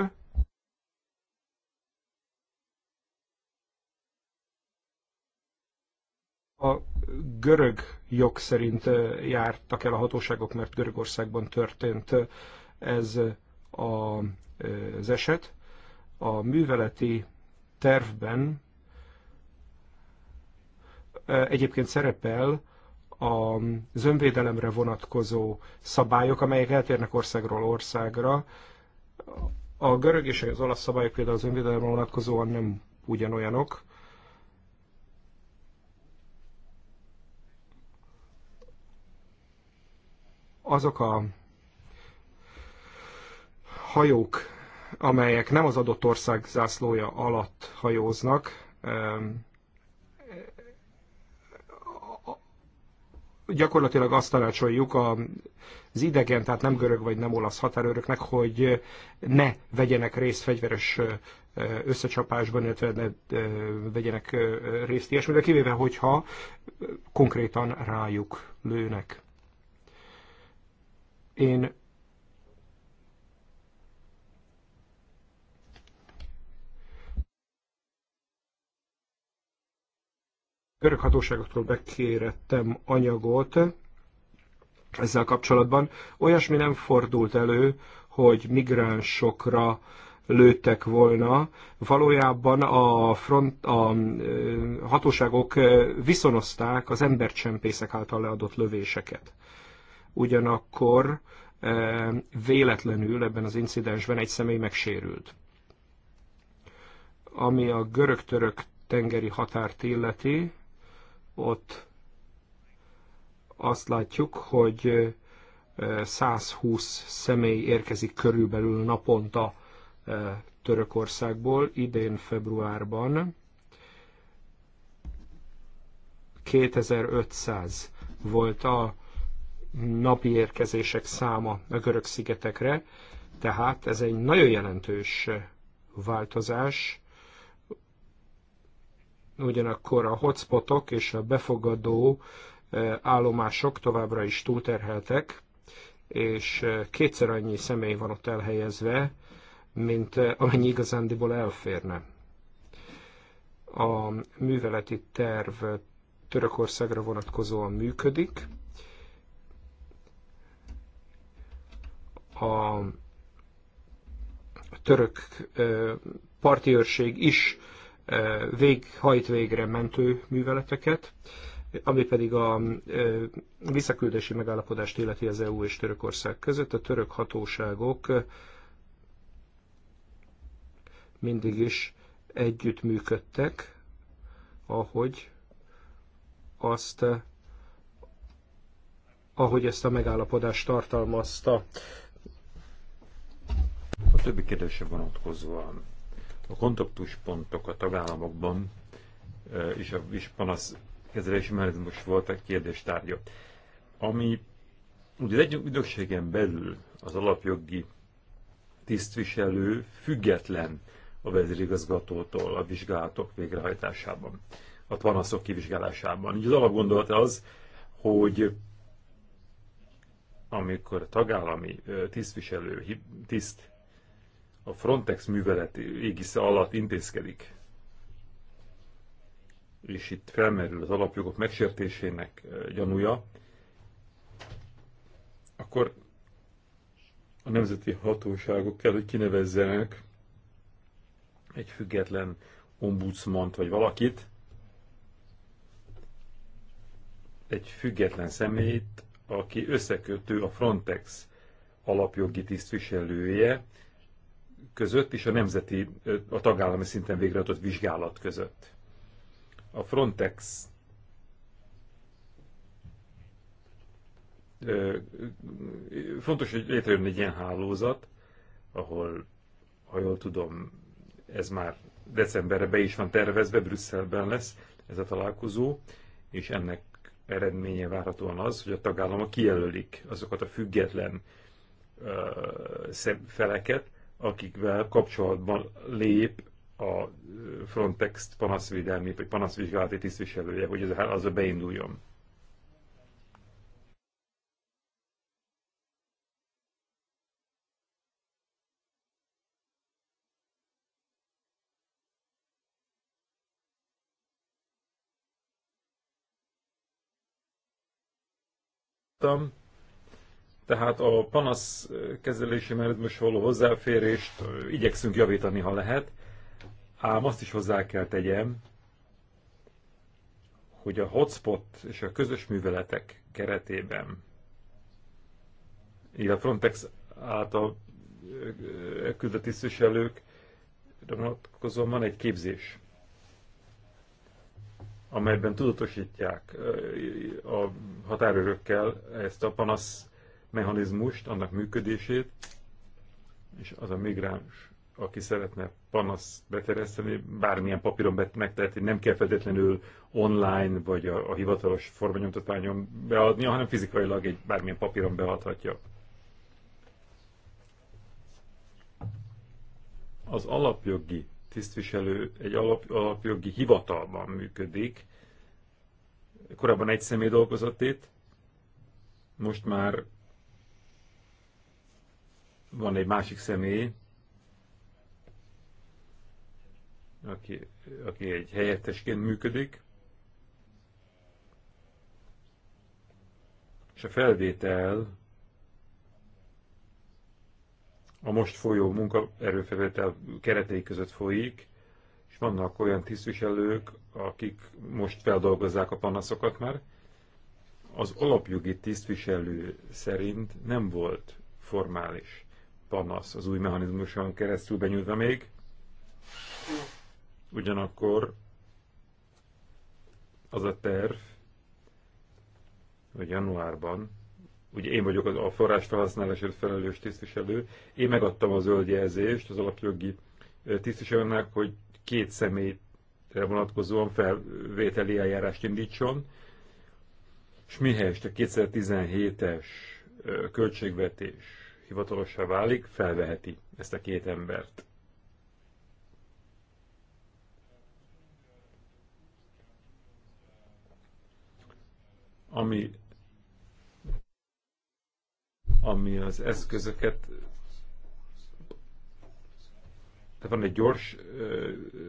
A görög jog szerint jártak el a hatóságok, mert Görögországban történt ez az eset. A műveleti tervben egyébként szerepel a zönvédelemre vonatkozó szabályok, amelyek eltérnek országról országra. A görög és az olasz szabályok például az önvédelemre vonatkozóan nem ugyanolyanok. Azok a hajók, amelyek nem az adott ország zászlója alatt hajóznak, gyakorlatilag azt tanácsoljuk az idegen, tehát nem görög vagy nem olasz határőröknek, hogy ne vegyenek részt fegyveres összecsapásban, illetve ne vegyenek részt de kivéve, hogyha konkrétan rájuk lőnek. Én görög hatóságoktól bekérettem anyagot ezzel kapcsolatban. Olyasmi nem fordult elő, hogy migránsokra lőttek volna. Valójában a, front, a hatóságok viszonozták az embercsempészek által leadott lövéseket. Ugyanakkor véletlenül ebben az incidensben egy személy megsérült. Ami a görög-török tengeri határt illeti, ott azt látjuk, hogy 120 személy érkezik körülbelül naponta Törökországból idén februárban. 2500 volt a napi érkezések száma a görög szigetekre, tehát ez egy nagyon jelentős változás ugyanakkor a hotspotok és a befogadó eh, állomások továbbra is túlterheltek, és eh, kétszer annyi személy van ott elhelyezve, mint eh, amennyi igazándiból elférne. A műveleti terv Törökországra vonatkozóan működik. A török partiőrség is vég, hajt végre mentő műveleteket, ami pedig a visszaküldési megállapodást illeti az EU és Törökország között. A török hatóságok mindig is együttműködtek, ahogy azt ahogy ezt a megállapodást tartalmazta. A többi kérdése vonatkozóan a kontaktuspontok a tagállamokban és a és panasz kezelési mechanizmus volt a kérdéstárgya. Ami ugye az ügynökségen belül az alapjogi tisztviselő független a vezérigazgatótól a vizsgálatok végrehajtásában, a panaszok kivizsgálásában. Így az alapgondolat az, hogy amikor a tagállami tisztviselő, tiszt a Frontex művelet égisze alatt intézkedik. És itt felmerül az alapjogok megsértésének gyanúja, akkor a nemzeti hatóságok kell, hogy kinevezzenek egy független ombudsmant vagy valakit, egy független személyt, aki összekötő a Frontex alapjogi tisztviselője között és a nemzeti, a tagállami szinten végrehajtott vizsgálat között. A Frontex fontos, hogy létrejön egy ilyen hálózat, ahol, ha jól tudom, ez már decemberre be is van tervezve, Brüsszelben lesz ez a találkozó, és ennek eredménye várhatóan az, hogy a tagállamok kijelölik azokat a független feleket, akikvel kapcsolatban lép a Frontex panaszvédelmi vagy panaszvizsgálati tisztviselője, hogy ez az a beinduljon. Um, tehát a panasz kezelési mechanizmus való hozzáférést igyekszünk javítani, ha lehet, ám azt is hozzá kell tegyem, hogy a hotspot és a közös műveletek keretében, így a Frontex által küldött tisztviselők vonatkozóan van egy képzés, amelyben tudatosítják a határőrökkel ezt a panasz mechanizmust, annak működését, és az a migráns, aki szeretne panasz betereszteni, bármilyen papíron bet megteheti, nem kell feltétlenül online vagy a, a hivatalos formanyomtatványon beadni, hanem fizikailag egy bármilyen papíron beadhatja. Az alapjogi tisztviselő egy alap, alapjogi hivatalban működik. Korábban egy személy dolgozott itt, most már van egy másik személy, aki, aki egy helyettesként működik, és a felvétel a most folyó munkaerőfelvétel keretei között folyik, és vannak olyan tisztviselők, akik most feldolgozzák a panaszokat már. Az alapjogi tisztviselő szerint nem volt formális panasz az új mechanizmuson keresztül benyújtva még. Ugyanakkor az a terv, hogy januárban, ugye én vagyok a forrás felhasználásért felelős tisztviselő, én megadtam a zöld jelzést az alapjogi tisztviselőnek, hogy két személyre vonatkozóan felvételi eljárást indítson, és mihelyest a 2017-es költségvetés hivatalossá válik, felveheti ezt a két embert. Ami, ami az eszközöket tehát van egy gyors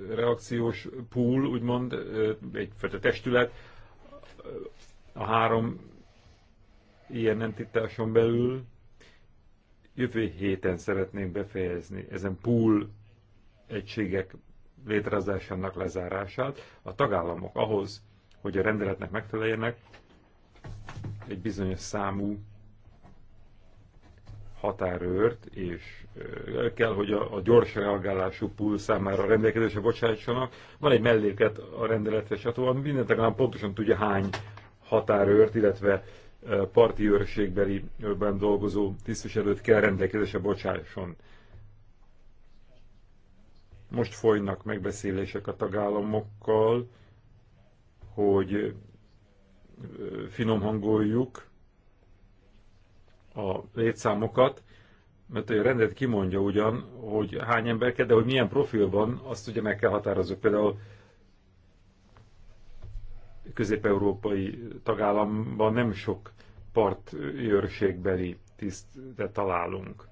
reakciós pool, úgymond, egy a testület, a három ilyen entitáson belül, Jövő héten szeretnénk befejezni ezen pool egységek létrehozásának lezárását. A tagállamok ahhoz, hogy a rendeletnek megfeleljenek, egy bizonyos számú határőrt, és kell, hogy a, gyors reagálású pool számára rendelkezésre bocsátsanak. Van egy melléket a rendeletre, stb. minden tagállam pontosan tudja hány határőrt, illetve parti őrségbeliben dolgozó tisztviselőt kell rendelkezésre bocsásson. Most folynak megbeszélések a tagállamokkal, hogy finomhangoljuk a létszámokat, mert a rendet kimondja ugyan, hogy hány ember kell, de hogy milyen profilban, azt ugye meg kell határozni. Például közép-európai tagállamban nem sok partőrségbeli tisztet találunk.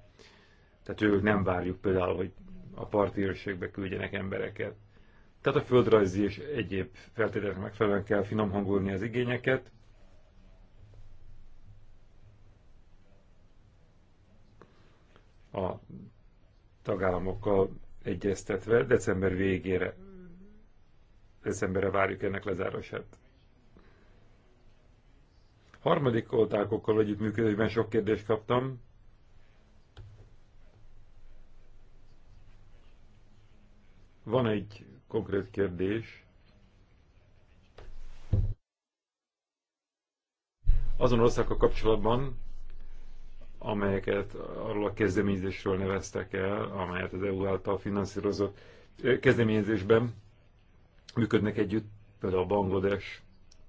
Tehát ők nem várjuk például, hogy a parti őrségbe küldjenek embereket. Tehát a földrajzi és egyéb feltételek megfelelően kell finom hangolni az igényeket. A tagállamokkal egyeztetve december végére, decemberre várjuk ennek lezárását. Harmadik oltákokkal együttműködésben sok kérdést kaptam. Van egy konkrét kérdés. Azon országokkal kapcsolatban, amelyeket arról a kezdeményezésről neveztek el, amelyet az EU által finanszírozott kezdeményezésben működnek együtt, például Bangladesh,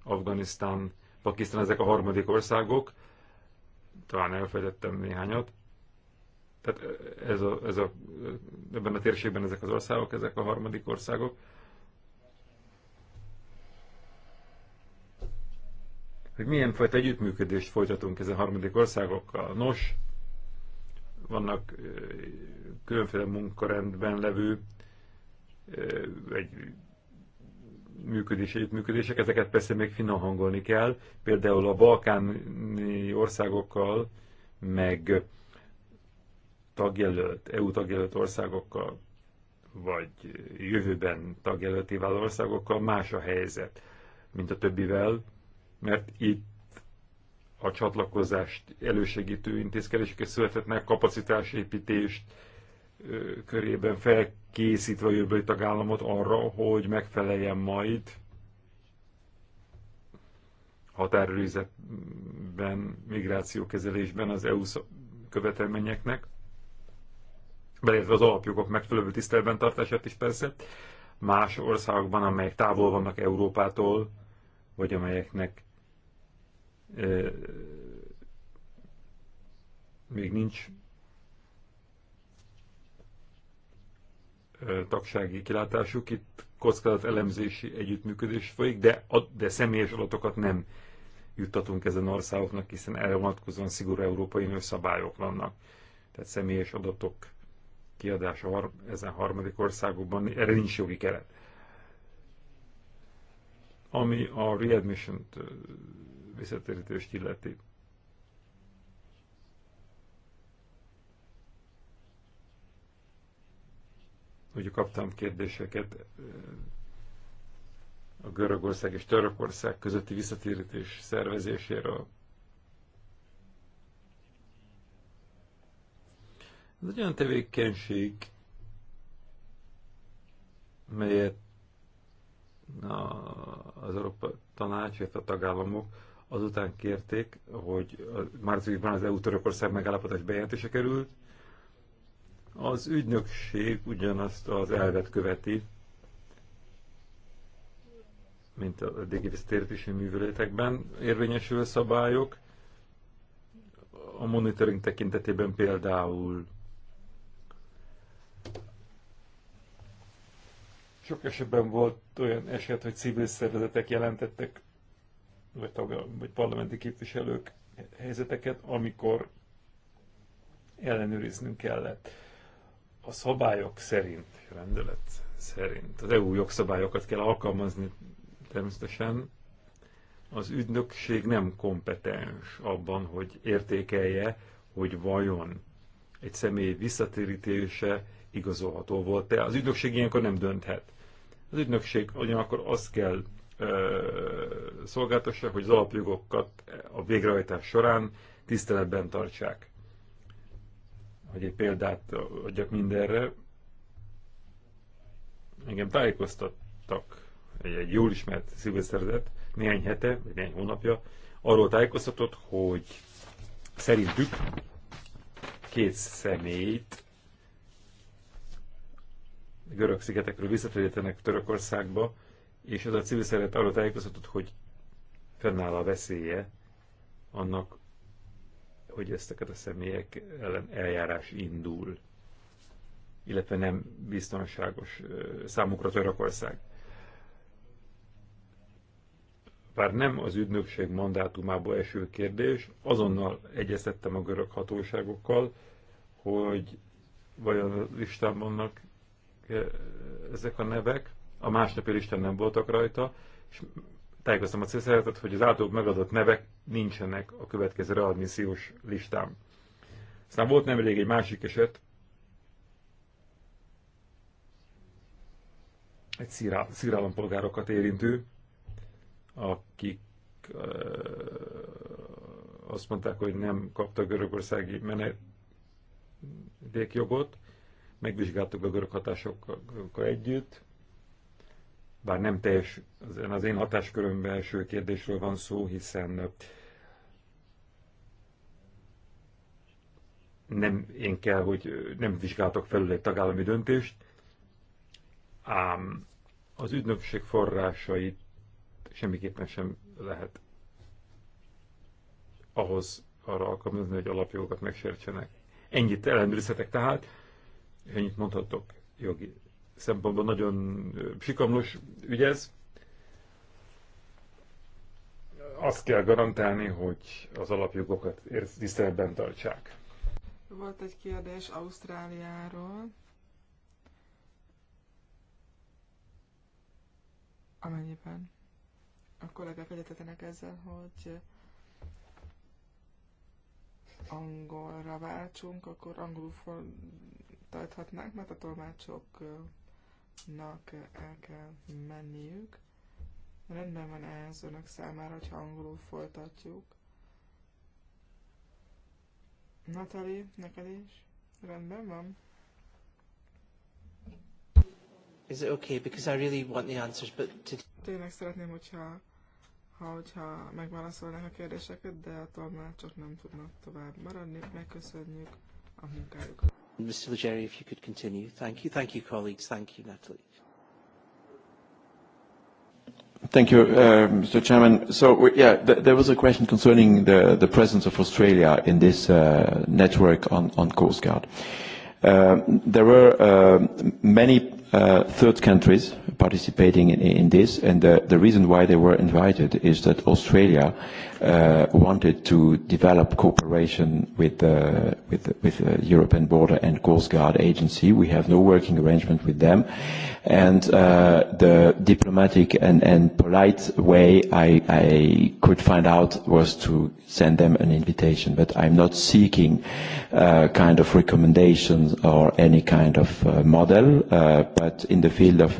Afganisztán, Pakisztán ezek a harmadik országok, talán elfelejtettem néhányat. Tehát ez a, ez a, ebben a térségben ezek az országok, ezek a harmadik országok. Hogy milyen fajta együttműködést folytatunk ezen harmadik országokkal. Nos, vannak különféle munkarendben levő egy működés, együttműködések, ezeket persze még finom hangolni kell, például a balkáni országokkal, meg tagjelölt, EU tagjelölt országokkal, vagy jövőben tagjelölté váló országokkal más a helyzet, mint a többivel, mert itt a csatlakozást elősegítő intézkedéseket születhetnek, kapacitásépítést körében fel készítve a jövőbeli tagállamot arra, hogy megfeleljen majd határőrizetben, migrációkezelésben az EU követelményeknek, beleértve az alapjogok megfelelő tiszteletben tartását is persze, más országokban, amelyek távol vannak Európától, vagy amelyeknek még nincs tagsági kilátásuk, itt kockázat elemzési együttműködés folyik, de, de személyes adatokat nem juttatunk ezen országoknak, hiszen erre vonatkozóan szigorú európai nő szabályok vannak. Tehát személyes adatok kiadása har ezen harmadik országokban, erre nincs jogi keret. Ami a readmission visszatérítést illeti, hogy kaptam kérdéseket a Görögország és Törökország közötti visszatérítés szervezéséről. Ez egy olyan tevékenység, melyet az Európa Tanács, illetve a tagállamok azután kérték, hogy márciusban az EU-Törökország megállapodás bejelentése került, az ügynökség ugyanazt az elvet követi, mint a digivisztérítési műveletekben érvényesülő szabályok, a monitoring tekintetében például sok esetben volt olyan eset, hogy civil szervezetek jelentettek, vagy, taga, vagy parlamenti képviselők helyzeteket, amikor ellenőriznünk kellett a szabályok szerint, rendelet szerint, az EU jogszabályokat kell alkalmazni természetesen, az ügynökség nem kompetens abban, hogy értékelje, hogy vajon egy személy visszatérítése igazolható volt-e. Az ügynökség ilyenkor nem dönthet. Az ügynökség ugyanakkor azt kell szolgáltassa, hogy az alapjogokat a végrehajtás során tiszteletben tartsák hogy egy példát adjak mindenre, engem tájékoztattak egy, egy jól ismert civil szervezet néhány hete, vagy néhány hónapja, arról tájékoztatott, hogy szerintük két személyt görög szigetekről visszatérjenek Törökországba, és az a civil szervezet arról tájékoztatott, hogy fennáll a veszélye annak, hogy ezteket a személyek ellen eljárás indul, illetve nem biztonságos számukra Törökország. Bár nem az ügynökség mandátumába eső kérdés, azonnal egyeztettem a görög hatóságokkal, hogy vajon listán vannak ezek a nevek, a másnapi listán nem voltak rajta, és tájékoztam a célszeretet, hogy az általuk megadott nevek nincsenek a következő readmissziós listám. Aztán volt nemrég egy másik eset, egy szírá, szírállampolgárokat érintő, akik ö, azt mondták, hogy nem kaptak görögországi menedékjogot, megvizsgáltuk a görög hatásokkal együtt, bár nem teljes, az én hatáskörömben első kérdésről van szó, hiszen nem én kell, hogy nem vizsgáltak felül egy tagállami döntést, ám az ügynökség forrásait semmiképpen sem lehet ahhoz arra alkalmazni, hogy alapjogokat megsértsenek. Ennyit ellenőrizhetek tehát, és ennyit mondhatok jogi szempontból nagyon sikamlós ügy ez. Azt kell garantálni, hogy az alapjogokat tiszteletben tartsák. Volt egy kérdés Ausztráliáról. Amennyiben a kollégák egyetetenek ezzel, hogy angolra váltsunk, akkor angolul fordíthatnánk, mert a tolmácsok nak eh, el kell menniük. Rendben van ez önök számára, hogyha angolul folytatjuk. Natali, neked is? Rendben van? Is it okay? Because I really want the answers, but to... Tényleg szeretném, hogyha, ha, hogyha megválaszolnák a kérdéseket, de már csak nem tudnak tovább maradni. Megköszönjük a munkájukat. Mr. Legere, if you could continue. Thank you. Thank you, colleagues. Thank you, Natalie. Thank you, uh, Mr. Chairman. So, yeah, th there was a question concerning the, the presence of Australia in this uh, network on, on Coast Guard. Uh, there were uh, many uh, third countries participating in, in this, and the, the reason why they were invited is that Australia uh, wanted to develop cooperation with uh, with with the uh, European Border and Coast Guard Agency. We have no working arrangement with them, and uh, the diplomatic and, and polite way I, I could find out was to send them an invitation. But I'm not seeking uh, kind of recommendations or any kind of uh, model, uh, but in the field of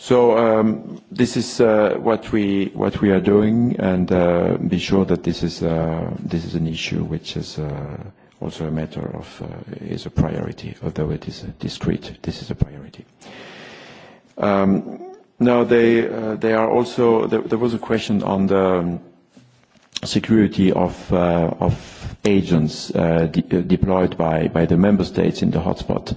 So um, this is uh, what we are doing, and uh, be sure that uh, this is an issue which is also a matter of is a priority, although it is discrete. This is a priority. Um, now they are also there, was a question on the um, security of agents deployed by the member states in the hotspot.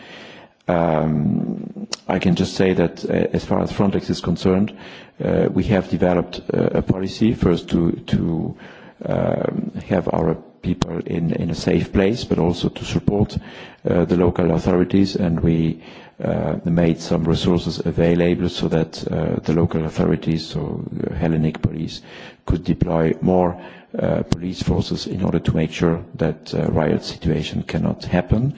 Um, I can just say that uh, as far as Frontex is concerned, uh, we have developed uh, a policy first to to um, have our people in in a safe place, but also to support uh, the local authorities, and we uh, made some resources available so that uh, the local authorities, so Hellenic police, could deploy more uh, police forces in order to make sure that uh, riot situation cannot happen. Uh,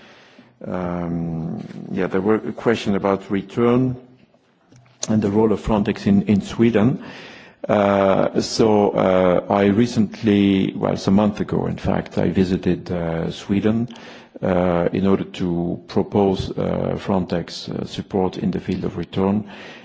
Um, yeah, there were a question about return and the role of Frontex in, in Sweden. Uh, so uh, I recently, well, some month ago, in fact, I visited uh, Sweden uh, in order to propose uh, Frontex uh, support in the field of return. Uh,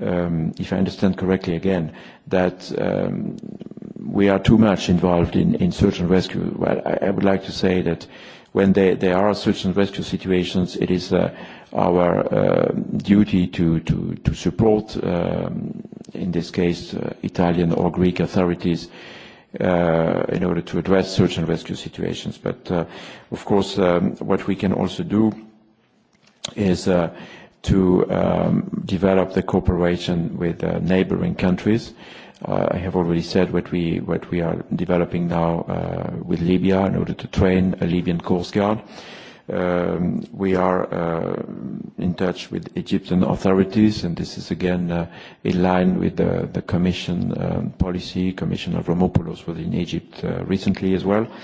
um, if I understand correctly again, that um, we are too much involved in, in search and rescue. Well, I, I would like to say that when there, there are search and rescue situations, it is uh, our uh, duty to, to, to support, um, in this case, uh, Italian or Greek authorities uh, in order to address search and rescue situations. But, uh, of course, um, what we can also do is uh, to um, develop the cooperation with uh, neighboring countries. Uh, I have already said what we what we are developing now uh, with Libya in order to train a Libyan Coast Guard. Um, we are uh, in touch with Egyptian authorities, and this is again uh, in line with the, the Commission um, policy, Commissioner Romopoulos was in Egypt uh, recently as well. Uh,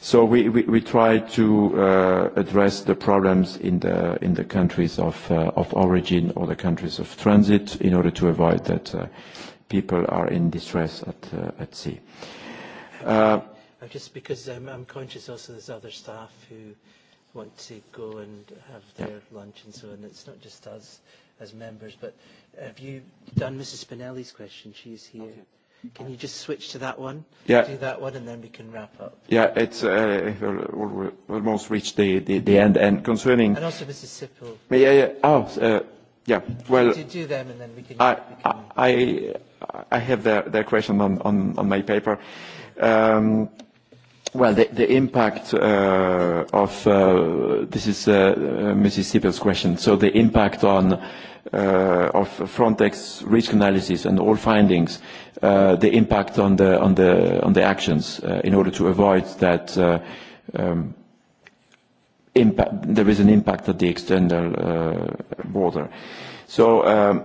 So we, we, we try to uh, address the problems in the, in the countries of, uh, of origin or the countries of transit in order to avoid that uh, people are in distress at, uh, at sea. Uh, uh just because I'm, I'm conscious also there's other staff who want to go and have their yeah. lunch and so on. It's not just us as members, but have you done Mrs. Spinelli's question? She's here. Okay. Can you just switch to that one? Yeah. Do that one, and then we can wrap up. Yeah, it's uh, almost reached the, the, the end. And concerning... And also Mrs. Sippel. Yeah, yeah. Oh, uh, yeah. Well... Do, do them, and then we can... I, we can... I, I have their, their question on, on, on my paper. Um, well, the, the impact uh, of... Uh, this is uh, uh Mrs. Sippel's question. So the impact on uh, of Frontex risk analysis and all findings, uh, the impact on the on the on the actions uh, in order to avoid that. Uh, um, Impact, there is an impact at the external uh, border. So um,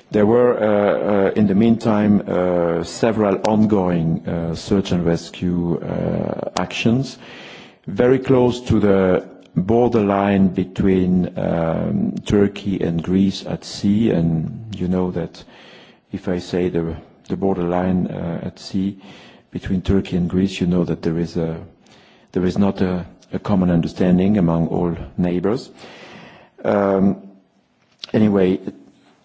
There were, uh, uh, in the meantime, uh, several ongoing uh, search and rescue uh, actions, very close to the borderline between um, Turkey and Greece at sea, and you know that if I say the, the borderline uh, at sea between Turkey and Greece, you know that there is, a, there is not a, a common understanding among all neighbors. Um, anyway,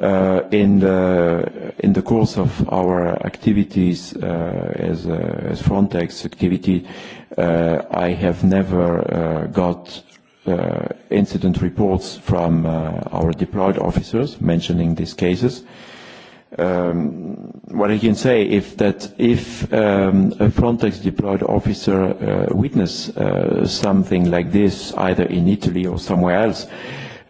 Uh, in the in the course of our activities uh, as uh, as Frontex activity, uh, I have never uh, got uh, incident reports from uh, our deployed officers mentioning these cases. Um, what I can say is that if um, a Frontex deployed officer uh, witness uh, something like this, either in Italy or somewhere else, uh,